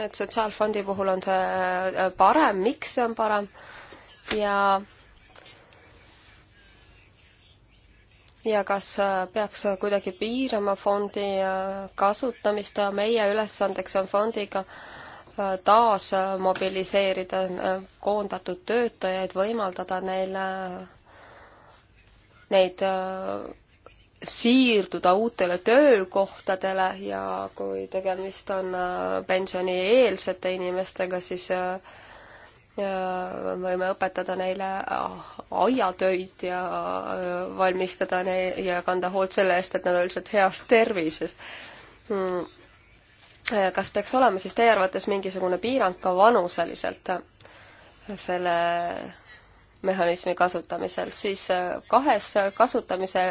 et sotsiaalfondi puhul on see äh, parem, miks see on parem ja ja kas äh, peaks kuidagi piirama fondi äh, kasutamist, meie ülesandeks on fondiga taas mobiliseerida koondatud töötajaid, võimaldada neil neid siirduda uutele töökohtadele ja kui tegemist on äh, pensionieelsete inimestega, siis äh, äh, võime õpetada neile aiatöid ja valmistada neid ja kanda hoolt selle eest, et nad on lihtsalt heas tervises. Hmm. kas peaks olema siis teie arvates mingisugune piirang ka vanuseliselt selle mehhanismi kasutamisel, siis äh, kahes kasutamise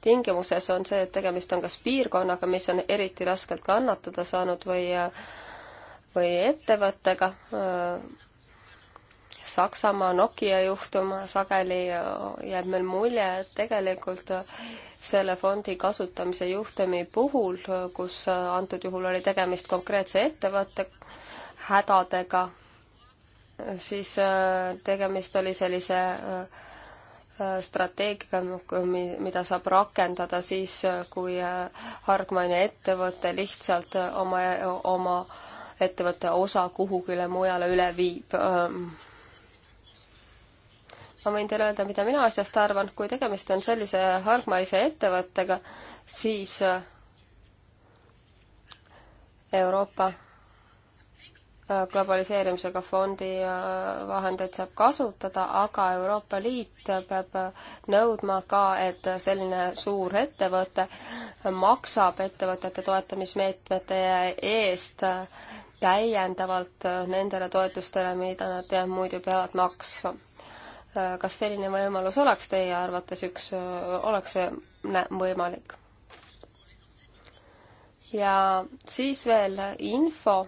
tingimuses on see, et tegemist on kas piirkonnaga, mis on eriti raskelt kannatada saanud või, äh, või ettevõttega. Äh, Saksamaa Nokia juhtum sageli jääb meil mulje, et tegelikult selle fondi kasutamise juhtumi puhul, kus antud juhul oli tegemist konkreetse ettevõtte hädadega, siis äh, tegemist oli sellise äh, äh, strateegiaga, mida saab rakendada siis, kui hargmaine ettevõte lihtsalt oma, oma ettevõtte osa kuhugile mujale üle viib. Ähm. ma võin teile öelda, mida mina asjast arvan, kui tegemist on sellise hargmaise ettevõttega, siis Euroopa globaliseerimisega fondi äh, vahendeid saab kasutada, aga Euroopa Liit peab nõudma ka, et selline suur ettevõte maksab ettevõtete toetamismeetmete eest täiendavalt nendele toetustele, mida nad muidu peavad maksma. Äh, kas selline võimalus oleks teie arvates üks, oleks see võimalik? ja siis veel info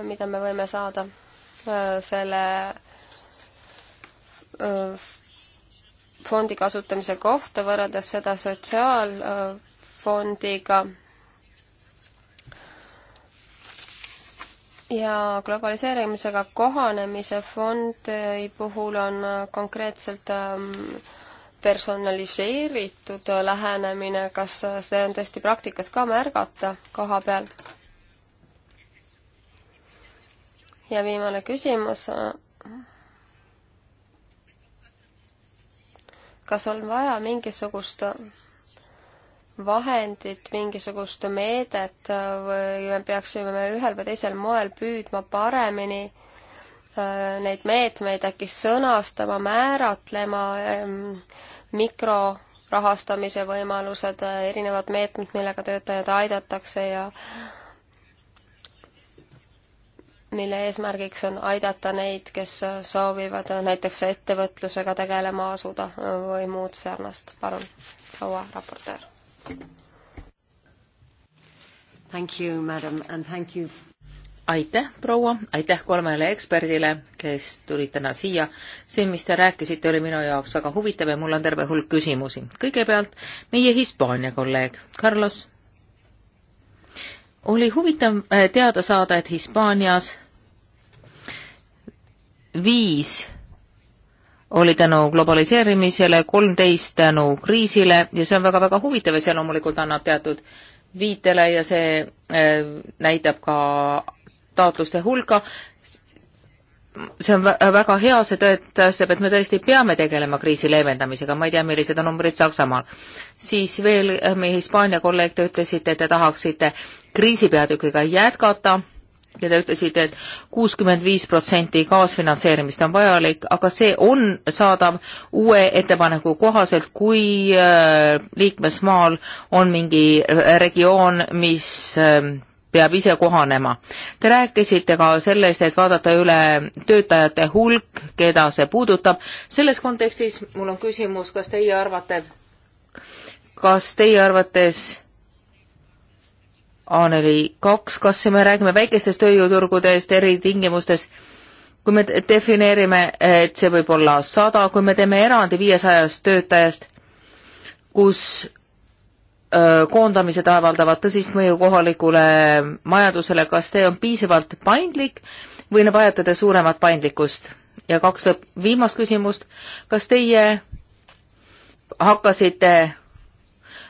mida me võime saada äh, selle äh, fondi kasutamise kohta võrreldes seda sotsiaalfondiga ja globaliseerimisega kohanemise fondi puhul on konkreetselt ähm, personaliseeritud lähenemine, kas see on tõesti praktikas ka märgata koha peal? ja viimane küsimus. Äh, kas on vaja mingisugust vahendit, mingisugust meedet või me peaksime me ühel või teisel moel püüdma paremini äh, neid meetmeid äkki sõnastama, määratlema ähm, mikrorahastamise võimalused, äh, erinevad meetmed, millega töötajaid aidatakse ja mille eesmärgiks on aidata neid, kes soovivad näiteks ettevõtlusega tegelema asuda või muud sarnast. palun, proua raportöör. Thank you, madam, and thank you aitäh, proua, aitäh kolmele eksperdile, kes tulid täna siia. see, mis te rääkisite, oli minu jaoks väga huvitav ja mul on terve hulk küsimusi. kõigepealt meie Hispaania kolleeg Carlos. oli huvitav äh, teada saada, et Hispaanias viis oli tänu globaliseerimisele, kolmteist tänu kriisile ja see on väga-väga huvitav ja see loomulikult annab teatud viitele ja see äh, näitab ka taotluste hulka. see on väga hea, see tõestab, et me tõesti peame tegelema kriisi leevendamisega, ma ei tea, millised on numbrid Saksamaal. siis veel äh, meie Hispaania kolleeg, te ütlesite, et te tahaksite kriisipeatükiga jätkata ja te ütlesite et, et kuuskümmend viis protsenti kaasfinantseerimist on vajalik, aga see on saadav uue ettepaneku kohaselt, kui äh, liikmesmaal on mingi äh, regioon, mis äh, peab ise kohanema. Te rääkisite ka sellest, et vaadata üle töötajate hulk, keda see puudutab. selles kontekstis mul on küsimus, kas teie arvate, kas teie arvates A4 kaks, kas me räägime väikestest tööjõuturgudest, eritingimustes, kui me defineerime, et see võib olla sada, kui me teeme erandi viiesajast töötajast, kus öö, koondamised avaldavad tõsist mõju kohalikule majandusele, kas see on piisavalt paindlik või vajate te suuremat paindlikkust? ja kaks lõpp, viimast küsimust, kas teie hakkasite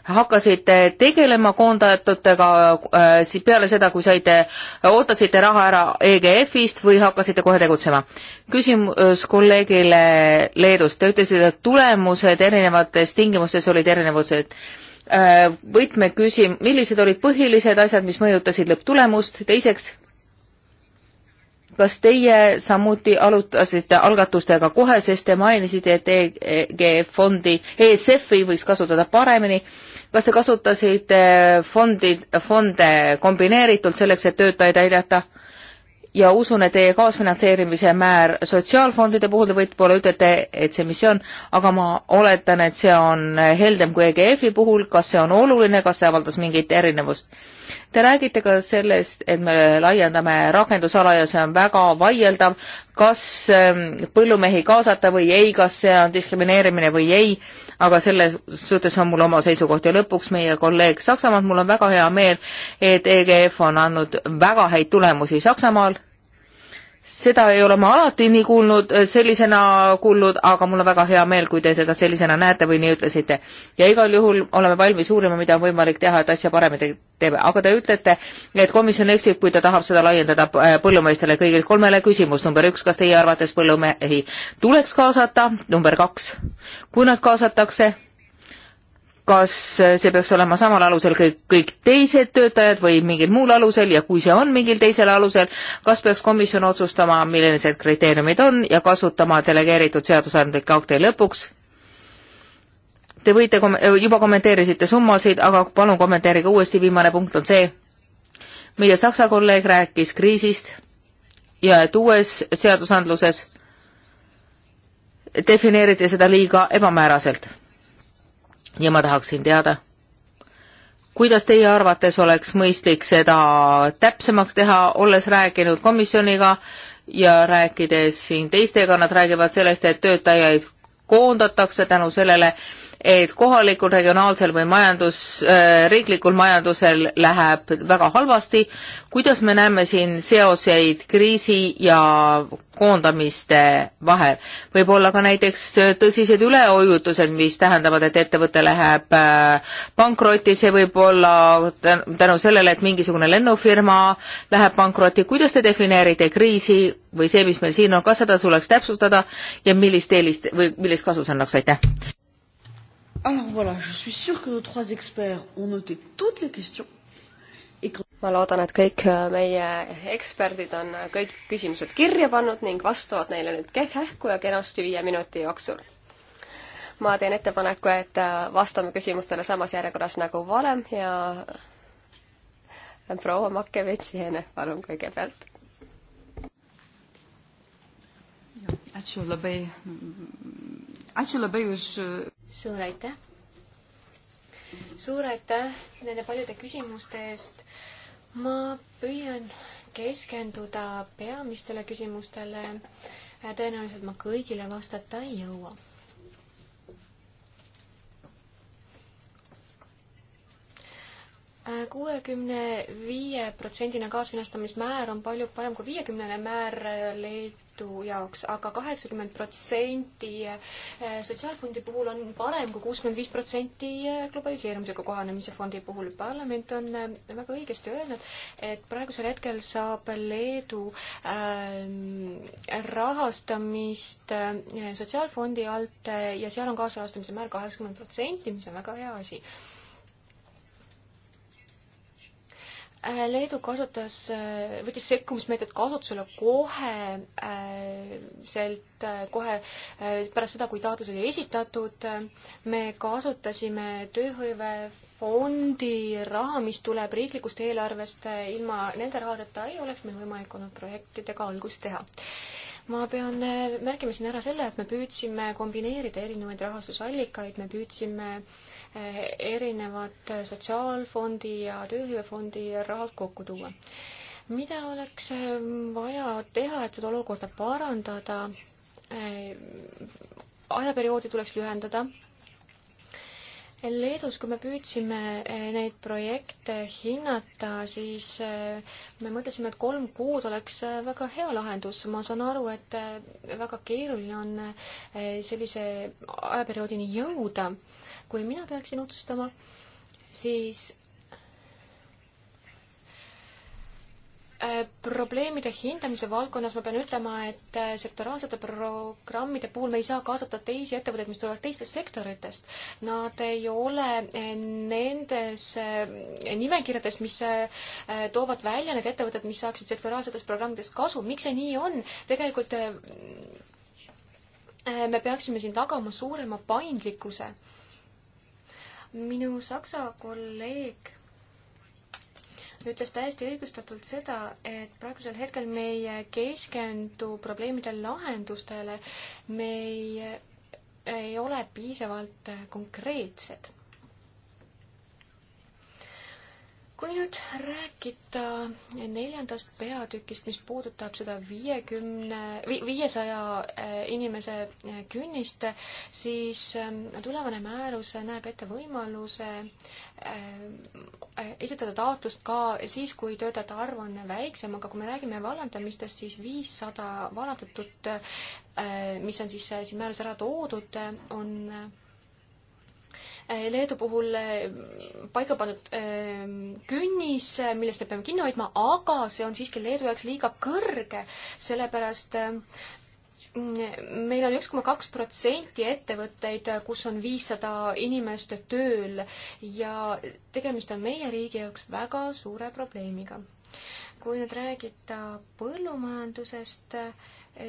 hakkasite tegelema koondajatutega äh, siis peale seda, kui saite, ootasite raha ära EGF-ist või hakkasite kohe tegutsema? küsimus kolleegile Leedust, te ütlesite, et tulemused erinevates tingimustes olid erinevused äh, võtmeküsim-, millised olid põhilised asjad, mis mõjutasid lõpptulemust, teiseks, kas teie samuti arutasite algatustega kohe, sest te mainisite, et EGF fondi, ESF-i võiks kasutada paremini. kas te kasutasite fondi, fonde kombineeritult selleks, et töötajaid aidata? ja usun, et teie kaasfinantseerimise määr sotsiaalfondide puhul te võib-olla ütlete, et see, mis see on, aga ma oletan, et see on heldem kui EGF-i puhul, kas see on oluline, kas see avaldas mingit erinevust? Te räägite ka sellest, et me laiendame rakendusala ja see on väga vaieldav, kas ähm, põllumehi kaasata või ei, kas see on diskrimineerimine või ei, aga selles suhtes on mul oma seisukoht ja lõpuks meie kolleeg Saksamaalt, mul on väga hea meel, et EGF on andnud väga häid tulemusi Saksamaal seda ei ole ma alati nii kuulnud, äh, sellisena kuulnud, aga mul on väga hea meel, kui te seda sellisena näete või nii ütlesite. ja igal juhul oleme valmis uurima, mida on võimalik teha, et asja paremini teeme. aga te ütlete, et komisjon eksib, kui ta tahab seda laiendada äh, põllumeestele kõigile kolmele. küsimus number üks, kas teie arvates põllumehi tuleks kaasata? number kaks, kui nad kaasatakse, kas see peaks olema samal alusel kõik, kõik teised töötajad või mingil muul alusel ja kui see on mingil teisel alusel, kas peaks komisjon otsustama, millised kriteeriumid on ja kasutama delegeeritud seadusandlikke akte lõpuks? Te võite, juba kommenteerisite summasid, aga palun kommenteerige uuesti, viimane punkt on see, meie Saksa kolleeg rääkis kriisist ja et uues seadusandluses defineeriti seda liiga ebamääraselt ja ma tahaksin teada, kuidas teie arvates oleks mõistlik seda täpsemaks teha, olles rääkinud komisjoniga ja rääkides siin teistega, nad räägivad sellest, et töötajaid koondatakse tänu sellele, et kohalikul, regionaalsel või majandus, äh, riiklikul majandusel läheb väga halvasti. kuidas me näeme siin seoseid kriisi ja koondamiste vahel? võib-olla ka näiteks tõsised üleujutused, mis tähendavad, et ettevõte läheb äh, pankrotti, see võib olla tänu sellele, et mingisugune lennufirma läheb pankrotti. kuidas te defineerite kriisi või see, mis meil siin on, kas seda tuleks täpsustada ja millist eelist või millist kasu see annaks, aitäh? Alors voilà, je suis sûre que nos trois experts ont noté toutes les questions. ma loodan, et kõik äh, meie eksperdid on äh, kõik küsimused kirja pannud ning vastavad neile nüüd kähku ja kenasti viie minuti jooksul. ma teen ettepaneku, et äh, vastame küsimustele samas järjekorras nagu varem ja proua Makkevets-Jeene, palun kõigepealt. Ačiū labai Ačiū labai už. E, suur aitäh. suur aitäh nende paljude küsimuste eest. ma püüan keskenduda peamistele küsimustele. tõenäoliselt ma kõigile vastata ei jõua kuuekümne viie protsendine kaasfinantseerimismäär on palju parem kui viiekümnene määr Leedu jaoks aga, aga kaheksakümmend protsenti eh, sotsiaalfondi puhul on parem kui kuuskümmend viis protsenti globaliseerumisega kohanemise fondi puhul. parlament on eh, väga õigesti öelnud, et praegusel hetkel saab Leedu eh, rahastamist sotsiaalfondi alt ja seal on kaasrahastamise määr kaheksakümmend protsenti, mis on väga hea asi Leedu kasutas, äh, võttis sekkumismeetod kasutusele koheselt, kohe äh, äh, pärast seda, kui taotlus oli esitatud. me kasutasime tööhõivefondi raha, mis tuleb riiklikust eelarvest. ilma nende rahadeta ei oleks meil võimalik olnud projektidega algust teha ma pean märkima siin ära selle, et me püüdsime kombineerida erinevaid rahastusallikaid, me püüdsime äh, erinevad sotsiaalfondi ja tööhõivefondi rahad kokku tuua. mida oleks äh, vaja teha, et seda olukorda parandada? Äh, ajaperioodi tuleks lühendada Leedus, kui me püüdsime äh, neid projekte hinnata, siis me mõtlesime, et kolm kuud oleks väga hea lahendus. ma saan aru, et väga keeruline on sellise ajaperioodini jõuda kui mina peaksin otsustama, siis äh, probleemide hindamise valdkonnas ma pean ütlema, et äh, sektoraalsete programmide puhul me ei saa kaasata teisi ettevõtteid, mis tulevad teistest sektoritest. Nad ei ole äh, nendes nimekirjades, mis toovad välja need ettevõtted, mis saaksid sektoraalsetest programmidest kasu. miks see nii on? tegelikult me peaksime siin tagama suurema paindlikkuse minu saksa kolleeg ütles täiesti õigustatult seda, et praegusel hetkel me ei keskendu probleemide lahendustele, me ei, ei ole piisavalt konkreetsed kui nüüd rääkida neljandast peatükist, mis puudutab seda viiekümne, viiesaja äh, inimese äh, künnist, siis ähm, tulevane määrus näeb ette võimaluse äh, esitada taotlust ka siis, kui töötajate arv on väiksem, aga kui me räägime vallandamistest, siis viissada vallandatut, mis on siis siin määrus ära toodud, on Äh, Leedu puhul äh, paika pandud äh, künnis, millest me peame kinni hoidma, aga see on siiski Leedu jaoks liiga kõrge, sellepärast meil on üks koma kaks protsenti ettevõtteid, kus on viissada inimest tööl ja tegemist on meie riigi jaoks väga suure probleemiga. kui nüüd räägida põllumajandusest,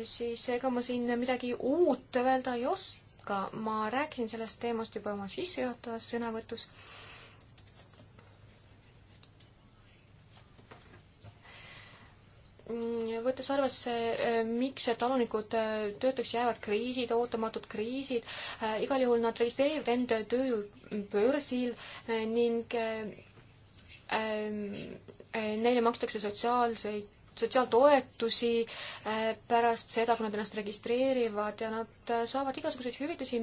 siis ega ma siin midagi uut öelda ei oska ka ma rääkisin sellest teemast juba oma sissejuhatavas sõnavõtus. võttes arvesse, e, miks talunikud e, töötuks jäävad, kriisid, ootamatud kriisid, e, igal juhul nad registreerivad end tööjõubörsil ning neile makstakse sotsiaalseid sotsiaaltoetusi äh, pärast seda, kui nad ennast registreerivad ja nad äh, saavad igasuguseid hüvitisi,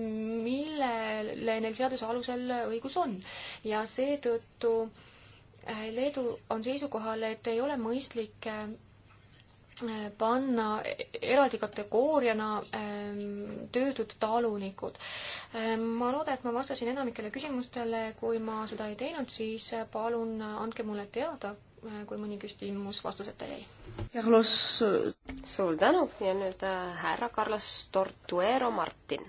millele neil seaduse alusel õigus on. ja seetõttu äh, Leedu on seisukohal, et ei ole mõistlik panna eraldi kategooriana ähm, töötud talunikud ähm,. ma loodan, et ma vastasin enamikele küsimustele, kui ma seda ei teinud, siis palun andke mulle teada, kui mõni küsimus vastuseta jäi. Carlos. suur tänu ja nüüd äh, härra Carlos Tortuero Martin.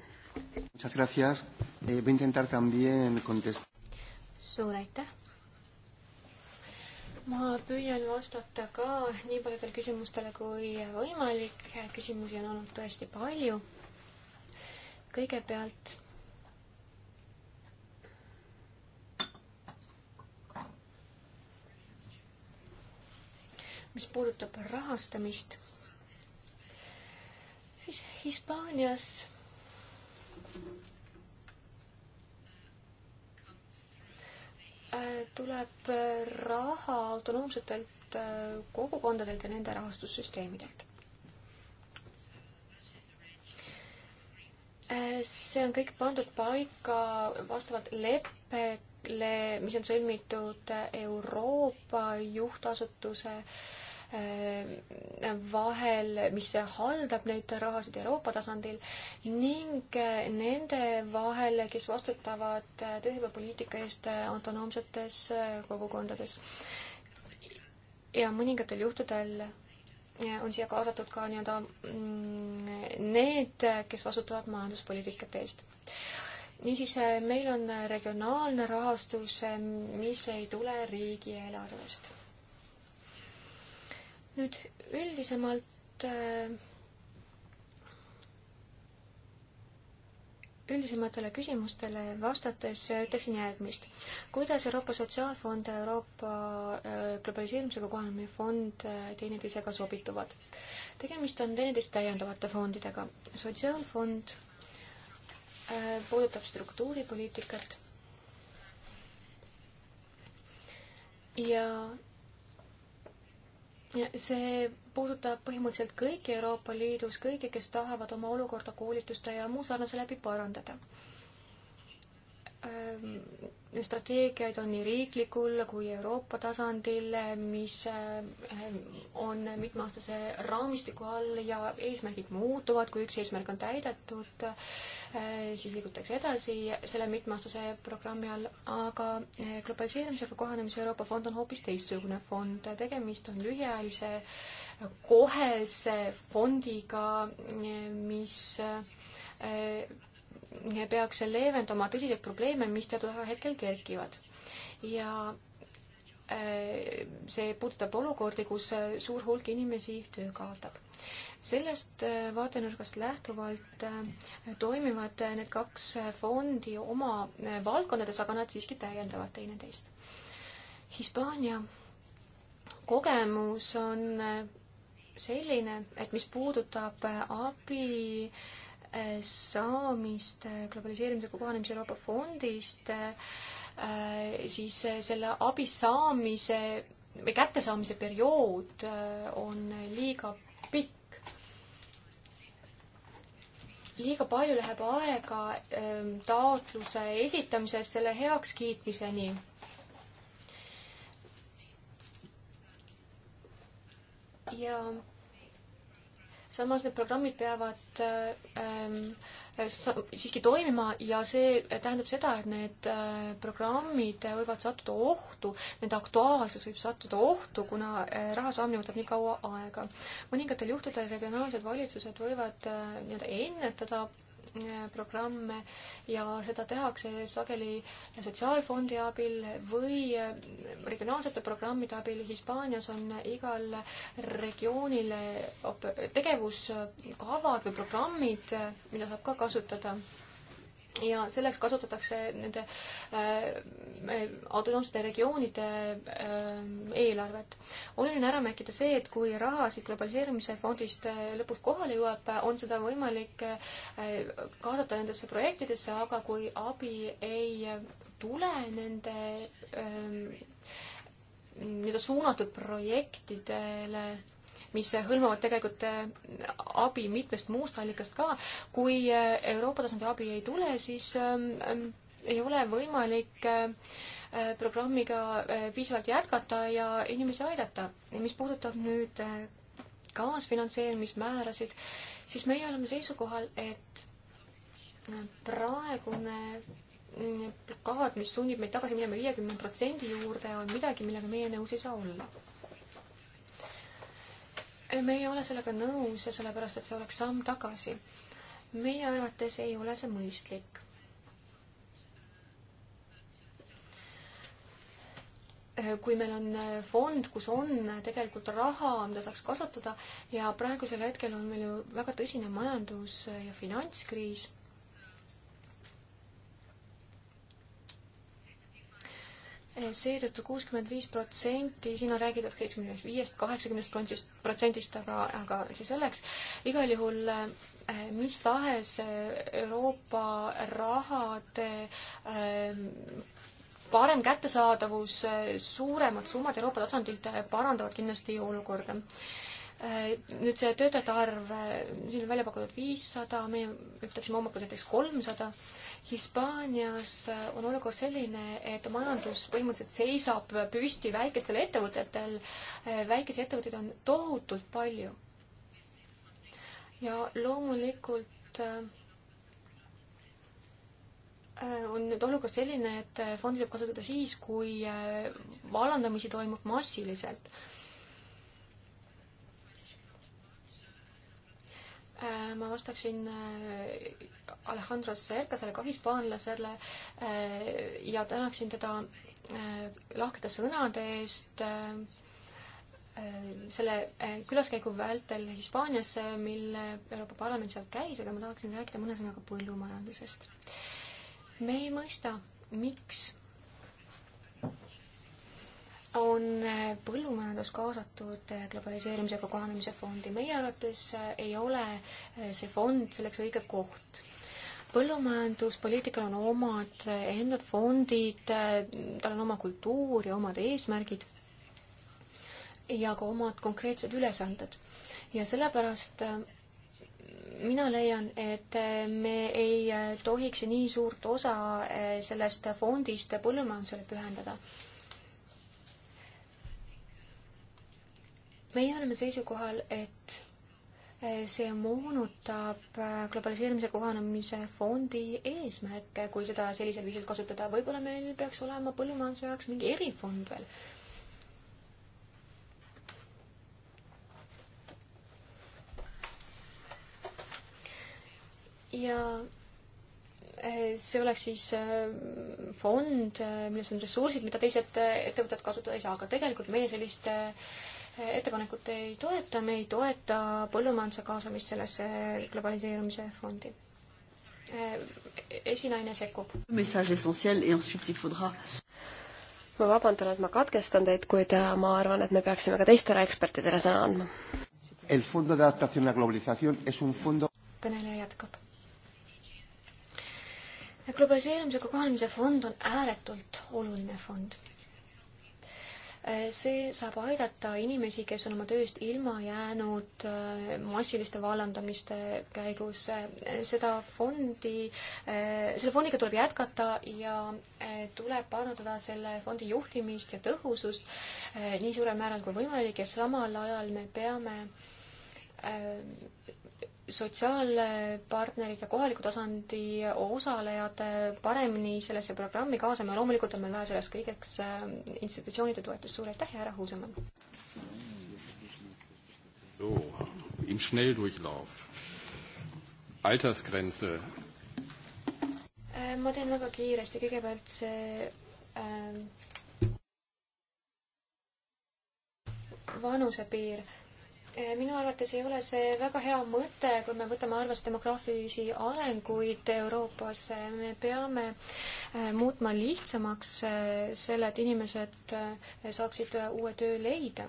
Muchas gracias, eh, voy a intentar también contestar. suur aitäh. ma püüan vastata ka nii paljudele küsimustele kui võimalik, küsimusi on olnud tõesti palju. kõigepealt mis puudutab rahastamist, siis Hispaanias äh, tuleb raha autonoomsetelt äh, kogukondadelt ja nende rahastussüsteemidelt. Äh, see on kõik pandud paika vastavalt leppele, mis on sõlmitud Euroopa juhtasutuse äh, vahel, mis haldab neid rahasid Euroopa tasandil ning nende vahel, kes vastutavad tööhõivepoliitika eest autonoomsetes kogukondades. ja mõningatel juhtudel on siia kaasatud ka nii-öelda mm, need, kes vastutavad majanduspoliitikate eest. niisiis, meil on regionaalne rahastus, mis ei tule riigieelarvest nüüd üldisemalt äh, üldisematele küsimustele vastates ütleksin järgmist. kuidas Euroopa Sotsiaalfond ja Euroopa äh, Globaliseerimisega kohanemise fond äh, teineteisega sobituvad? tegemist on teineteist täiendavate fondidega. sotsiaalfond puudutab struktuuripoliitikat ja see puudutab põhimõtteliselt kõiki Euroopa Liidus, kõiki, kes tahavad oma olukorda koolituste ja muu sarnase läbi parandada. Ehm, strateegiaid on nii riiklikul kui Euroopa tasandil, mis eh, on mitmeaastase raamistiku all ja eesmärgid muutuvad, kui üks eesmärk on täidetud, eh, siis liigutakse edasi selle mitmeaastase programmi all, aga eh, globaliseerimisega kohanemise Euroopa fond on hoopis teistsugune fond, tegemist on lühiajalise kohese fondiga, mis peaks leevendama tõsiseid probleeme, mis teatud hetkel kerkivad. ja äh, see puudutab olukordi, kus äh, suur hulk inimesi töö kaotab. sellest äh, vaatenurgast lähtuvalt toimivad need kaks fondi oma valdkondades, aga nad siiski täiendavad teineteist. Hispaania kogemus on selline, et mis puudutab abi äh, saamist globaliseerimisega kohanemise Euroopa fondist, äh, siis selle abi saamise või kättesaamise periood äh, on liiga pikk. liiga palju läheb aega ähm, taotluse esitamisest selle heakskiitmiseni ja samas need programmid peavad ähm, äh, siiski toimima ja see tähendab seda, et need äh, programmid võivad sattuda ohtu, nende aktuaalsus võib sattuda ohtu, kuna äh, raha saamine võtab nii kaua aega. mõningatel juhtudel regionaalsed valitsused võivad nii-öelda ennetada programme ja seda tehakse sageli sotsiaalfondi abil või regionaalsete programmide abil. Hispaanias on igal regioonil tegevuskavad või programmid, mida saab ka kasutada ja selleks kasutatakse nende äh, autonoomsete regioonide äh, eelarvet. oluline ära märkida see, et kui rahasid globaliseerimise fondist äh, lõpuks kohale jõuab, on seda võimalik äh, kaasata nendesse projektidesse, aga kui abi ei tule nende äh, nii-öelda suunatud projektidele äh, mis hõlmavad tegelikult äh, abi mitmest muust allikast ka. kui äh, Euroopa tasandi abi ei tule, siis ähm, ähm, ei ole võimalik äh, programmiga piisavalt jätkata ja inimesi aidata. mis puudutab nüüd kaasfinantseerimismäärasid, siis meie oleme seisukohal, et praegune blokaad, mis sunnib meid tagasi minema viiekümne protsendi juurde, on midagi, millega meie nõus ei saa olla me ei ole sellega nõus ja sellepärast, et see oleks samm tagasi. meie arvates ei ole see mõistlik. kui meil on fond, kus on tegelikult raha, mida saaks kasutada ja praegusel hetkel on meil ju väga tõsine majandus- ja finantskriis seetõttu kuuskümmend viis protsenti, siin on räägitud seitsmekümnest viiest, kaheksakümnest protsendist, protsendist, aga, aga see selleks, igal juhul äh, mis tahes äh, Euroopa rahade äh, parem kättesaadavus, suuremad summad Euroopa tasandilt parandavad kindlasti olukorda. Nüüd see töötajate arv, siin on välja pakutud viissada, meie ütleksime omalt poolt näiteks kolmsada Hispaanias on olukord selline, et majandus põhimõtteliselt seisab püsti väikestel ettevõtetel. väikesi ettevõtteid on tohutult palju. ja loomulikult äh, on nüüd olukord selline, et fondi saab kasutada siis, kui äh, vallandamisi toimub massiliselt Äh, ma vastaksin äh, Alejandro Cercasele, ka hispaanlasele äh, ja tänaksin teda lahkete sõnade eest selle külaskäigu vältel Hispaaniasse, mil Euroopa Parlament seal käis, aga ma tahaksin rääkida mõne sõnaga põllumajandusest. me ei mõista, miks on põllumajandus kaasatud globaliseerimisega kohanemise fondi. meie arvates ei ole see fond selleks õige koht. põllumajanduspoliitikal on omad endad fondid, tal on oma kultuur ja omad eesmärgid ja ka omad konkreetsed ülesanded. ja sellepärast äh, mina leian, et äh, me ei äh, tohiks nii suurt osa sellest fondist põllumajandusele pühendada meie oleme seisukohal, et eh, see moonutab eh, globaliseerimise kohanemise fondi eesmärke, kui seda sellisel viisil kasutada. võib-olla meil peaks olema põllumajanduse jaoks mingi erifond veel. ja eh, see oleks siis fond, milles on ressursid, mida teised ettevõtted kasutada ei saa, aga tegelikult meie sellist äh, ettepanekut ei toeta, me ei toeta põllumajanduse kaasamist sellesse globaliseerumise fondi. Äh, esinaine sekkub. ma vabandan, et ma katkestan teid, kuid äh, ma arvan, et me peaksime ka teistele ekspertidele sõna andma. kõneleja jätkab globaliseerumisega kohanemise fond on ääretult oluline fond see saab aidata inimesi, kes on oma tööst ilma jäänud äh, massiliste vallandamiste käigus. Äh, seda fondi, äh, selle fondiga tuleb jätkata ja tuleb parandada selle fondi juhtimist ja tõhusust nii suurel määral kui võimalik ja samal ajal me peame sotsiaalpartnerid ja kohaliku tasandi osalejad paremini sellesse programmi kaasama ja loomulikult on meil vaja selleks kõigeks äh, institutsioonide toetust. suur aitäh ja härra Huusemann! So, im Schnelldurchlauf. Altersgrenze. Äh, ma teen väga kiiresti, kõigepealt see äh, vanusepiir äh, Äh, minu arvates ei ole see väga hea mõte, kui me võtame arvesse demograafilisi arenguid Euroopas. Äh, me peame äh, muutma lihtsamaks selle, et inimesed saaksid uue töö leida.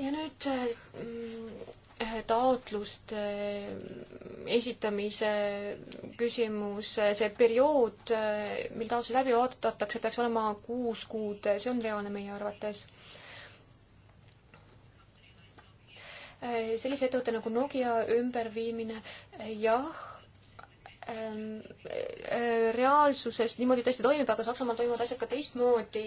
ja nüüd taotluste esitamise küsimus, see periood, mil taotlused läbi vaadatakse, peaks olema kuus kuud, see on reaalne meie arvates Äh, sellise ettevõtte nagu Nokia ümberviimine, äh, jah, ähm, äh, reaalsuses niimoodi tõesti toimib, aga Saksamaal toimuvad asjad ka teistmoodi.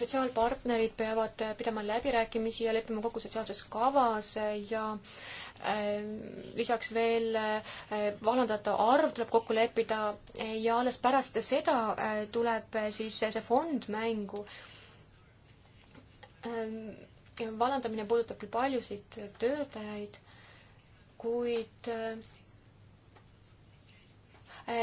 sotsiaalpartnerid peavad pidama läbirääkimisi ja leppima kokku sotsiaalses kavas ja lisaks veel vallandajate arv tuleb kokku leppida ja alles pärast seda tuleb siis see fond mängu ähm, vallandamine puudutab küll paljusid töötajaid, kuid äh,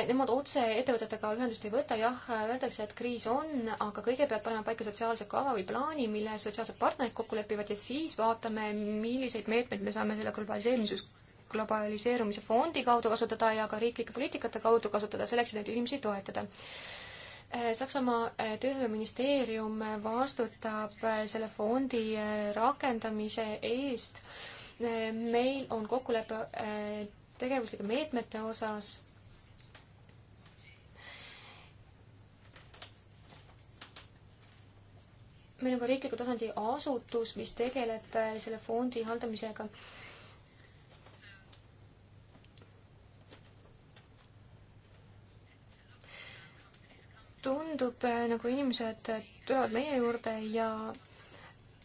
nemad otse ettevõtetega ühendust ei võta, jah, öeldakse, et kriis on, aga kõigepealt paneme paika sotsiaalse kava või plaani, mille sotsiaalsed partnerid kokku lepivad ja siis vaatame, milliseid meetmeid me saame selle globaliseerimises, globaliseerumise fondi kaudu kasutada ja ka riiklike poliitikate kaudu kasutada selleks, et neid inimesi toetada. Eh, Saksamaa eh, tööministeerium eh, vastutab selle fondi rakendamise eest. meil on kokkulepe tegevuslike meetmete osas meil on ka riikliku tasandi asutus, mis tegeleb selle fondi haldamisega tundub, äh, nagu inimesed äh, tulevad meie juurde ja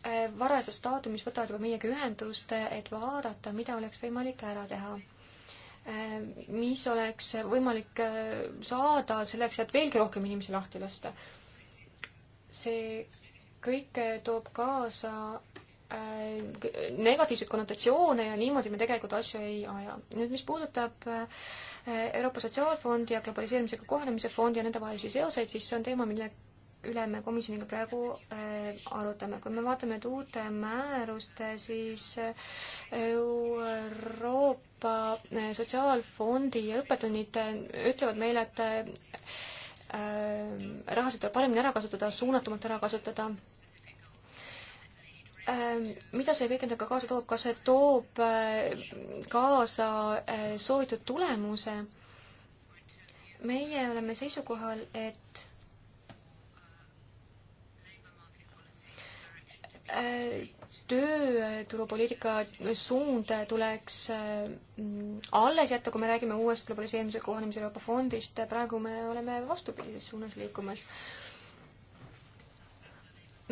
äh, varajases staadiumis võtavad juba meiega ühendust, et vaadata, mida oleks võimalik ära teha. mis oleks võimalik saada selleks, et veelgi rohkem inimesi lahti lasta. see kõik toob kaasa negatiivseid konnotatsioone ja niimoodi me tegelikult asju ei aja. nüüd, mis puudutab äh, Euroopa Sotsiaalfondi ja Globaliseerimisega Kohanemise Fondi ja nende vahelisi seoseid, siis see on teema, mille üle me komisjoniga praegu äh, arutame. kui me vaatame nüüd uut määrust, siis äh, Euroopa äh, Sotsiaalfondi õppetunnid ütlevad meile, et rahasid tuleb paremini ära kasutada, suunatumalt ära kasutada Ähm, mida see kõik endaga kaasa toob, kas see toob äh, kaasa äh, soovitud tulemuse? meie oleme seisukohal, et äh, tööturupoliitika suund tuleks alles jätta, kui me räägime uuest globaliseerimise kohanemise Euroopa fondist, praegu me oleme vastupidises suunas liikumas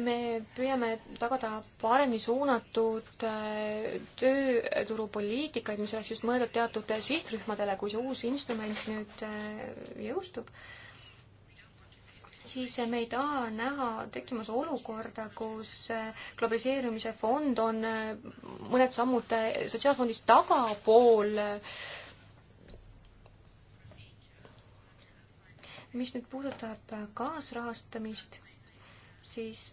me püüame tagada paremini suunatud äh, tööturupoliitikaid, mis oleks just mõeldud teatud äh, sihtrühmadele, kui see uus instrument nüüd äh, jõustub, siis me ei taha näha tekkimas olukorda, kus globaliseerumise fond on mõned sammud sotsiaalfondist tagapool mis nüüd puudutab kaasrahastamist, siis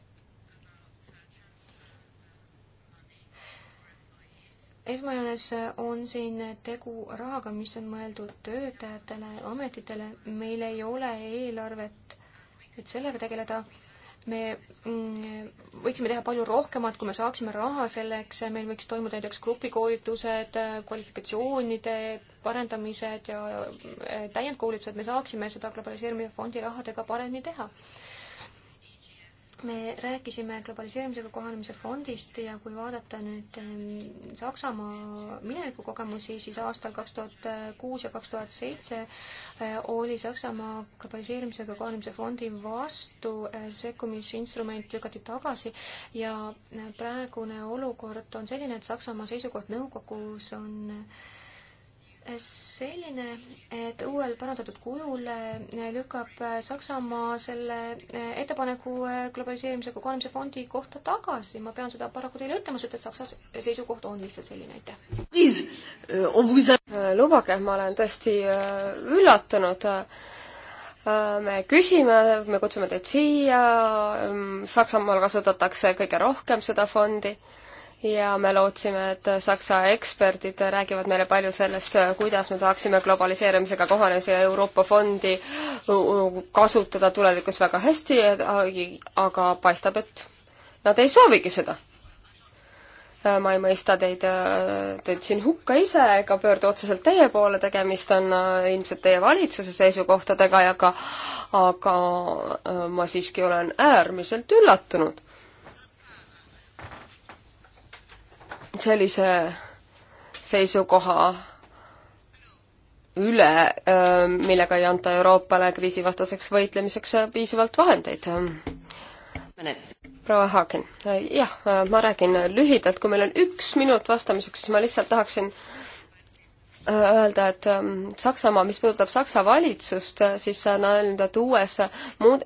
esmajoones on siin tegu rahaga, mis on mõeldud töötajatele, ametitele, meil ei ole eelarvet, et sellega tegeleda. me mm, võiksime teha palju rohkemat, kui me saaksime raha selleks, meil võiks toimuda näiteks grupikoolitused, kvalifikatsioonide parendamised ja mm, täiendkoolitused, me saaksime seda globaliseerimise fondi rahadega paremini teha me rääkisime globaliseerimisega kohanemise fondist ja kui vaadata nüüd ähm, Saksamaa minevikukogemusi, siis aastal kaks tuhat kuus ja kaks tuhat seitse äh, oli Saksamaa globaliseerimisega kohanemise fondi vastu äh, sekkumisinstrument lükati tagasi ja äh, praegune olukord on selline, et Saksamaa seisukoht nõukogus on äh, selline, et uuel parandatud kujul eh, lükkab eh, Saksamaa selle eh, ettepaneku globaliseerimise kogunemise fondi kohta tagasi. ma pean seda paraku teile ütlema, sest et Saksa seisukoht on lihtsalt selline, aitäh. lubage, ma olen tõesti üllatunud me küsime, me kutsume teid siia, mm, Saksamaal kasutatakse kõige rohkem seda fondi ja me lootsime, et Saksa eksperdid räägivad meile palju sellest, kuidas me tahaksime globaliseerimisega kohanemise Euroopa fondi kasutada tulevikus väga hästi, aga paistab, et nad ei soovigi seda ma ei mõista teid, teid siin hukka ise ega pöördu otseselt teie poole, tegemist on äh, ilmselt teie valitsuse seisukohtadega ja ka, aga äh, ma siiski olen äärmiselt üllatunud. sellise seisukoha üle, millega ei anta Euroopale kriisivastaseks võitlemiseks piisavalt vahendeid. proua Haagen, jah, ma räägin lühidalt, kui meil on üks minut vastamiseks, siis ma lihtsalt tahaksin öelda, et Saksamaa, mis puudutab Saksa valitsust, siis on öelnud, et uues,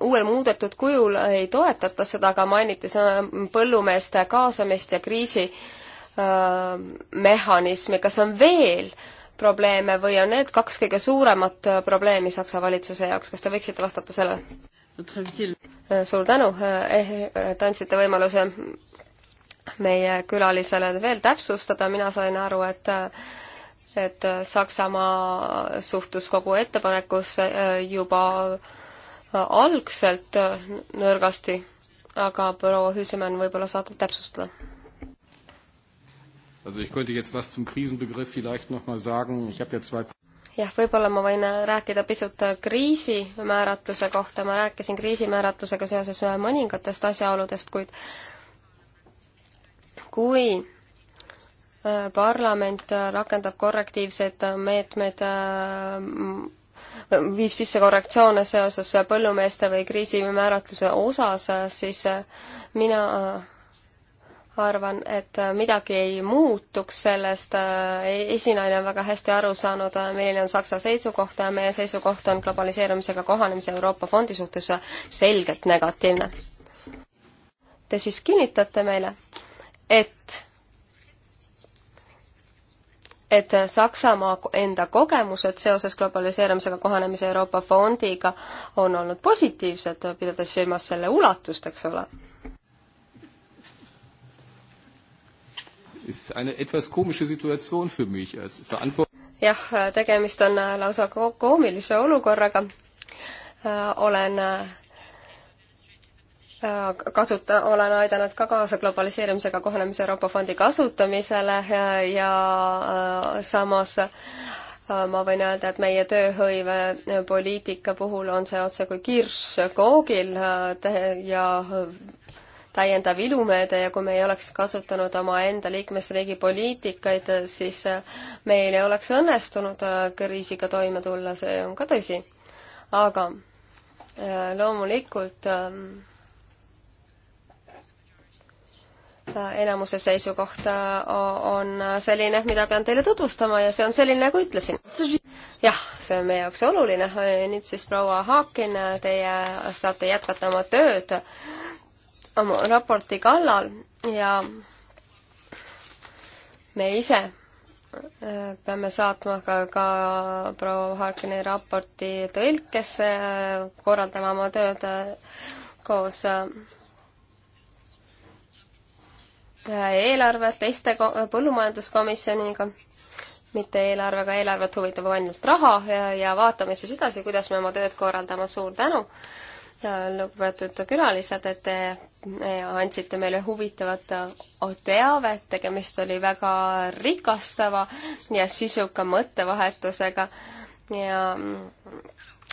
uuel muudetud kujul ei toetata seda, aga mainiti põllumeeste kaasamist ja kriisi äh, Äh, mehhanismi, kas on veel probleeme või on need kaks kõige suuremat äh, probleemi Saksa valitsuse jaoks, kas te võiksite vastata sellele? Äh, suur tänu, eh, et andsite võimaluse meie külalisele veel täpsustada, mina sain aru, et et Saksamaa suhtus kogu ettepanekusse juba algselt nõrgasti, aga proua Hüüsemann võib-olla saate täpsustada Also ich könnte jetzt was zum Krisenbegriff vielleicht noch mal sagen. Ich habe ja zwei jah, võib-olla ma võin äh, rääkida pisut äh, kriisi määratluse kohta, ma rääkisin kriisimääratlusega seoses äh, mõningatest asjaoludest, kuid kui parlament rakendab korrektiivsed meetmed, viib sisse korrektsioone seoses põllumeeste või kriisimääratluse osas, siis mina arvan, et midagi ei muutuks sellest, esinaine on väga hästi aru saanud, milline on Saksa seisukoht ja meie seisukoht on globaliseerumisega kohanemise Euroopa fondi suhtes selgelt negatiivne. Te siis kinnitate meile, et et Saksamaa enda kogemused seoses globaliseerumisega kohanemise Euroopa fondiga on olnud positiivsed, pidades silmas selle ulatust, eks ole ist eine etwas komische Situation für mich als Verantwort- jah, tegemist on äh, lausa ko-, koomilise olukorraga. Äh, olen äh, kasuta-, olen aidanud ka kaasa globaliseerimisega kohanemise Euroopa Fondi kasutamisele ja, ja samas ma võin öelda, et meie tööhõivepoliitika puhul on see otsekui kirss koogil ja täiendav ilumeede ja kui me ei oleks kasutanud omaenda liikmesriigi poliitikaid, siis meil ei oleks õnnestunud äh, kriisiga toime tulla, see on ka tõsi. aga äh, loomulikult ähm, äh, enamuse seisukoht on selline, mida pean teile tutvustama ja see on selline, nagu ütlesin. jah, see on meie jaoks oluline, nüüd siis proua Haakin, teie saate jätkata oma tööd oma raporti kallal ja me ise äh, peame saatma ka, ka proua Harkini raporti tõlkesse, äh, korraldama oma tööd äh, koos eelarve teiste põllumajanduskomisjoniga, mitte eelarvega, eelarvet huvitab ainult raha ja, ja vaatame siis edasi, kuidas me oma tööd korraldame, suur tänu lugupeetud külalised, et te eh, andsite meile huvitavat eh, teavet, tegemist oli väga rikastava ja sisuka mõttevahetusega ja mm,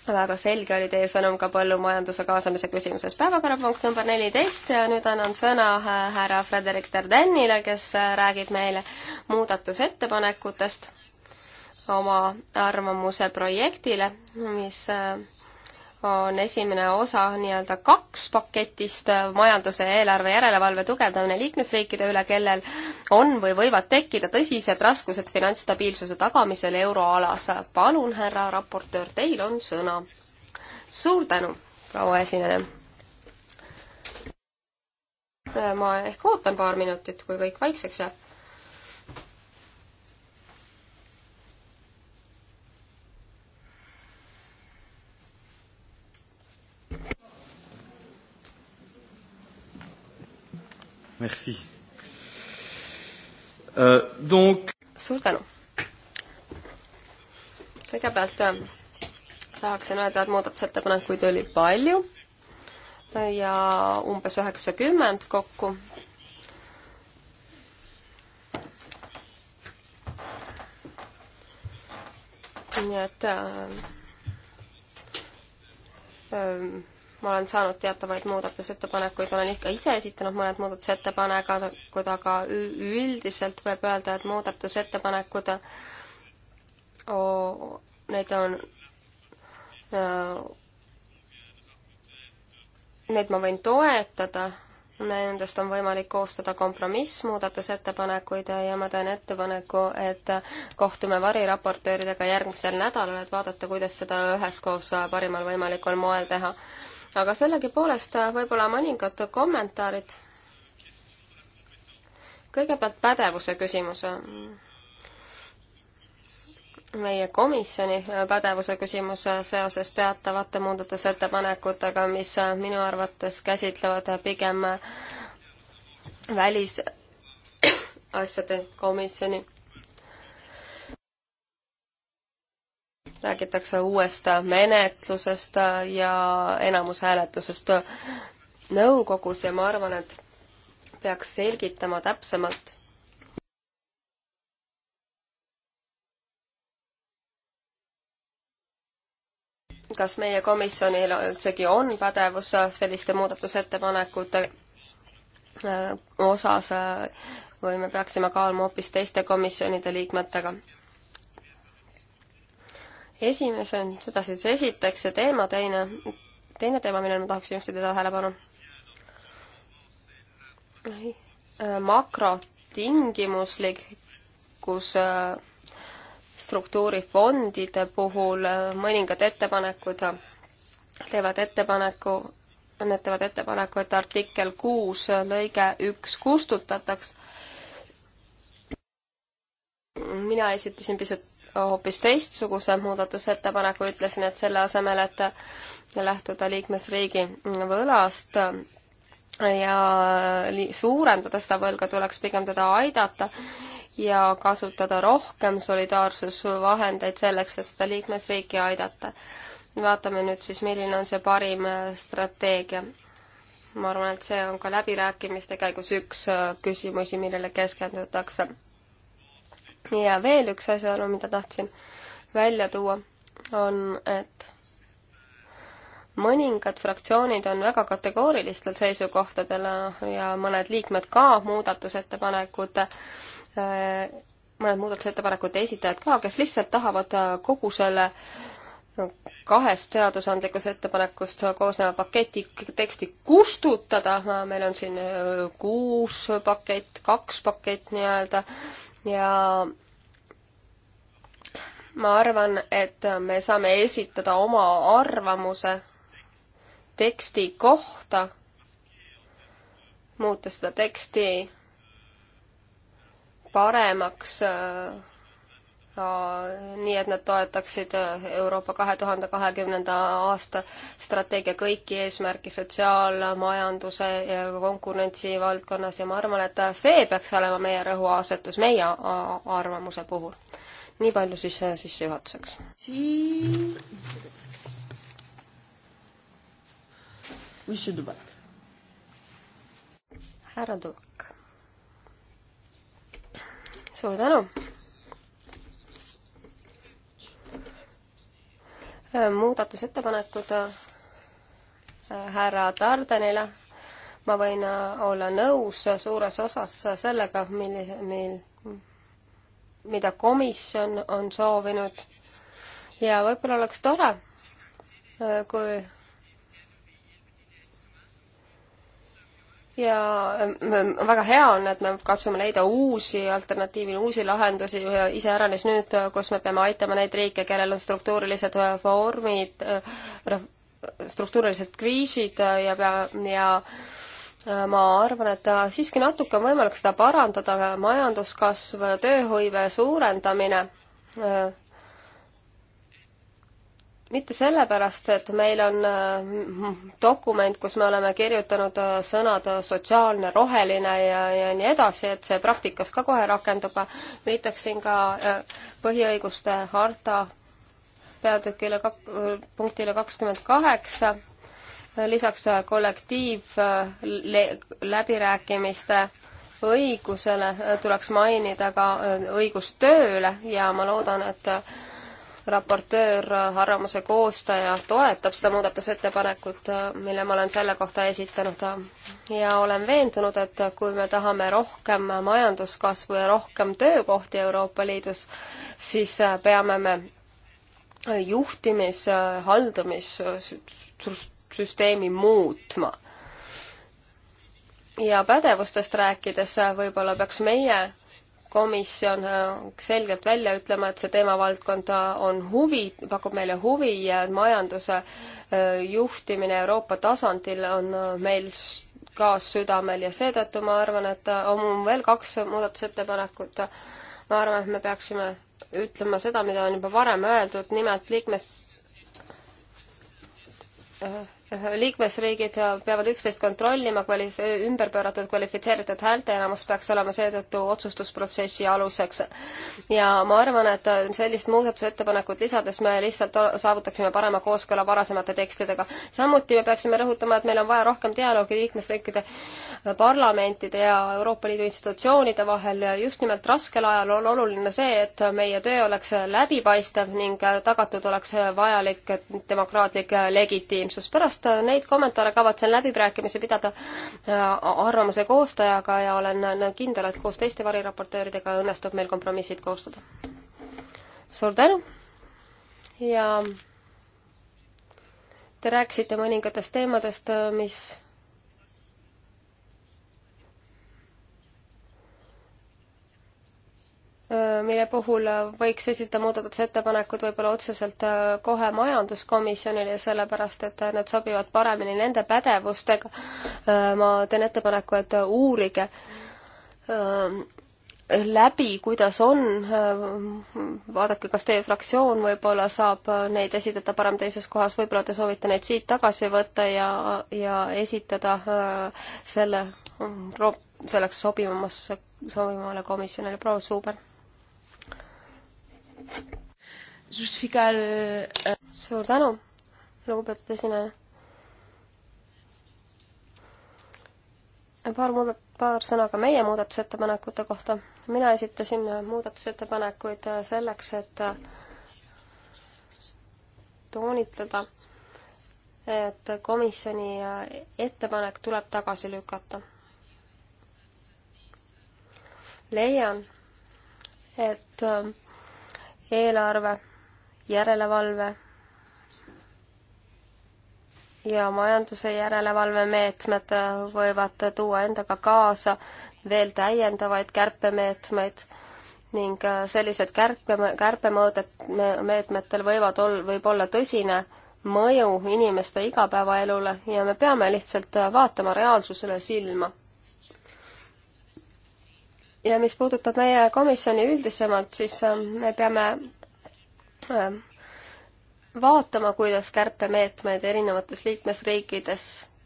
väga selge oli teie sõnum ka põllumajanduse kaasamise küsimuses. päevakorrapunkt number neliteist ja nüüd annan sõna eh, härra Frederik Dardenile, kes räägib meile muudatusettepanekutest oma arvamuse projektile, mis on esimene osa nii-öelda kaks paketist majanduse ja eelarve järelevalve tugevdamine liikmesriikide üle, kellel on või võivad tekkida tõsised raskused finantsstabiilsuse tagamisel euroalas. palun, härra raportöör, teil on sõna. suur tänu, proua esineja. ma ehk ootan paar minutit, kui kõik vaikseks jääb Merci. Euh, donc... suur tänu. kõigepealt äh, tahaksin öelda, et muudatusettepanekuid oli palju ja umbes üheksakümmend kokku nii et äh, äh, ma olen saanud teatavaid muudatusettepanekuid, olen ikka ise esitanud mõned muudatusettepanekud, aga üldiselt võib öelda, et muudatusettepanekud, need on, neid ma võin toetada, nendest on võimalik koostada kompromissmuudatusettepanekuid ja ma teen ettepaneku, et kohtume variraportööridega järgmisel nädalal, et vaadata, kuidas seda üheskoos parimal võimalikul moel teha aga sellegipoolest võib-olla mõningad kommentaarid. kõigepealt pädevuse küsimus. meie komisjoni pädevuse küsimus seoses teatavate muudatusettepanekutega, mis minu arvates käsitlevad pigem välisasjade komisjoni räägitakse uuest menetlusest ja enamushääletusest nõukogus ja ma arvan, et peaks selgitama täpsemalt, kas meie komisjonil üldsegi on pädevus selliste muudatusettepanekute äh, osas äh, või me peaksime kaaluma hoopis teiste komisjonide liikmetega esimese on seda siis esiteks ja teema teine, teine teema, millele ma tahaksin juhtida tähelepanu. Äh, makrotingimuslikkus äh, struktuurifondide puhul äh, mõningad ettepanekud teevad ettepaneku, need teevad ettepaneku, et artikkel kuus lõige üks kustutataks. mina esitasin pisut hoopis teistsuguse muudatusettepaneku, ütlesin, et selle asemel, et lähtuda liikmesriigi võlast ja suurendada seda võlga, tuleks pigem teda aidata ja kasutada rohkem solidaarsusvahendeid selleks, et seda liikmesriiki aidata. vaatame nüüd siis, milline on see parim strateegia ma arvan, et see on ka läbirääkimiste käigus üks küsimusi, millele keskendutakse ja veel üks asjaolu, mida tahtsin välja tuua, on, et mõningad fraktsioonid on väga kategoorilistel seisukohtadel ja mõned liikmed ka muudatusettepanekute, äh, mõned muudatusettepanekute esitajad ka, kes lihtsalt tahavad kogu selle kahest seadusandlikust ettepanekust koosneva paketi teksti kustutada, meil on siin kuus pakett, kaks pakett nii-öelda, ja ma arvan, et me saame esitada oma arvamuse teksti kohta, muuta seda teksti paremaks äh, nii et nad toetaksid äh, Euroopa kahe tuhande kahekümnenda aasta strateegia kõiki eesmärki sotsiaal, majanduse ja konkurentsi valdkonnas ja ma arvan, et see peaks olema meie rõhuasetus meie arvamuse puhul. nii palju siis äh, sissejuhatuseks. härra Tubak. suur tänu muudatusettepanekud äh, härra Tardenile. ma võin äh, olla nõus suures osas sellega, mil, mil, mida komisjon on soovinud ja võib-olla oleks tore, äh, kui ja ähm, ähm, väga hea on, et me katsume leida uusi alternatiive, uusi lahendusi, iseäranis nüüd, äh, kus me peame aitama neid riike, kellel on struktuurilised äh, vormid, äh, struktuurilised kriisid ja pea-, ja ma arvan, et siiski natuke on võimalik seda parandada, majanduskasv, tööhõive suurendamine mitte sellepärast, et meil on äh, dokument, kus me oleme kirjutanud äh, sõnad äh, sotsiaalne, roheline ja, ja nii edasi, et see praktikas ka kohe rakendub. viitaksin ka põhiõiguste harta peatükile kak-, punktile kakskümmend kaheksa, lisaks kollektiivläbirääkimiste õigusele tuleks mainida ka õigust tööle ja ma loodan, et raportöör, arvamuse koostaja toetab seda muudatusettepanekut, mille ma olen selle kohta esitanud ja olen veendunud, et kui me tahame rohkem majanduskasvu ja rohkem töökohti Euroopa Liidus, siis peame me juhtimis, haldamissüsteemi muutma. ja pädevustest rääkides võib-olla peaks meie komisjon äh, selgelt välja ütlema, et see teemavaldkond äh, on huvi, pakub meile huvi ja majanduse äh, juhtimine Euroopa tasandil on meil kaassüdamel ja seetõttu ma arvan, et on veel kaks muudatusettepanekut. ma arvan, et me peaksime ütlema seda, mida on juba varem öeldud, nimelt liikmes liikmesriigid peavad üksteist kontrollima, kvalif-, ümberpööratud kvalifitseeritud häälteenamus peaks olema seetõttu otsustusprotsessi aluseks. ja ma arvan, et sellist muudatusettepanekut lisades me lihtsalt saavutaksime parema kooskõla varasemate tekstidega. samuti me peaksime rõhutama, et meil on vaja rohkem dialoogi liikmesriikide äh, parlamentide ja Euroopa Liidu institutsioonide vahel ja just nimelt raskel ajal on oluline see, et meie töö oleks läbipaistev ning äh, tagatud oleks vajalik demokraatlik äh, legitiimsus. pärast pärast äh, neid kommentaare kavatsen läbirääkimisi pidada äh, arvamuse koostajaga ja olen äh, kindel, et koos teiste variraportööridega õnnestub meil kompromissid koostada. suur tänu ja te rääkisite mõningatest teemadest, mis Äh, mille puhul äh, võiks esitada muudatusettepanekud võib-olla otseselt äh, kohe majanduskomisjonile, sellepärast et need sobivad paremini nende pädevustega. ma teen ettepaneku, et uurige läbi, kuidas on, vaadake, kas teie fraktsioon võib-olla saab neid esitada parem teises kohas, võib-olla te soovite neid siit tagasi võtta ja, ja esitada selle, mm, selleks sobivamas, sobivamale komisjonile, proua Suuber Eh, eh. suur tänu, lugupeetud esineja. paar muudat-, paar sõna ka meie muudatusettepanekute kohta. mina esitasin eh, muudatusettepanekuid selleks, et toonitleda, et komisjoni ettepanek tuleb tagasi lükata. leian, et äh, eelarve, järelevalve ja majanduse järelevalvemeetmed võivad tuua endaga kaasa veel täiendavaid kärpemeetmeid ning äh, sellised kärpe, kärpemeetmetel võivad ol-, võib olla tõsine mõju inimeste igapäevaelule ja me peame lihtsalt vaatama reaalsusele silma ja mis puudutab meie komisjoni üldisemalt, siis ähm, me peame ähm, vaatama, kuidas kärpemeetmeid erinevates liikmesriikides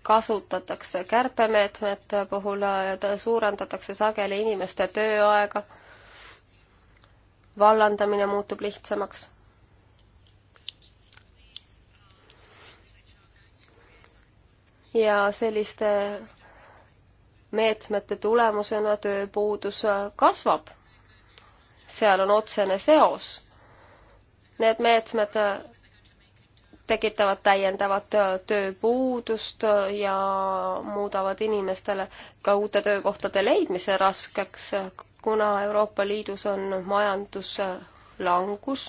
kasutatakse. kärpemeetmete puhul äh, suurendatakse sageli inimeste tööaega, vallandamine muutub lihtsamaks. ja selliste meetmete tulemusena tööpuudus kasvab. seal on otsene seos. Need meetmed tekitavad täiendavat tööpuudust ja muudavad inimestele ka uute töökohtade leidmise raskeks, kuna Euroopa Liidus on majanduslangus.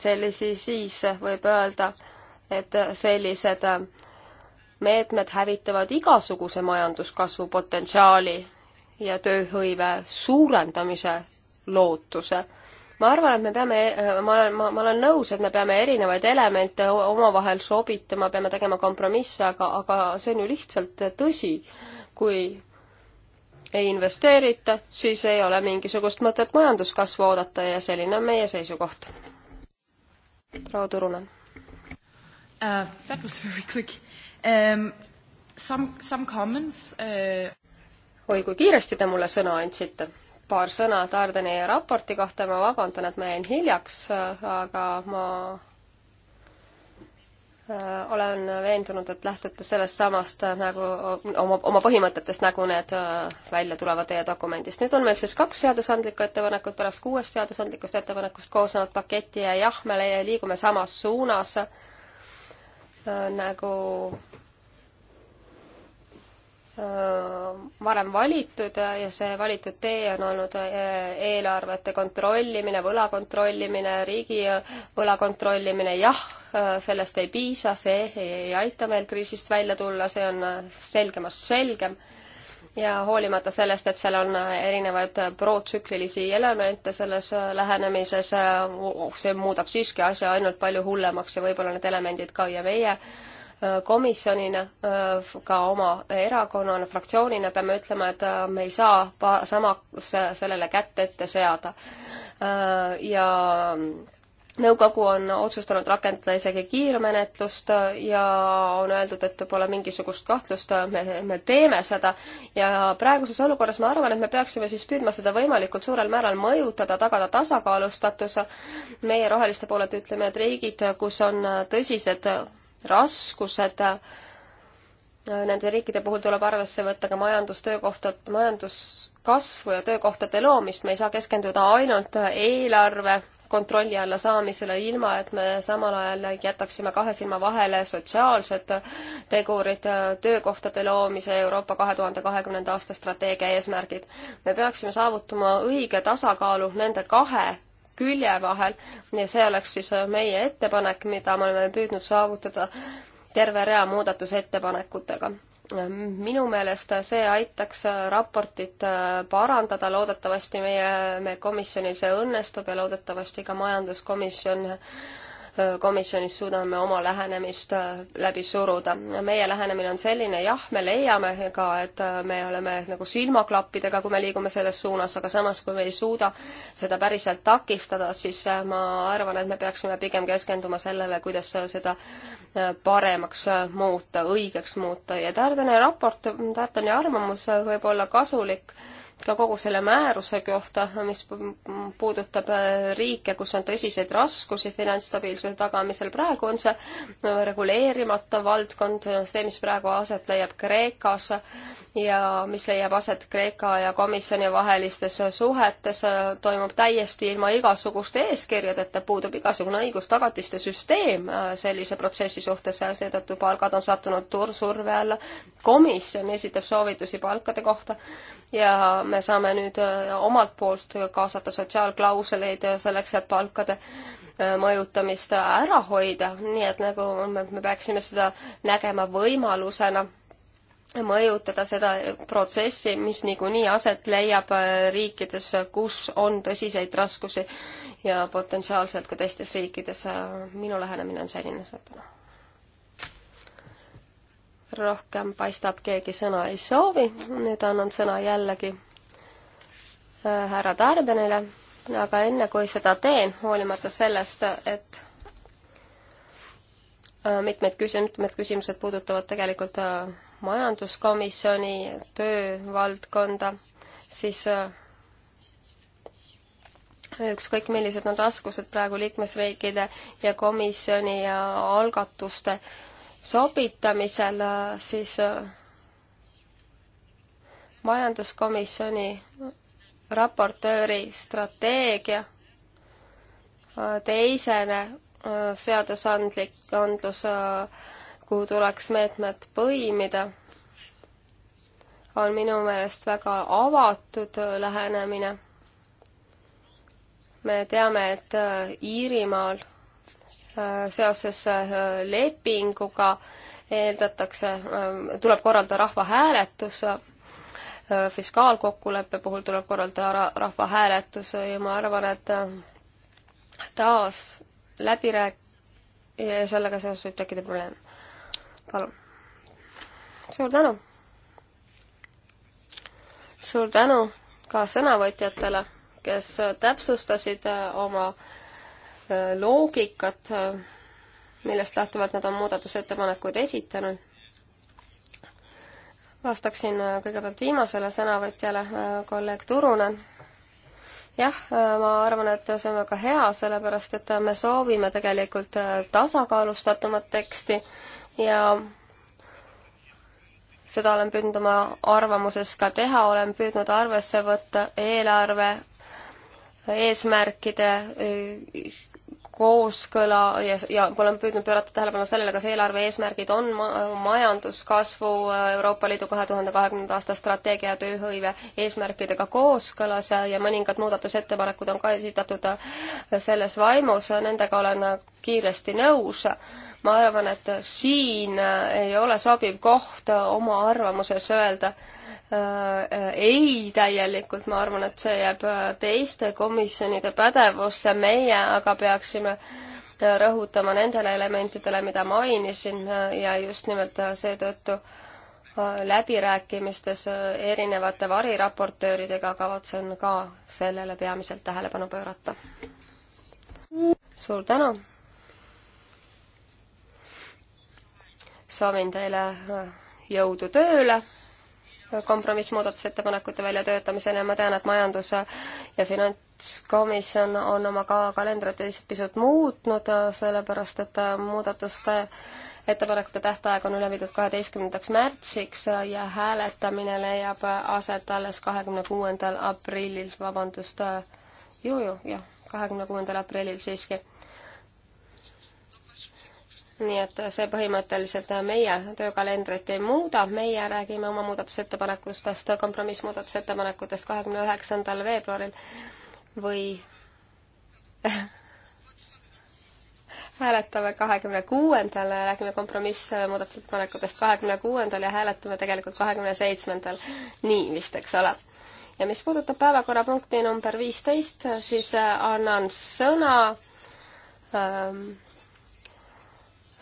sellisi, siis võib öelda, et sellised meetmed hävitavad igasuguse majanduskasvu potentsiaali ja tööhõive suurendamise lootuse. ma arvan, et me peame, äh, ma olen, ma, ma olen nõus, et me peame erinevaid elemente omavahel sobitama, peame tegema kompromisse, aga, aga see on ju lihtsalt tõsi. kui ei investeerita, siis ei ole mingisugust mõtet majanduskasvu oodata ja selline on meie seisukoht. proua Turunen Uh, that was very quick um,. Some, some comments uh.... oi, kui kiiresti te mulle sõna andsite. paar sõna Tardeni raporti kohta, ma vabandan, et ma jäin hiljaks, uh, aga ma uh, olen veendunud, et lähtute sellest samast uh, nagu oma, oma põhimõtetest, nagu need välja tulevad teie dokumendist. nüüd on meil siis kaks seadusandlikku ettepanekut pärast kuuest seadusandlikust ettepanekust koosnevat paketti ja jah, me liigume samas suunas äh, Äh, nagu äh, varem valitud ja see valitud tee on olnud äh, eelarvete kontrollimine, võla kontrollimine, riigi võla kontrollimine, jah, sellest ei piisa, see ei aita meil kriisist välja tulla, see on selgemast selgem ja hoolimata sellest, et seal on erinevaid protsüklilisi elemente selles lähenemises, see muudab siiski asja ainult palju hullemaks ja võib-olla need elemendid ka ja meie äh, komisjonina, äh, ka oma erakonnana, fraktsioonina peame ütlema, et äh, me ei saa sama sellele kätt ette seada. ja nõukogu on otsustanud rakendada isegi kiirmenetlust ja on öeldud, et pole mingisugust kahtlust, me, me teeme seda. ja praeguses olukorras ma arvan, et me peaksime siis püüdma seda võimalikult suurel määral mõjutada, tagada tasakaalustatuse. meie roheliste poolelt ütleme, et riigid, kus on tõsised raskused, nende riikide puhul tuleb arvesse võtta ka majandus, töökohtad, majanduskasvu ja töökohtade loomist, me ei saa keskenduda ainult eelarve kontrolli alla saamisele, ilma et me samal ajal jätaksime kahe silma vahele sotsiaalsed tegurid, töökohtade loomise Euroopa kahe tuhande kahekümnenda aasta strateegia eesmärgid. me peaksime saavutama õige tasakaalu nende kahe külje vahel ja see oleks siis meie ettepanek, mida me oleme püüdnud saavutada terve rea muudatusettepanekutega minu meelest see aitaks raportit äh, parandada, loodetavasti meie, me komisjonis õnnestub ja loodetavasti ka majanduskomisjon komisjonis suudame oma lähenemist äh, läbi suruda. meie lähenemine on selline, jah, me leiame ka, et äh, me oleme nagu silmaklappidega, kui me liigume selles suunas, aga samas, kui me ei suuda seda päriselt takistada, siis äh, ma arvan, et me peaksime pigem keskenduma sellele, kuidas seda paremaks muuta, õigeks muuta ja Tärdani raport, Tärdani arvamus võib olla kasulik ka kogu selle määruse kohta, mis puudutab äh, riike, kus on tõsiseid raskusi finantsstabiilsuse tagamisel. praegu on see äh, reguleerimata valdkond, see, mis praegu aset leiab Kreekas ja mis leiab aset Kreeka ja komisjoni vahelistes suhetes, äh, toimub täiesti ilma igasuguste eeskirjadeta, puudub igasugune õigustagatiste süsteem sellise protsessi suhtes ja seetõttu palgad on sattunud surve alla. komisjon esitab soovitusi palkade kohta ja me saame nüüd äh, omalt poolt kaasata sotsiaalklausleid selleks, et palkade äh, mõjutamist ära hoida, nii et nagu me, me peaksime seda nägema võimalusena mõjutada seda protsessi, mis niikuinii aset leiab äh, riikides, kus on tõsiseid raskusi ja potentsiaalselt ka teistes riikides. minu lähenemine on selline rohkem paistab keegi sõna ei soovi, nüüd annan sõna jällegi äh, härra Tarbenile, aga enne kui seda teen, hoolimata sellest, et äh, mitmed küsim-, mitmed küsimused puudutavad tegelikult äh, majanduskomisjoni töövaldkonda, siis ükskõik millised on raskused praegu liikmesriikide ja komisjoni ja algatuste äh, sobitamisel äh, siis äh, majanduskomisjoni raportööri strateegia äh, teisene seadusandlik andlus, kuhu tuleks meetmed põimida, on minu meelest väga avatud lähenemine. me teame, et Iirimaal seoses äh, lepinguga eeldatakse, äh, tuleb korraldada rahvahääletus, äh, fiskaalkokkuleppe puhul tuleb korraldada rahvahääletus ja ma arvan, et taas läbirääk-, sellega seoses võib tekkida probleem. palun. suur tänu! suur tänu ka sõnavõtjatele, kes täpsustasid oma äh, loogikat, millest lähtuvalt nad on muudatusettepanekuid esitanud. vastaksin äh, kõigepealt viimasele sõnavõtjale, äh, kolleeg Turunen. jah, äh, ma arvan, et see on väga hea, sellepärast et me soovime tegelikult tasakaalustatumat teksti ja seda olen püüdnud oma arvamuses ka teha, olen püüdnud arvesse võtta eelarve eesmärkide kooskõla ja, ja olen püüdnud pöörata tähelepanu sellele, kas eelarve eesmärgid on ma majanduskasvu äh, Euroopa Liidu kahe tuhande kahekümnenda aasta strateegia ja tööhõive eesmärkidega kooskõlas ja mõningad muudatusettepanekud on ka esitatud äh, selles vaimus, nendega olen äh, kiiresti nõus. ma arvan, et siin ei ole sobiv koht oma arvamuses öelda, Äh, äh, ei täielikult, ma arvan, et see jääb äh, teiste komisjonide pädevusse, meie aga peaksime rõhutama nendele elementidele, mida mainisin ja just nimelt seetõttu läbirääkimistes erinevate variraportööridega kavatsen ka sellele peamiselt tähelepanu pöörata. suur tänu! soovin teile jõudu tööle! kompromissmuudatusettepanekute väljatöötamiseni ja ma tean, et majandus- ja finantskomisjon on oma ka kalendrit pisut muutnud, sellepärast et muudatuste ettepanekute tähtaeg on üle viidud kaheteistkümnendaks märtsiks ja hääletamine leiab aset alles kahekümne kuuendal aprillil, vabandust, ju-ju, äh, jah, kahekümne kuuendal aprillil siiski nii et see põhimõtteliselt meie töökalendrit ei muuda, meie räägime oma muudatusettepanekutest, kompromissmuudatusettepanekutest kahekümne üheksandal veebruaril või hääletame kahekümne kuuendal, räägime kompromissmuudatusettepanekutest kahekümne kuuendal ja hääletame tegelikult kahekümne seitsmendal. nii vist, eks ole ja mis puudutab päevakorrapunkti number viisteist, siis annan sõna ähm,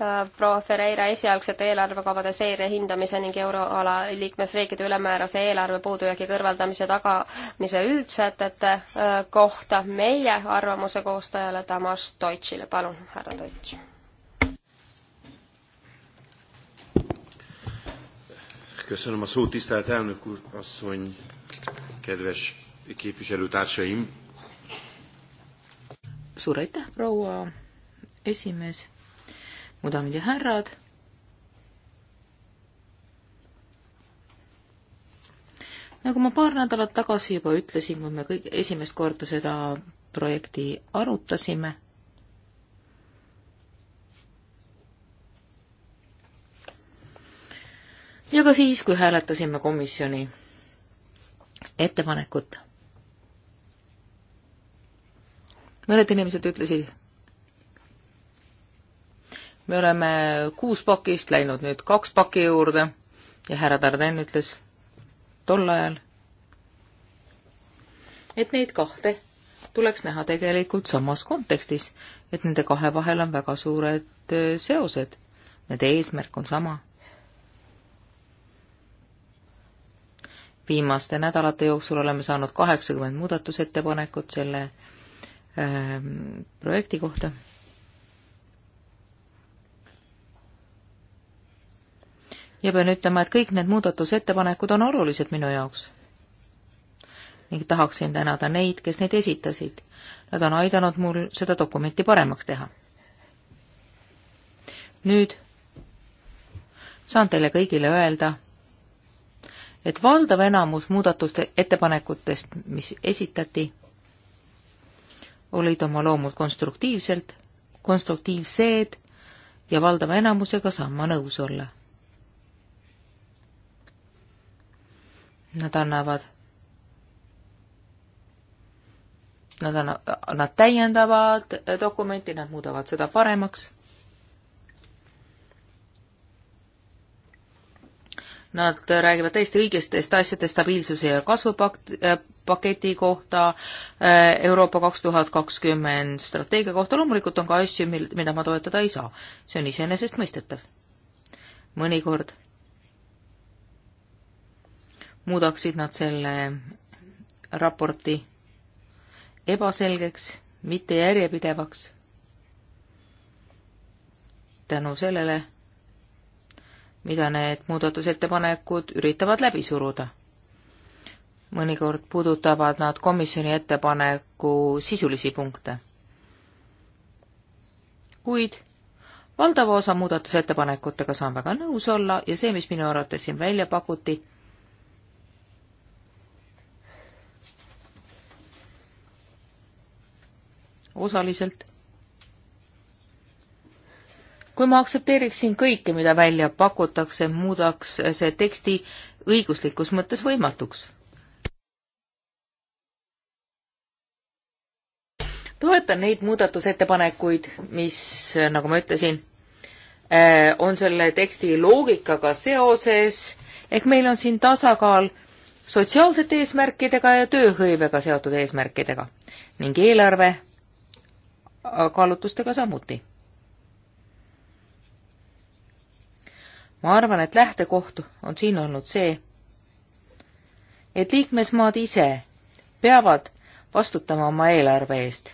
Äh, proua Ferreira esialgsete eelarvekavade seire hindamise ning euroala liikmesriikide ülemäärase eelarve puudujäägi kõrvaldamise tagamise üldsätete äh, kohta meie arvamuse koostajale Tamas Deutschile. palun, härra Deutsch. Köszönöm a szót, tisztelt elnök úr, asszony, kedves képviselőtársaim! Suur aitäh, proua esimees mu daamid ja härrad. nagu ma paar nädalat tagasi juba ütlesin, kui me kõik esimest korda seda projekti arutasime, ja ka siis, kui hääletasime komisjoni ettepanekut. mõned inimesed ütlesid, me oleme kuus pakist läinud nüüd kaks paki juurde ja härra Darden ütles tol ajal, et neid kahte tuleks näha tegelikult samas kontekstis, et nende kahe vahel on väga suured äh, seosed. Nende eesmärk on sama. viimaste nädalate jooksul oleme saanud kaheksakümmend muudatusettepanekut selle ähm, projekti kohta ja pean ütlema, et kõik need muudatusettepanekud on olulised minu jaoks. ning tahaksin tänada neid, kes neid esitasid. Nad on aidanud mul seda dokumenti paremaks teha. nüüd saan teile kõigile öelda, et valdav enamus muudatuste ettepanekutest, mis esitati, olid oma loomult konstruktiivselt, konstruktiivsed ja valdava enamusega saan ma nõus olla nad annavad, nad anna-, nad täiendavad dokumenti, nad muudavad seda paremaks. Nad räägivad täiesti õigestest asjadest stabiilsuse ja kasvupakt-, äh, paketi kohta, äh, Euroopa kaks tuhat kakskümmend strateegia kohta, loomulikult on ka asju, mil, mida ma toetada ei saa. see on iseenesestmõistetav. mõnikord muudaksid nad selle raporti ebaselgeks, mitte järjepidevaks. tänu sellele, mida need muudatusettepanekud üritavad läbi suruda. mõnikord puudutavad nad komisjoni ettepaneku sisulisi punkte. kuid valdava osa muudatusettepanekutega saan väga nõus olla ja see, mis minu arvates siin välja pakuti, osaliselt. kui ma aktsepteeriksin kõike, mida välja pakutakse, muudaks see teksti õiguslikus mõttes võimatuks. toetan neid muudatusettepanekuid, mis, nagu ma ütlesin, eh, on selle teksti loogikaga seoses, ehk meil on siin tasakaal sotsiaalsete eesmärkidega ja tööhõivega seotud eesmärkidega ning eelarve kaalutlustega samuti. ma arvan, et lähtekoht on siin olnud see, et liikmesmaad ise peavad vastutama oma eelarve eest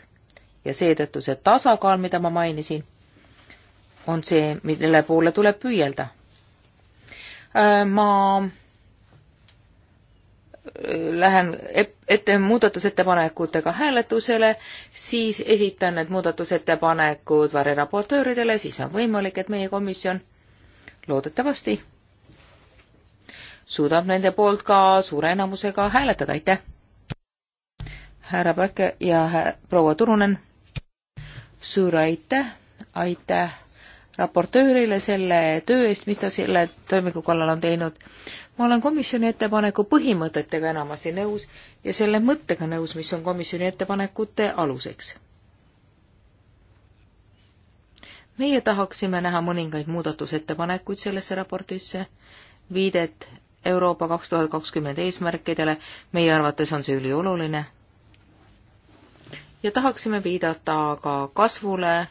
ja seetõttu see tasakaal, mida ma mainisin, on see, mille poole tuleb püüelda. Äh, ma lähen ette muudatusettepanekutega hääletusele, siis esitan need muudatusettepanekud vareraportööridele, siis on võimalik, et meie komisjon loodetavasti suudab nende poolt ka suure enamusega hääletada, aitäh! härra Päkke ja proua Turunen, suur aitäh, aitäh raportöörile selle töö eest, mis ta selle toimiku kallal on teinud ma olen komisjoni ettepaneku põhimõtetega enamasti nõus ja selle mõttega nõus, mis on komisjoni ettepanekute aluseks. meie tahaksime näha mõningaid muudatusettepanekuid sellesse raportisse, viidet Euroopa kaks tuhat kakskümmend eesmärkidele, meie arvates on see ülioluline, ja tahaksime viidata ka kasvule äh,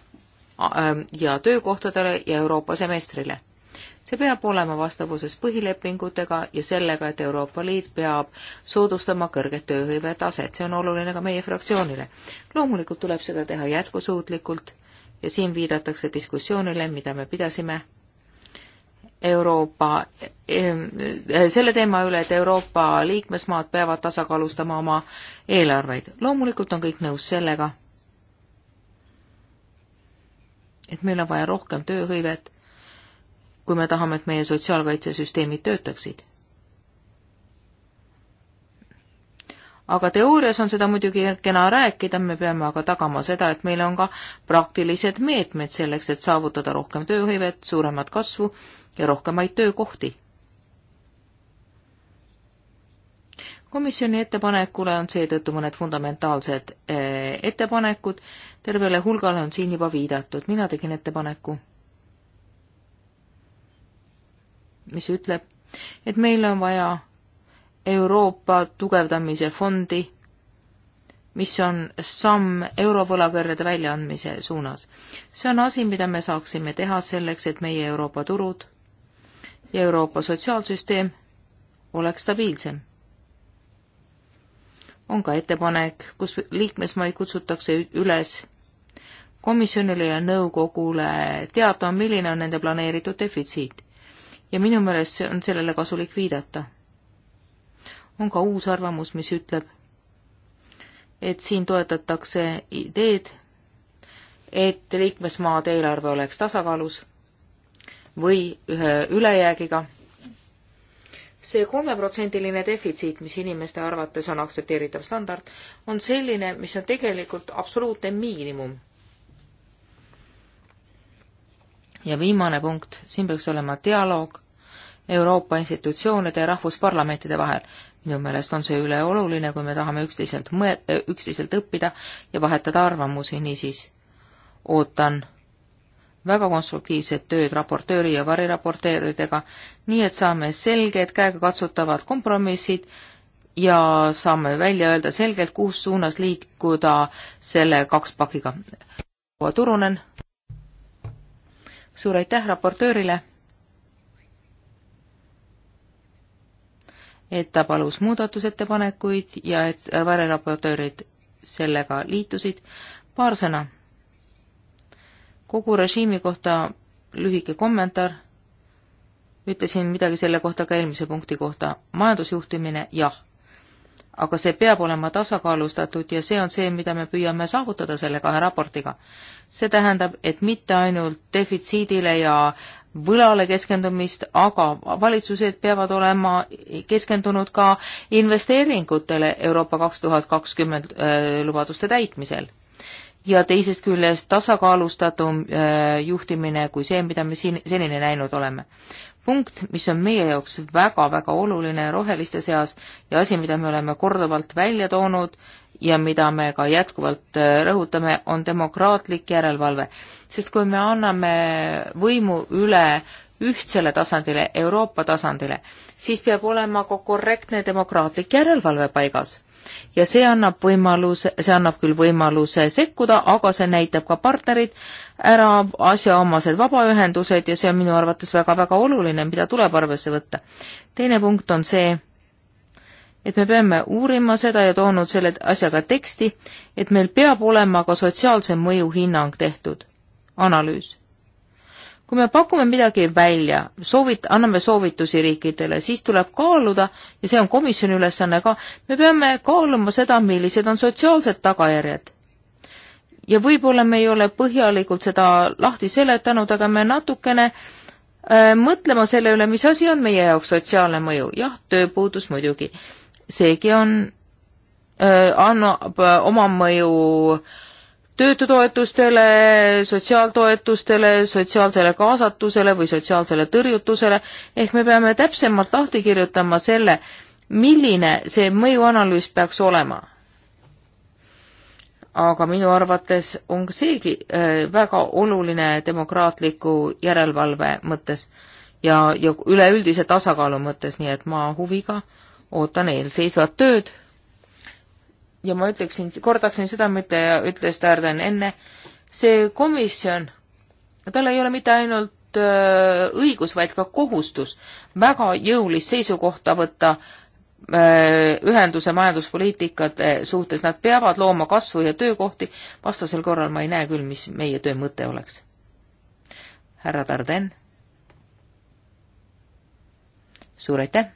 ja töökohtadele ja Euroopa semestrile see peab olema vastavuses põhilepingutega ja sellega, et Euroopa Liit peab soodustama kõrget tööhõive taset, see on oluline ka meie fraktsioonile. loomulikult tuleb seda teha jätkusuutlikult ja siin viidatakse diskussioonile, mida me pidasime Euroopa, eh, selle teema üle, et Euroopa liikmesmaad peavad tasakaalustama oma eelarveid. loomulikult on kõik nõus sellega, et meil on vaja rohkem tööhõivet kui me tahame, et meie sotsiaalkaitsesüsteemid töötaksid. aga teoorias on seda muidugi kena rääkida, me peame aga tagama seda, et meil on ka praktilised meetmed selleks, et saavutada rohkem tööhõivet, suuremat kasvu ja rohkemaid töökohti. komisjoni ettepanekule on seetõttu mõned fundamentaalsed eh, ettepanekud, tervele hulgale on siin juba viidatud, mina tegin ettepaneku mis ütleb, et meil on vaja Euroopa tugevdamise fondi, mis on samm eurovõlakõrjade väljaandmise suunas. see on asi, mida me saaksime teha selleks, et meie Euroopa turud ja Euroopa sotsiaalsüsteem oleks stabiilsem. on ka ettepanek, kus liikmesmaid kutsutakse üles komisjonile ja nõukogule teatama, milline on nende planeeritud defitsiit ja minu meelest on sellele kasulik viidata. on ka uus arvamus, mis ütleb, et siin toetatakse ideed, et liikmesmaade eelarve oleks tasakaalus või ühe ülejäägiga see kolmeprotsendiline defitsiit, mis inimeste arvates on aktsepteeritav standard, on selline, mis on tegelikult absoluutne miinimum ja viimane punkt, siin peaks olema dialoog Euroopa institutsioonide ja rahvusparlamentide vahel. minu meelest on see üleoluline, kui me tahame üksteiselt mõe-, äh, üksteiselt õppida ja vahetada arvamusi, niisiis ootan väga konstruktiivset tööd raportööri ja variraporteeridega, nii et saame selged käegakatsutavad kompromissid ja saame välja öelda selgelt, kus suunas liikuda selle kaks pakiga. proua Turunen suur aitäh raportöörile, et ta palus muudatusettepanekuid ja et vareraportöörid sellega liitusid. paar sõna kogu režiimi kohta lühike kommentaar. ütlesin midagi selle kohta ka eelmise punkti kohta. majandusjuhtimine, jah aga see peab olema tasakaalustatud ja see on see, mida me püüame saavutada selle kahe raportiga. see tähendab, et mitte ainult defitsiidile ja võlale keskendumist, aga valitsused peavad olema keskendunud ka investeeringutele Euroopa kaks tuhat kakskümmend äh, lubaduste täitmisel. ja teisest küljest tasakaalustatum äh, juhtimine kui see, mida me siin senini näinud oleme punkt, mis on meie jaoks väga-väga oluline roheliste seas ja asi, mida me oleme korduvalt välja toonud ja mida me ka jätkuvalt äh, rõhutame, on demokraatlik järelevalve. sest kui me anname võimu üle ühtsele tasandile, Euroopa tasandile, siis peab olema ka korrektne demokraatlik järelevalve paigas ja see annab võimaluse, see annab küll võimaluse sekkuda, aga see näitab ka partnerid ära, asjaomased vabaühendused ja see on minu arvates väga-väga oluline, mida tuleb arvesse võtta. teine punkt on see, et me peame uurima seda ja toonud selle asjaga teksti, et meil peab olema ka sotsiaalse mõju hinnang tehtud, analüüs kui me pakume midagi välja, soovit-, anname soovitusi riikidele, siis tuleb kaaluda, ja see on komisjoni ülesanne ka, me peame kaaluma seda, millised on sotsiaalsed tagajärjed. ja võib-olla me ei ole põhjalikult seda lahti seletanud, aga me natukene äh, mõtlema selle üle, mis asi on meie jaoks sotsiaalne mõju, jah, tööpuudus muidugi, seegi on äh,, annab äh, oma mõju äh, töötutoetustele, sotsiaaltoetustele, sotsiaalsele kaasatusele või sotsiaalsele tõrjutusele, ehk me peame täpsemalt lahti kirjutama selle, milline see mõjuanalüüs peaks olema. aga minu arvates on seegi äh, väga oluline demokraatliku järelevalve mõttes ja, ja üleüldise tasakaalu mõttes, nii et ma huviga ootan eelseisvat tööd ja ma ütleksin, kordaksin seda, mida ütles Tarden enne, see komisjon, tal ei ole mitte ainult öö, äh, õigus, vaid ka kohustus väga jõulist seisukohta võtta öö, äh, ühenduse majanduspoliitikate suhtes, nad peavad looma kasvu ja töökohti, vastasel korral ma ei näe küll, mis meie töö mõte oleks. härra Tarden. suur aitäh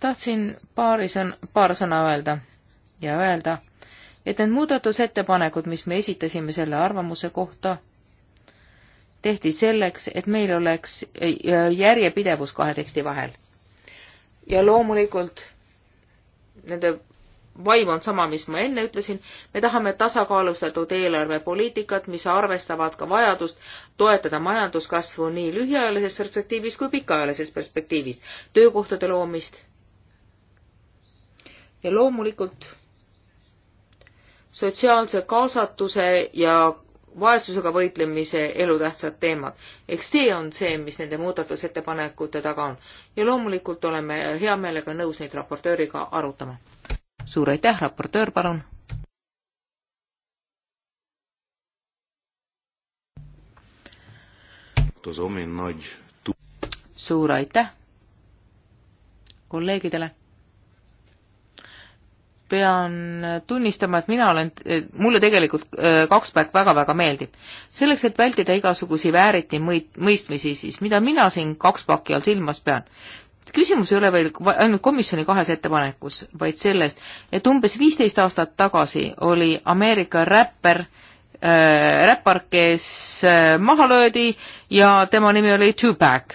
tahtsin paari sõn-, paar sõna öelda ja öelda, et need muudatusettepanekud, mis me esitasime selle arvamuse kohta, tehti selleks, et meil oleks äh, järjepidevus kahe teksti vahel. ja loomulikult nende vaim on sama, mis ma enne ütlesin, me tahame tasakaalustatud eelarvepoliitikat, mis arvestavad ka vajadust toetada majanduskasvu nii lühiajalises perspektiivis kui pikaajalises perspektiivis, töökohtade loomist ja loomulikult sotsiaalse kaasatuse ja vaesusega võitlemise elutähtsad teemad. eks see on see, mis nende muudatusettepanekute taga on. ja loomulikult oleme hea meelega nõus neid raportööriga arutama. suur aitäh, raportöör, palun! suur aitäh kolleegidele! pean tunnistama, et mina olen, mulle tegelikult äh, kakspäev väga-väga meeldib. selleks, et vältida igasugusi vääriti mõit-, mõistmisi, siis mida mina siin kakspaki all silmas pean? küsimus ei ole veel ainult komisjoni kahes ettepanekus, vaid selles, et umbes viisteist aastat tagasi oli Ameerika räpper äh,, räppar, kes äh, maha löödi ja tema nimi oli Tupac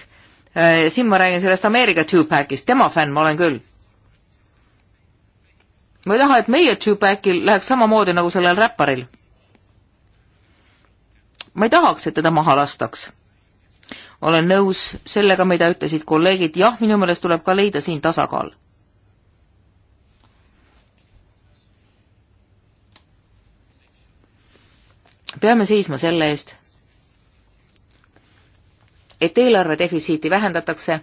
äh,. siin ma räägin sellest Ameerika Tupacist, tema fänn ma olen küll ma ei taha, et meie Tupacil läheks samamoodi nagu sellel räpparil. ma ei tahaks, et teda maha lastaks. olen nõus sellega, mida ütlesid kolleegid, jah, minu meelest tuleb ka leida siin tasakaal. peame seisma selle eest, et eelarve defitsiiti vähendatakse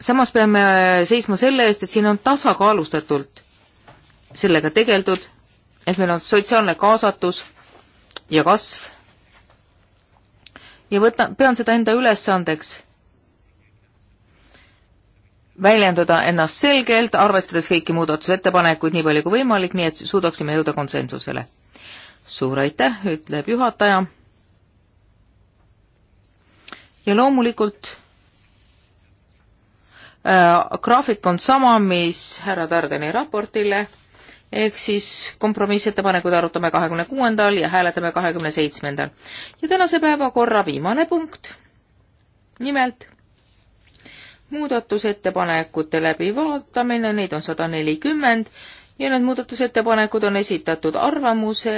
samas peame seisma selle eest, et siin on tasakaalustatult sellega tegeldud, et meil on sotsiaalne kaasatus ja kasv. ja võtan, pean seda enda ülesandeks väljendada ennast selgelt, arvestades kõiki muudatusettepanekuid nii palju kui võimalik, nii et suudaksime jõuda konsensusele. suur aitäh, ütleb juhataja. ja loomulikult Äh, graafik on sama, mis härra Tardeni raportile, ehk siis kompromissettepanekud arutame kahekümne kuuendal ja hääletame kahekümne seitsmendal. ja tänase päevakorra viimane punkt, nimelt muudatusettepanekute läbivaatamine, neid on sada nelikümmend, ja need muudatusettepanekud on esitatud arvamuse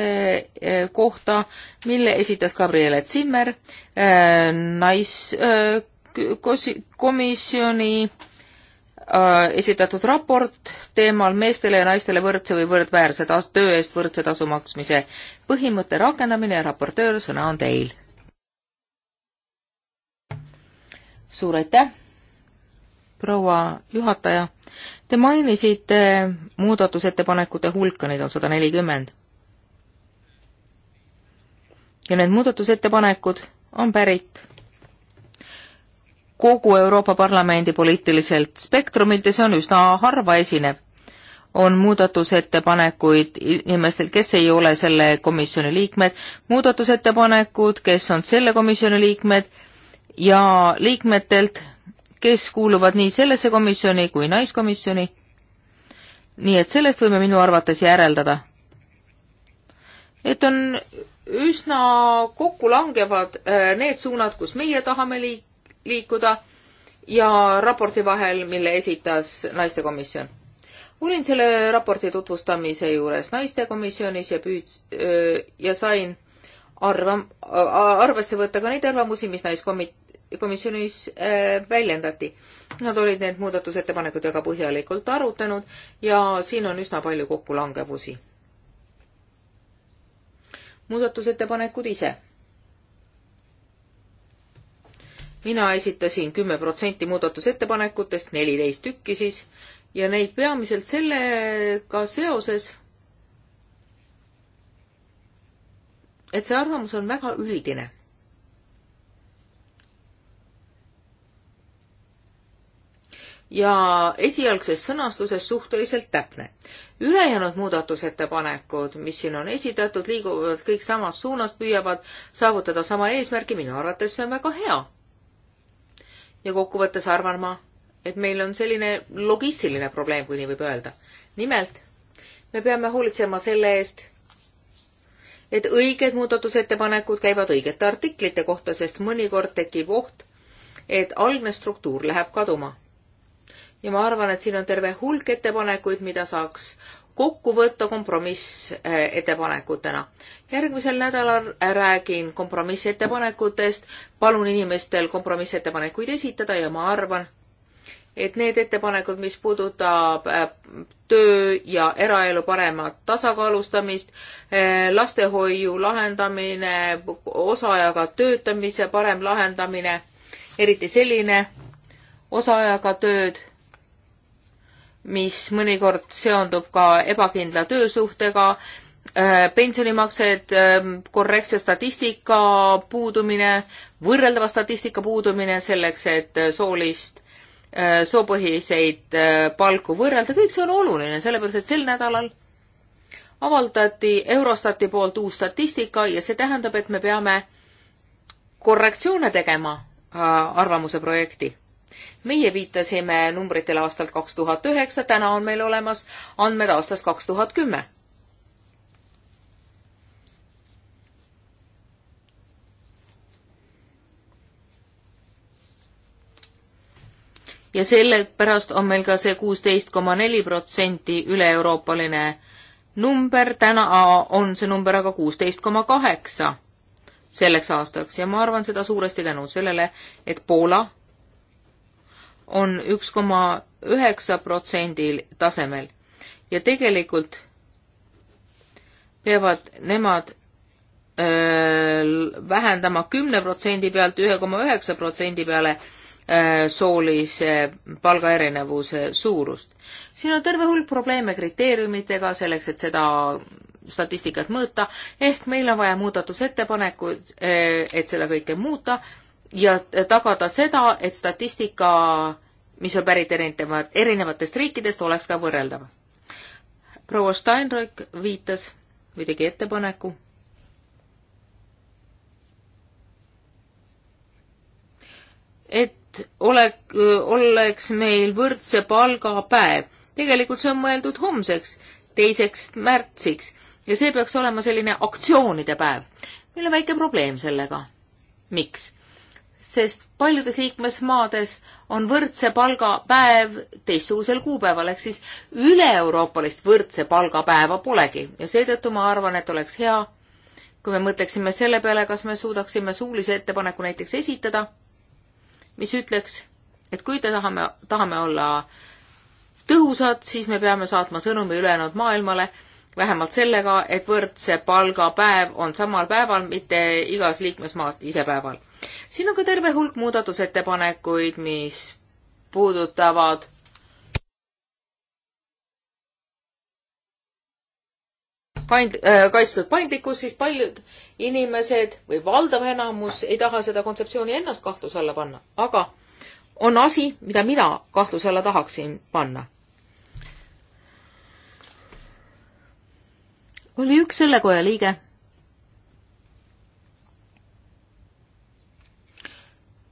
eh, kohta, mille esitas Gabriele Zimmer eh, nais- äh,, komisjoni äh, Äh, esitatud raport teemal meestele ja naistele võrdse või võrdväärse tas-, töö eest võrdse tasu maksmise põhimõtte rakendamine ja raportöör, sõna on teil. suur aitäh, proua juhataja. Te mainisite muudatusettepanekute hulka, neid on sada nelikümmend. ja need muudatusettepanekud on pärit kogu Euroopa Parlamendi poliitiliselt spektrumilt ja see on üsna harva esinev. on muudatusettepanekuid inimestel, kes ei ole selle komisjoni liikmed, muudatusettepanekud, kes on selle komisjoni liikmed ja liikmetelt, kes kuuluvad nii sellesse komisjoni kui naiskomisjoni. nii et sellest võime minu arvates järeldada, et on üsna kokkulangevad äh, need suunad, kus meie tahame liik-, liikuda ja raporti vahel, mille esitas naistekomisjon. olin selle raporti tutvustamise juures naistekomisjonis ja püüds- ja sain arvam-, arvesse võtta ka neid arvamusi, mis naiskomi-, komisjonis väljendati. Nad olid need muudatusettepanekud väga põhjalikult arutanud ja siin on üsna palju kokkulangevusi. muudatusettepanekud ise mina esitasin kümme protsenti muudatusettepanekutest, neliteist tükki siis, ja neid peamiselt sellega seoses, et see arvamus on väga üldine. ja esialgses sõnastuses suhteliselt täpne. ülejäänud muudatusettepanekud, mis siin on esitatud, liiguvad kõik samas suunas, püüavad saavutada sama eesmärgi, minu arvates see on väga hea ja kokkuvõttes arvan ma, et meil on selline logistiline probleem, kui nii võib öelda. nimelt, me peame hoolitsema selle eest, et õiged muudatusettepanekud käivad õigete artiklite kohta, sest mõnikord tekib oht, et algne struktuur läheb kaduma. ja ma arvan, et siin on terve hulk ettepanekuid, mida saaks kokku võtta kompromissettepanekutena. järgmisel nädalal räägin kompromissettepanekutest, palun inimestel kompromissettepanekuid esitada ja ma arvan, et need ettepanekud, mis puudutab äh, töö ja eraelu paremat tasakaalustamist, äh, lastehoiu lahendamine, osaajaga töötamise parem lahendamine, eriti selline osaajaga tööd mis mõnikord seondub ka ebakindla töösuhtega, äh, pensionimaksed, äh, korrektse statistika puudumine, võrreldava statistika puudumine selleks, et äh, soolist, soopõhiseid palku võrrelda, kõik see on oluline, sellepärast et sel nädalal avaldati Eurostati poolt uus statistika ja see tähendab, et me peame korrektsioone tegema arvamuse projekti meie viitasime numbritele aastalt kaks tuhat üheksa, täna on meil olemas andmed aastast kaks tuhat kümme. ja sellepärast on meil ka see kuusteist koma neli protsenti üle-euroopaline number, täna on see number aga kuusteist koma kaheksa selleks aastaks ja ma arvan seda suuresti tänu sellele, et Poola on üks koma üheksa protsendil tasemel ja tegelikult peavad nemad öö, vähendama kümne protsendi pealt ühe koma üheksa protsendi peale öö, soolise palgaerinevuse suurust. siin on terve hulk probleeme kriteeriumitega selleks, et seda statistikat mõõta, ehk meil on vaja muudatusettepanekuid, et seda kõike muuta ja tagada seda, et statistika, mis on pärit erinevat, erinevatest riikidest, oleks ka võrreldav. proua Steinrück viitas või tegi ettepaneku et olek, oleks meil võrdse palga päev. tegelikult see on mõeldud homseks, teiseks märtsiks ja see peaks olema selline aktsioonide päev. meil on väike probleem sellega. miks? sest paljudes liikmesmaades on võrdse palga päev teistsugusel kuupäeval, ehk siis üle-euroopalist võrdse palga päeva polegi ja seetõttu ma arvan, et oleks hea, kui me mõtleksime selle peale, kas me suudaksime suulise ettepaneku näiteks esitada, mis ütleks, et kui te tahame, tahame olla tõhusad, siis me peame saatma sõnumi ülejäänud maailmale vähemalt sellega, et võrdse palgapäev on samal päeval, mitte igas liikmesmaas ise päeval. siin on ka terve hulk muudatusettepanekuid, mis puudutavad paind-, äh, kaitstud paindlikkus, siis paljud inimesed või valdav enamus ei taha seda kontseptsiooni ennast kahtluse alla panna, aga on asi, mida mina kahtluse alla tahaksin panna. oli üks selle koja liige,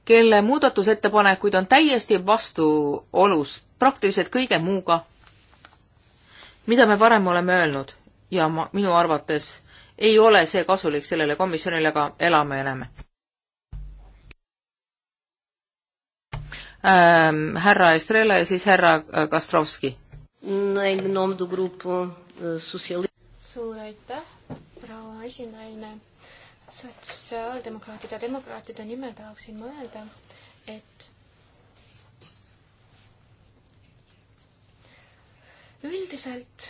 kelle muudatusettepanekuid on täiesti vastuolus praktiliselt kõige muuga, mida me varem oleme öelnud ja ma, minu arvates ei ole see kasulik sellele komisjonile, aga elame ja näeme ähm,. härra Estrela ja siis härra Kastrovski suur aitäh, proua esinaine. sotsiaaldemokraatide ja demokraatide nimel tahaksin ma öelda, et üldiselt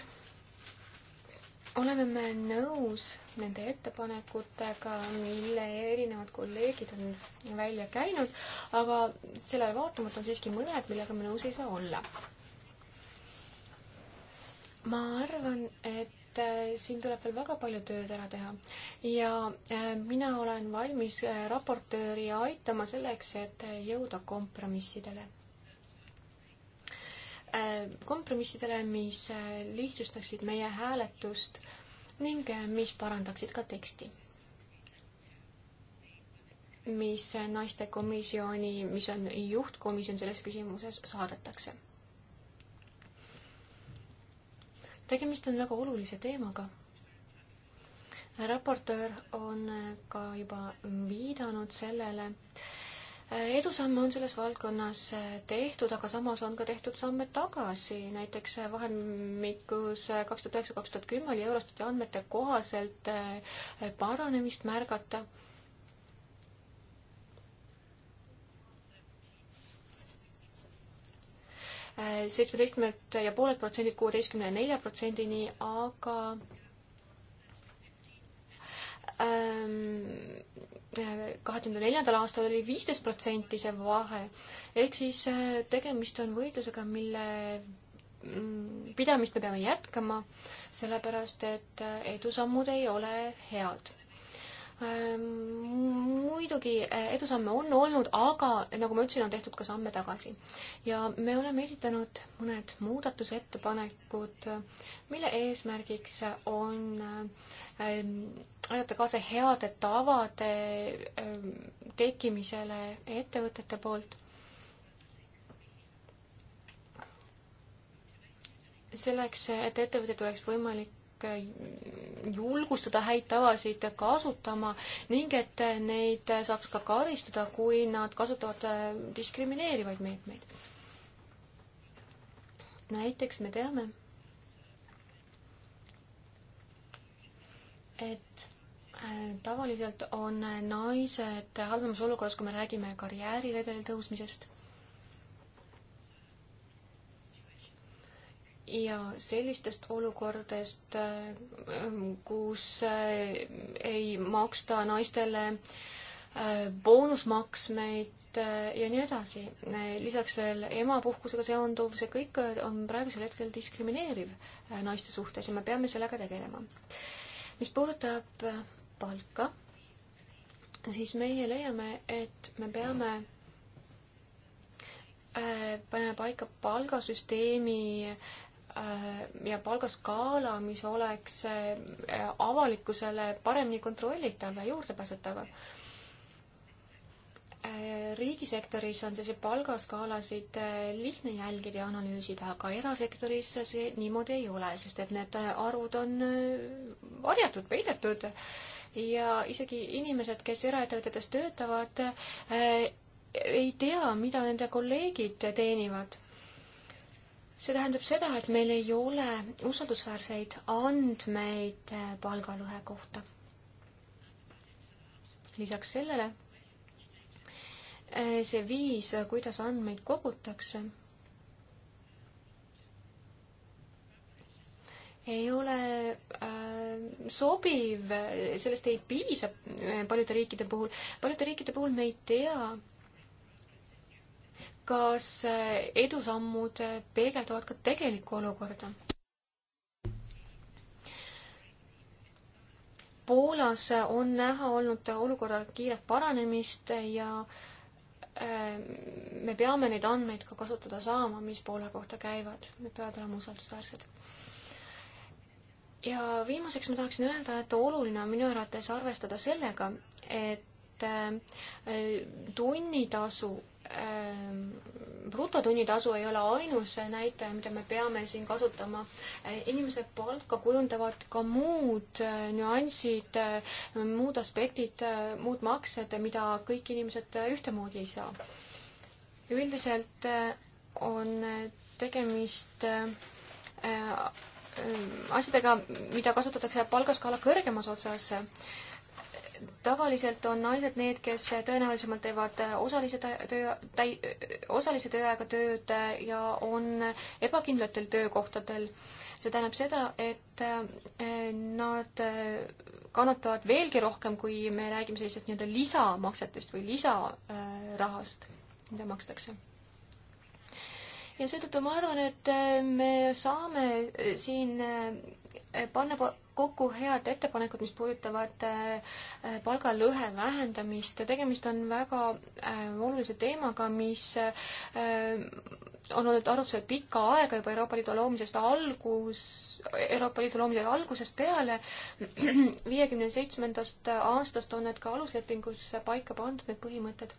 oleme me nõus nende ettepanekutega, mille erinevad kolleegid on välja käinud, aga sellele vaatamata on siiski mõned, millega me nõus ei saa olla. ma arvan, et et äh, siin tuleb veel väga palju tööd ära teha. ja äh, mina olen valmis äh, raportööri aitama selleks, et jõuda kompromissidele kompromissidele, mis lihtsustaksid meie hääletust ning mis parandaksid ka teksti. mis naistekomisjoni, mis on juhtkomisjon selles küsimuses, saadetakse tegemist on väga olulise teemaga. raportöör on ka juba viidanud sellele, edusamme on selles valdkonnas tehtud, aga samas on ka tehtud samme tagasi, näiteks vahemikus kaks tuhat üheksa, kaks tuhat kümme oli Eurostati andmete kohaselt paranemist märgata seitsmeteistkümnelt ja poolelt protsendilt kuueteistkümne nelja protsendini, aga ähm, kahe tuhande neljandal aastal oli viisteist protsenti see vahe. ehk siis äh, tegemist on võitlusega, mille mm, pidamist me peame jätkama, sellepärast et äh, edusammud ei ole head. Ehm, muidugi eh, edusamme on olnud, aga nagu ma ütlesin, on tehtud ka samme tagasi. ja me oleme esitanud mõned muudatusettepanekud, mille eesmärgiks on eh, aidata kaasa heade tavade ehm, tekkimisele ettevõtete poolt. selleks, et ettevõtted oleks võimalik eesmärk julgustada häid tavasid kasutama ning et neid saaks ka karistada, kui nad kasutavad diskrimineerivaid meetmeid. näiteks me teame, et äh, tavaliselt on naised halvemas olukorras, kui me räägime karjääriredelil tõusmisest ja sellistest olukordadest, äh, kus äh, ei maksta naistele äh, boonusmaksmeid ja nii edasi. lisaks veel emapuhkusega seonduv, see kõik on praegusel hetkel diskrimineeriv naiste suhtes ja me peame sellega tegelema. mis puudutab palka, siis meie leiame, et me peame paneme paika palgasüsteemi äh, Äh, ja palgaskaala, mis oleks äh, avalikkusele paremini kontrollitav ja juurdepääsetav. Äh, riigisektoris on selliseid palgaskaalasid lihtne jälgida ja analüüsida, aga erasektoris see niimoodi ei ole, sest et need arvud on varjatud, peidetud ja isegi inimesed, kes eraettevõtetes töötavad, ei tea, mida nende kolleegid teenivad see tähendab seda, et meil ei ole usaldusväärseid andmeid eh, palgalõhe kohta. lisaks sellele eh, see viis, eh, kuidas andmeid kogutakse, ei ole äh, sobiv, sellest ei piisa paljude riikide puhul. paljude riikide puhul me ei tea, kas äh, edusammud äh, peegelduvad ka tegelikku olukorda? Poolas äh, on näha olnud olukorra kiiret paranemist ja me peame neid andmeid ka kasutada saama, mis Poola kohta käivad, need peavad olema usaldusväärsed. ja viimaseks ma tahaksin öelda, et oluline on minu arvates arvestada sellega, et tunnitasu Ehm, brutotunnitasu ei ole ainus näitaja, mida me peame siin kasutama. Eh, inimese palka kujundavad ka muud eh, nüansid, eh, muud aspektid, muud maksed, mida kõik inimesed ühtemoodi ei saa. üldiselt on tegemist asjadega, mida kasutatakse palgaskaala kõrgemas otsas tavaliselt on naised need, kes tõenäolisemalt teevad osalise töö, täi-, osalise tööajaga tööd ja on ebakindlatel töökohtadel. see tähendab seda, et eh, nad kannatavad veelgi rohkem, kui me räägime sellisest nii-öelda lisamaksetest või lisarahast, eh, mida makstakse ja seetõttu ma arvan, et eh, me saame siin Eh, panna kokku head ettepanekud, mis puudutavad eh, palgalõhe vähendamist. tegemist on väga eh, olulise teemaga, mis on olnud arutlusel pikka aega juba Euroopa Liidu loomisest algus, Euroopa Liidu loomise algusest peale. viiekümne seitsmendast aastast on need ka aluslepingus paika pandud, need põhimõtted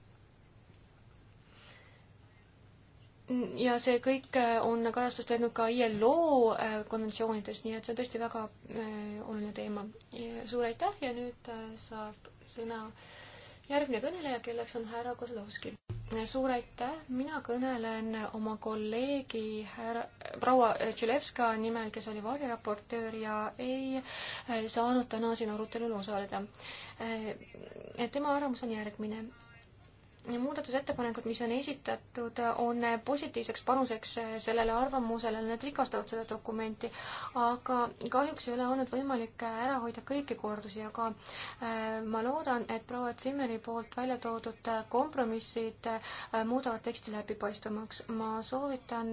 ja see kõik äh, on kajastust leidnud ka ILO äh, konventsioonides, nii et see on tõesti väga äh, oluline teema. suur aitäh ja nüüd saab sõna järgmine kõneleja, kelleks on härra Kozlovski. suur aitäh, mina kõnelen oma kolleegi härra, proua Tšelevska nimel, kes oli variraportöör ja ei saanud täna siin arutelul osaleda. tema arvamus on järgmine muudatusettepanekud, mis on esitatud, on positiivseks panuseks sellele arvamusele, need rikastavad seda dokumenti, aga kahjuks ei ole olnud võimalik ära hoida kõiki kordusi, aga äh, ma loodan, et proua Zimmeri poolt välja toodud kompromissid äh, muudavad teksti läbipaistvamaks. ma soovitan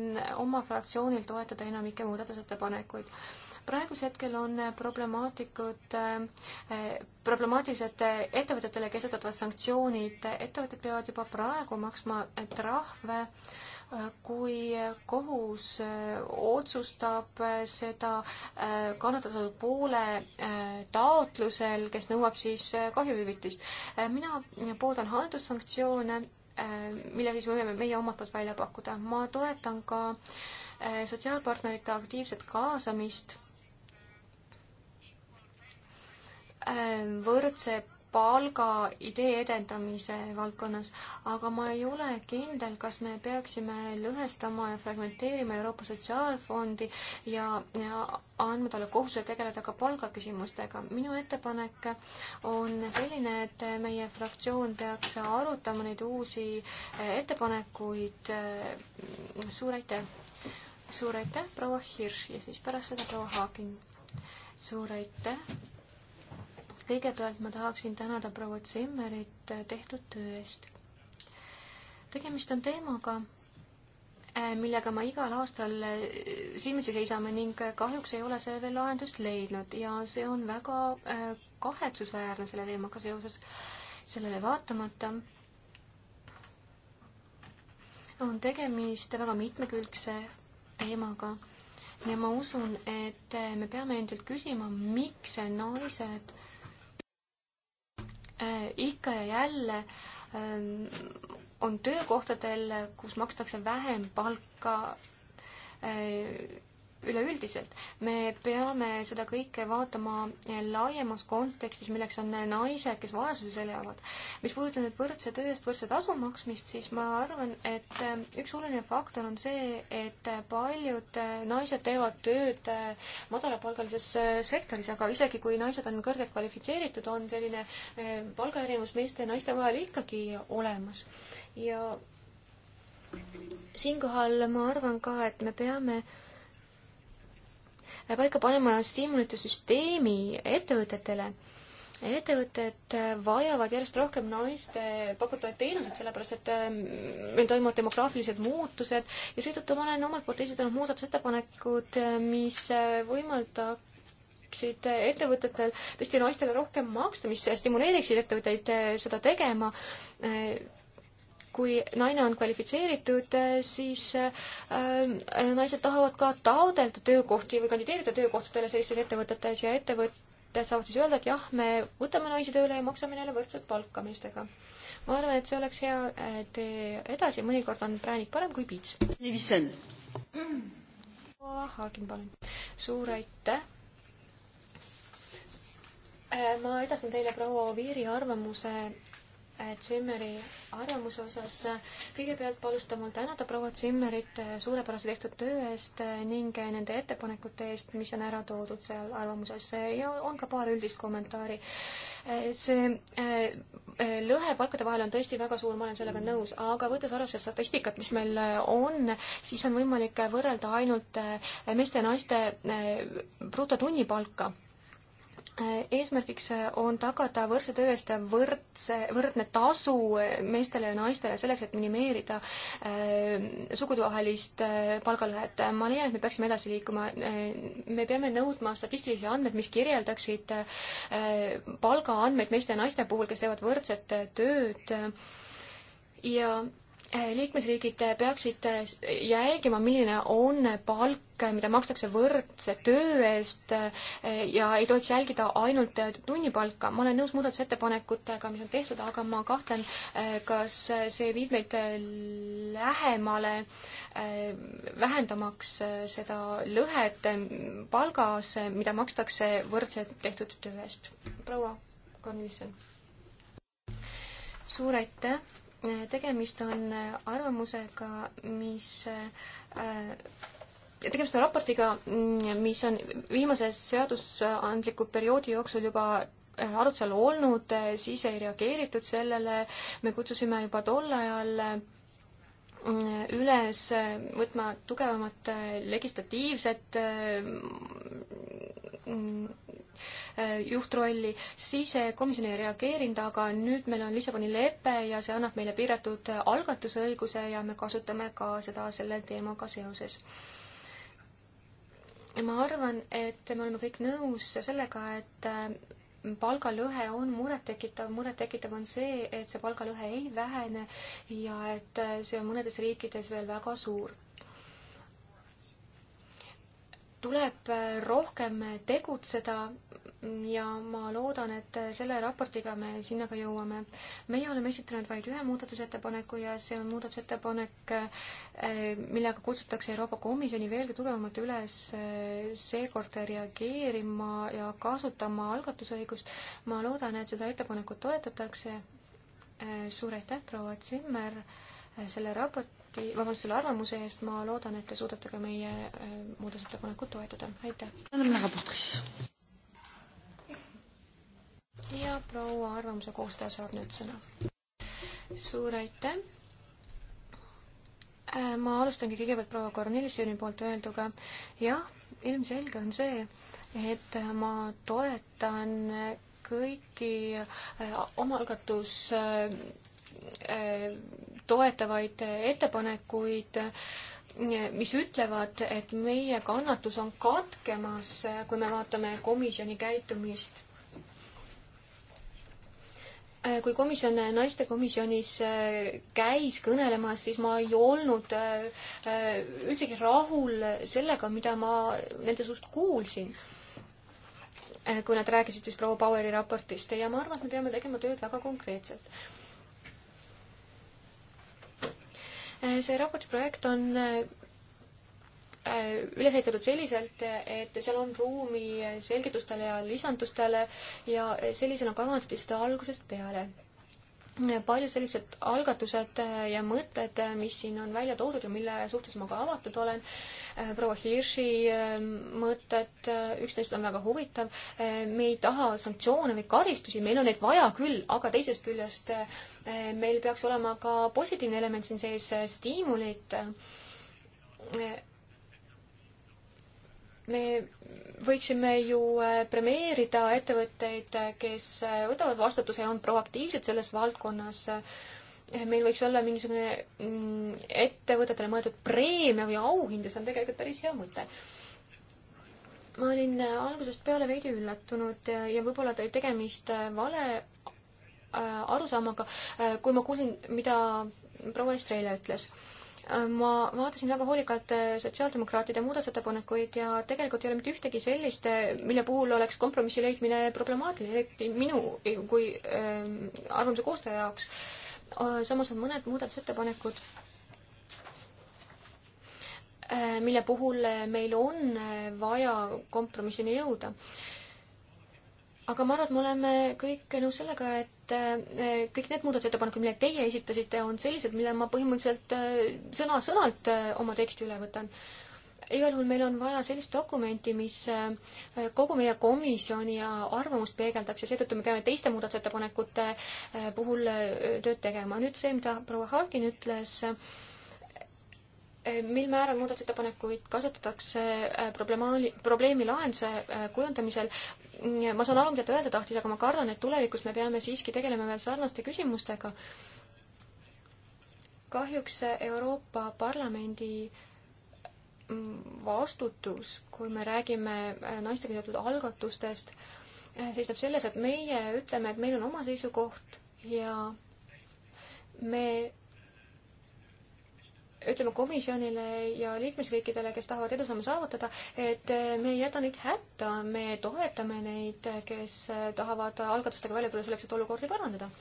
oma fraktsioonil toetada enamikke muudatusettepanekuid praegusel hetkel on problemaatikud, eh, problemaatilised ettevõtetele kehtestatavad sanktsioonid, ettevõtted peavad juba praegu maksma trahve, eh, kui kohus eh, otsustab seda kannatatud poole taotlusel, kes nõuab siis kahjuhüvitist. mina pooldan haldussanktsioone, mille siis võime meie omalt poolt välja pakkuda. ma toetan ka sotsiaalpartnerite aktiivset kaasamist Ähm, võrdse palga idee edendamise valdkonnas, aga ma ei ole kindel, kas me peaksime lõhestama ja fragmenteerima Euroopa Sotsiaalfondi ja, ja andma talle kohustuse tegeleda ka palgaküsimustega. minu ettepanek on selline, et meie fraktsioon peaks arutama neid uusi ettepanekuid. suur aitäh! suur aitäh, proua Hirš ja siis pärast seda proua Haagin. suur aitäh! kõigepealt ma tahaksin tänada proua Zimmerit äh, tehtud töö eest. tegemist on teemaga, äh, millega ma igal aastal äh, silmitsi seisame ning kahjuks ei ole see veel lahendust leidnud ja see on väga kahetsusväärne selle teemaga seoses. sellele vaatamata on tegemist väga mitmekülgse teemaga ja ma usun, et me peame endalt küsima, miks naised Äh, ikka ja jälle ähm, on töökohtadel, kus makstakse vähem palka äh, üleüldiselt. me peame seda kõike vaatama laiemas kontekstis, milleks on naised, kes vaesuses elavad. mis puudutab nüüd võrdse töö eest võrdse tasu maksmist, siis ma arvan, et eh, üks oluline faktor on see, et paljud eh, naised teevad tööd eh, madalapalgalises sektoris, aga isegi kui naised on kõrgelt kvalifitseeritud, on selline palgaerinevus meeste ja naiste vahel ikkagi olemas. ja siinkohal ma arvan ka, et me peame äh, paika panema stiimulite süsteemi ettevõtetele. ettevõtted vajavad järjest rohkem naiste pakutavaid teenuseid, sellepärast et ähm, meil toimuvad demograafilised muutused ja seetõttu ma olen omalt poolt esitanud muudatusettepanekud, äh, mis äh, võimaldab pakuksid ettevõtetel tõesti naistele rohkem maksta, mis stimuleeriksid ettevõtteid äh, seda tegema kui naine on kvalifitseeritud, siis äh, äh, naised tahavad ka taodelda töökohti või kandideerida töökohtadele sellistes ettevõtetes ja ettevõtted saavad siis öelda, et jah, me võtame naisi tööle ja maksame neile võrdset palka meestega. ma arvan, et see oleks hea tee edasi, mõnikord on präänik parem kui piits. Haagin, palun. suur aitäh äh, ma edastan teile proua Oviiri arvamuse Zimmeri arvamuse osas. kõigepealt palus ta mul tänada proua Zimmerit suurepärase tehtud töö eest ning nende ettepanekute eest, mis on ära toodud seal arvamuses ja on ka paar üldist kommentaari. see eh, eh, lõhe palkade vahel on tõesti väga suur, ma olen sellega nõus, aga võttes arvesse statistikat, mis meil eh, on, siis on võimalik võrrelda ainult meeste ja naiste brutotunnipalka eesmärgiks on tagada võrdse töö eest võrdse, võrdne tasu meestele ja naistele selleks, et minimeerida äh, sugudevahelist äh, palgalõhet. ma leian, et me peaksime edasi liikuma äh,. me peame nõudma statistilisi andmeid, mis kirjeldaksid äh, palgaandmeid meeste ja naiste puhul, kes teevad võrdset tööd ja Äh, liikmesriigid peaksid äh, jälgima, milline on palk, äh, mida makstakse võrdse töö eest ja ei tohiks jälgida ainult tunnipalka. ma olen nõus muudatusettepanekutega, mis on tehtud, aga ma kahtlen, kas see viib meid lähemale, vähendamaks seda lõhet palgas, mida makstakse võrdse tehtud töö eest. proua Kornilisson. suur aitäh tegemist on arvamusega, mis äh, tegemist on raportiga, mis on viimase seadusandliku perioodi jooksul juba äh, arutusel olnud, äh, siis ei reageeritud sellele, me kutsusime juba tol ajal üles võtma tugevamat legislatiivset juhtrolli, siis komisjon ei reageerinud, aga nüüd meil on Lissaboni lepe ja see annab meile piiratud algatusõiguse ja me kasutame ka seda selle teemaga seoses ja ma arvan, et me oleme kõik nõus sellega, et äh, palgalõhe on murettekitav, murettekitav on see, et see palgalõhe ei vähene ja et äh, see on mõnedes riikides veel väga suur. tuleb äh, rohkem tegutseda, ja ma loodan, et selle raportiga me sinna ka jõuame. meie oleme esitanud vaid ühe muudatusettepaneku ja see on muudatusettepanek, eh, millega kutsutakse Euroopa Komisjoni veelgi tugevamalt üles eh, seekord reageerima ja kasutama algatusõigust. ma loodan, et seda ettepanekut toetatakse. Eh, suur aitäh, proua Zimmer, selle raporti, vabandust, selle arvamuse eest, ma loodan, et te suudate ka meie muudatusettepanekut toetada, aitäh! ja proua arvamuse koostaja saab nüüd sõna. suur aitäh! Äh, ma alustangi kõigepealt proua Kornelissoni poolt öelduga. jah, ilmselge on see, et ma toetan kõiki äh, omalgatus äh, toetavaid ettepanekuid, mis ütlevad, et meie kannatus on katkemas, kui me vaatame komisjoni käitumist Äh, kui komisjon äh, naistekomisjonis äh, käis kõnelemas, siis ma ei olnud üldsegi rahul sellega, mida ma nende suust kuulsin. kui nad rääkisid siis proua Baueri raportist ja ma arvan, et me peame tegema tööd väga konkreetselt. see raporti projekt on Äh, üles ehitatud selliselt, et seal on ruumi selgitustele ja lisandustele ja sellisena kavandati seda algusest peale. paljud sellised algatused ja mõtted, mis siin on välja toodud ja mille suhtes ma ka avatud olen, äh, proua Hirši äh, mõtted, üks neist on väga huvitav, me ei taha sanktsioone või karistusi, meil on neid vaja küll, aga teisest küljest meil peaks olema ka positiivne element siin sees, stiimulid me võiksime ju äh, premeerida ettevõtteid, äh, kes äh, võtavad vastutuse ja on proaktiivsed selles valdkonnas. meil võiks olla mingisugune mm, ettevõtetele mõeldud preemia või auhind ja see on tegelikult päris hea mõte ma olin algusest peale veidi üllatunud ja, ja võib-olla oli tegemist vale arusaamaga, kui ma kuulsin, mida proua Estrela ütles ma vaatasin väga hoolikalt äh, sotsiaaldemokraatide muudatusettepanekuid ja tegelikult ei ole mitte ühtegi sellist, äh, mille puhul oleks kompromissi leidmine problemaatiline, eriti minu kui ähm, arvamuse koostaja jaoks. Äh, samas on mõned muudatusettepanekud, mille puhul meil on vaja kompromissini jõuda. aga ma arvan, et me oleme kõik nõus sellega, et et äh, kõik need muudatusettepanekud, mille teie esitasite, on sellised, mille ma põhimõtteliselt äh, sõna-sõnalt äh, oma teksti üle võtan igal juhul meil on vaja sellist dokumenti, mis kogu meie komisjoni arvamust peegeldaks ja seetõttu me peame teiste muudatusettepanekute puhul tööd tegema. nüüd see, mida proua Harkin ütles, mil määral muudatusettepanekuid kasutatakse problemaali, probleemi lahenduse kujundamisel, ma saan aru, mida ta öelda tahtis, aga ma kardan, et tulevikus me peame siiski tegelema veel sarnaste küsimustega. kahjuks Euroopa Parlamendi mm, vastutus, kui me räägime äh, naistega seotud algatustest, äh, seisneb selles, et meie ütleme, et meil on oma seisukoht ja me ütleme komisjonile ja liikmesriikidele, kes tahavad edusamme saavutada, et me ei jäta neid hätta, me toetame neid, kes tahavad algatustega välja tulla selleks, et olukordi parandada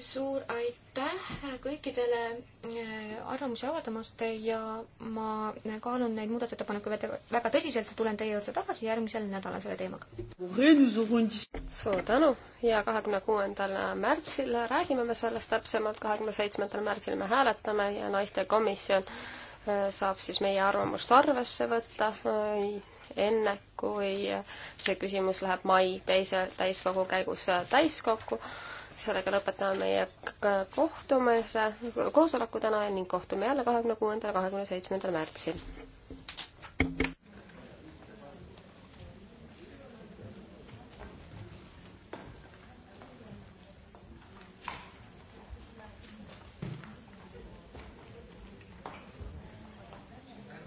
suur aitäh kõikidele äh, arvamusi avaldamast ja ma kaalun neid muudatusettepanekuid väga tõsiselt ja tulen teie juurde tagasi järgmisel nädalal selle teemaga. suur tänu ja kahekümne kuuendal märtsil räägime me sellest täpsemalt, kahekümne seitsmendal märtsil me hääletame ja naistekomisjon äh, saab siis meie arvamust arvesse võtta äh, enne, kui see küsimus läheb mai teise täiskogu käigus täiskokku sellega lõpetame meie kohtumise, koosoleku täna ning kohtume jälle kahekümne kuuendal, kahekümne seitsmendal märtsil.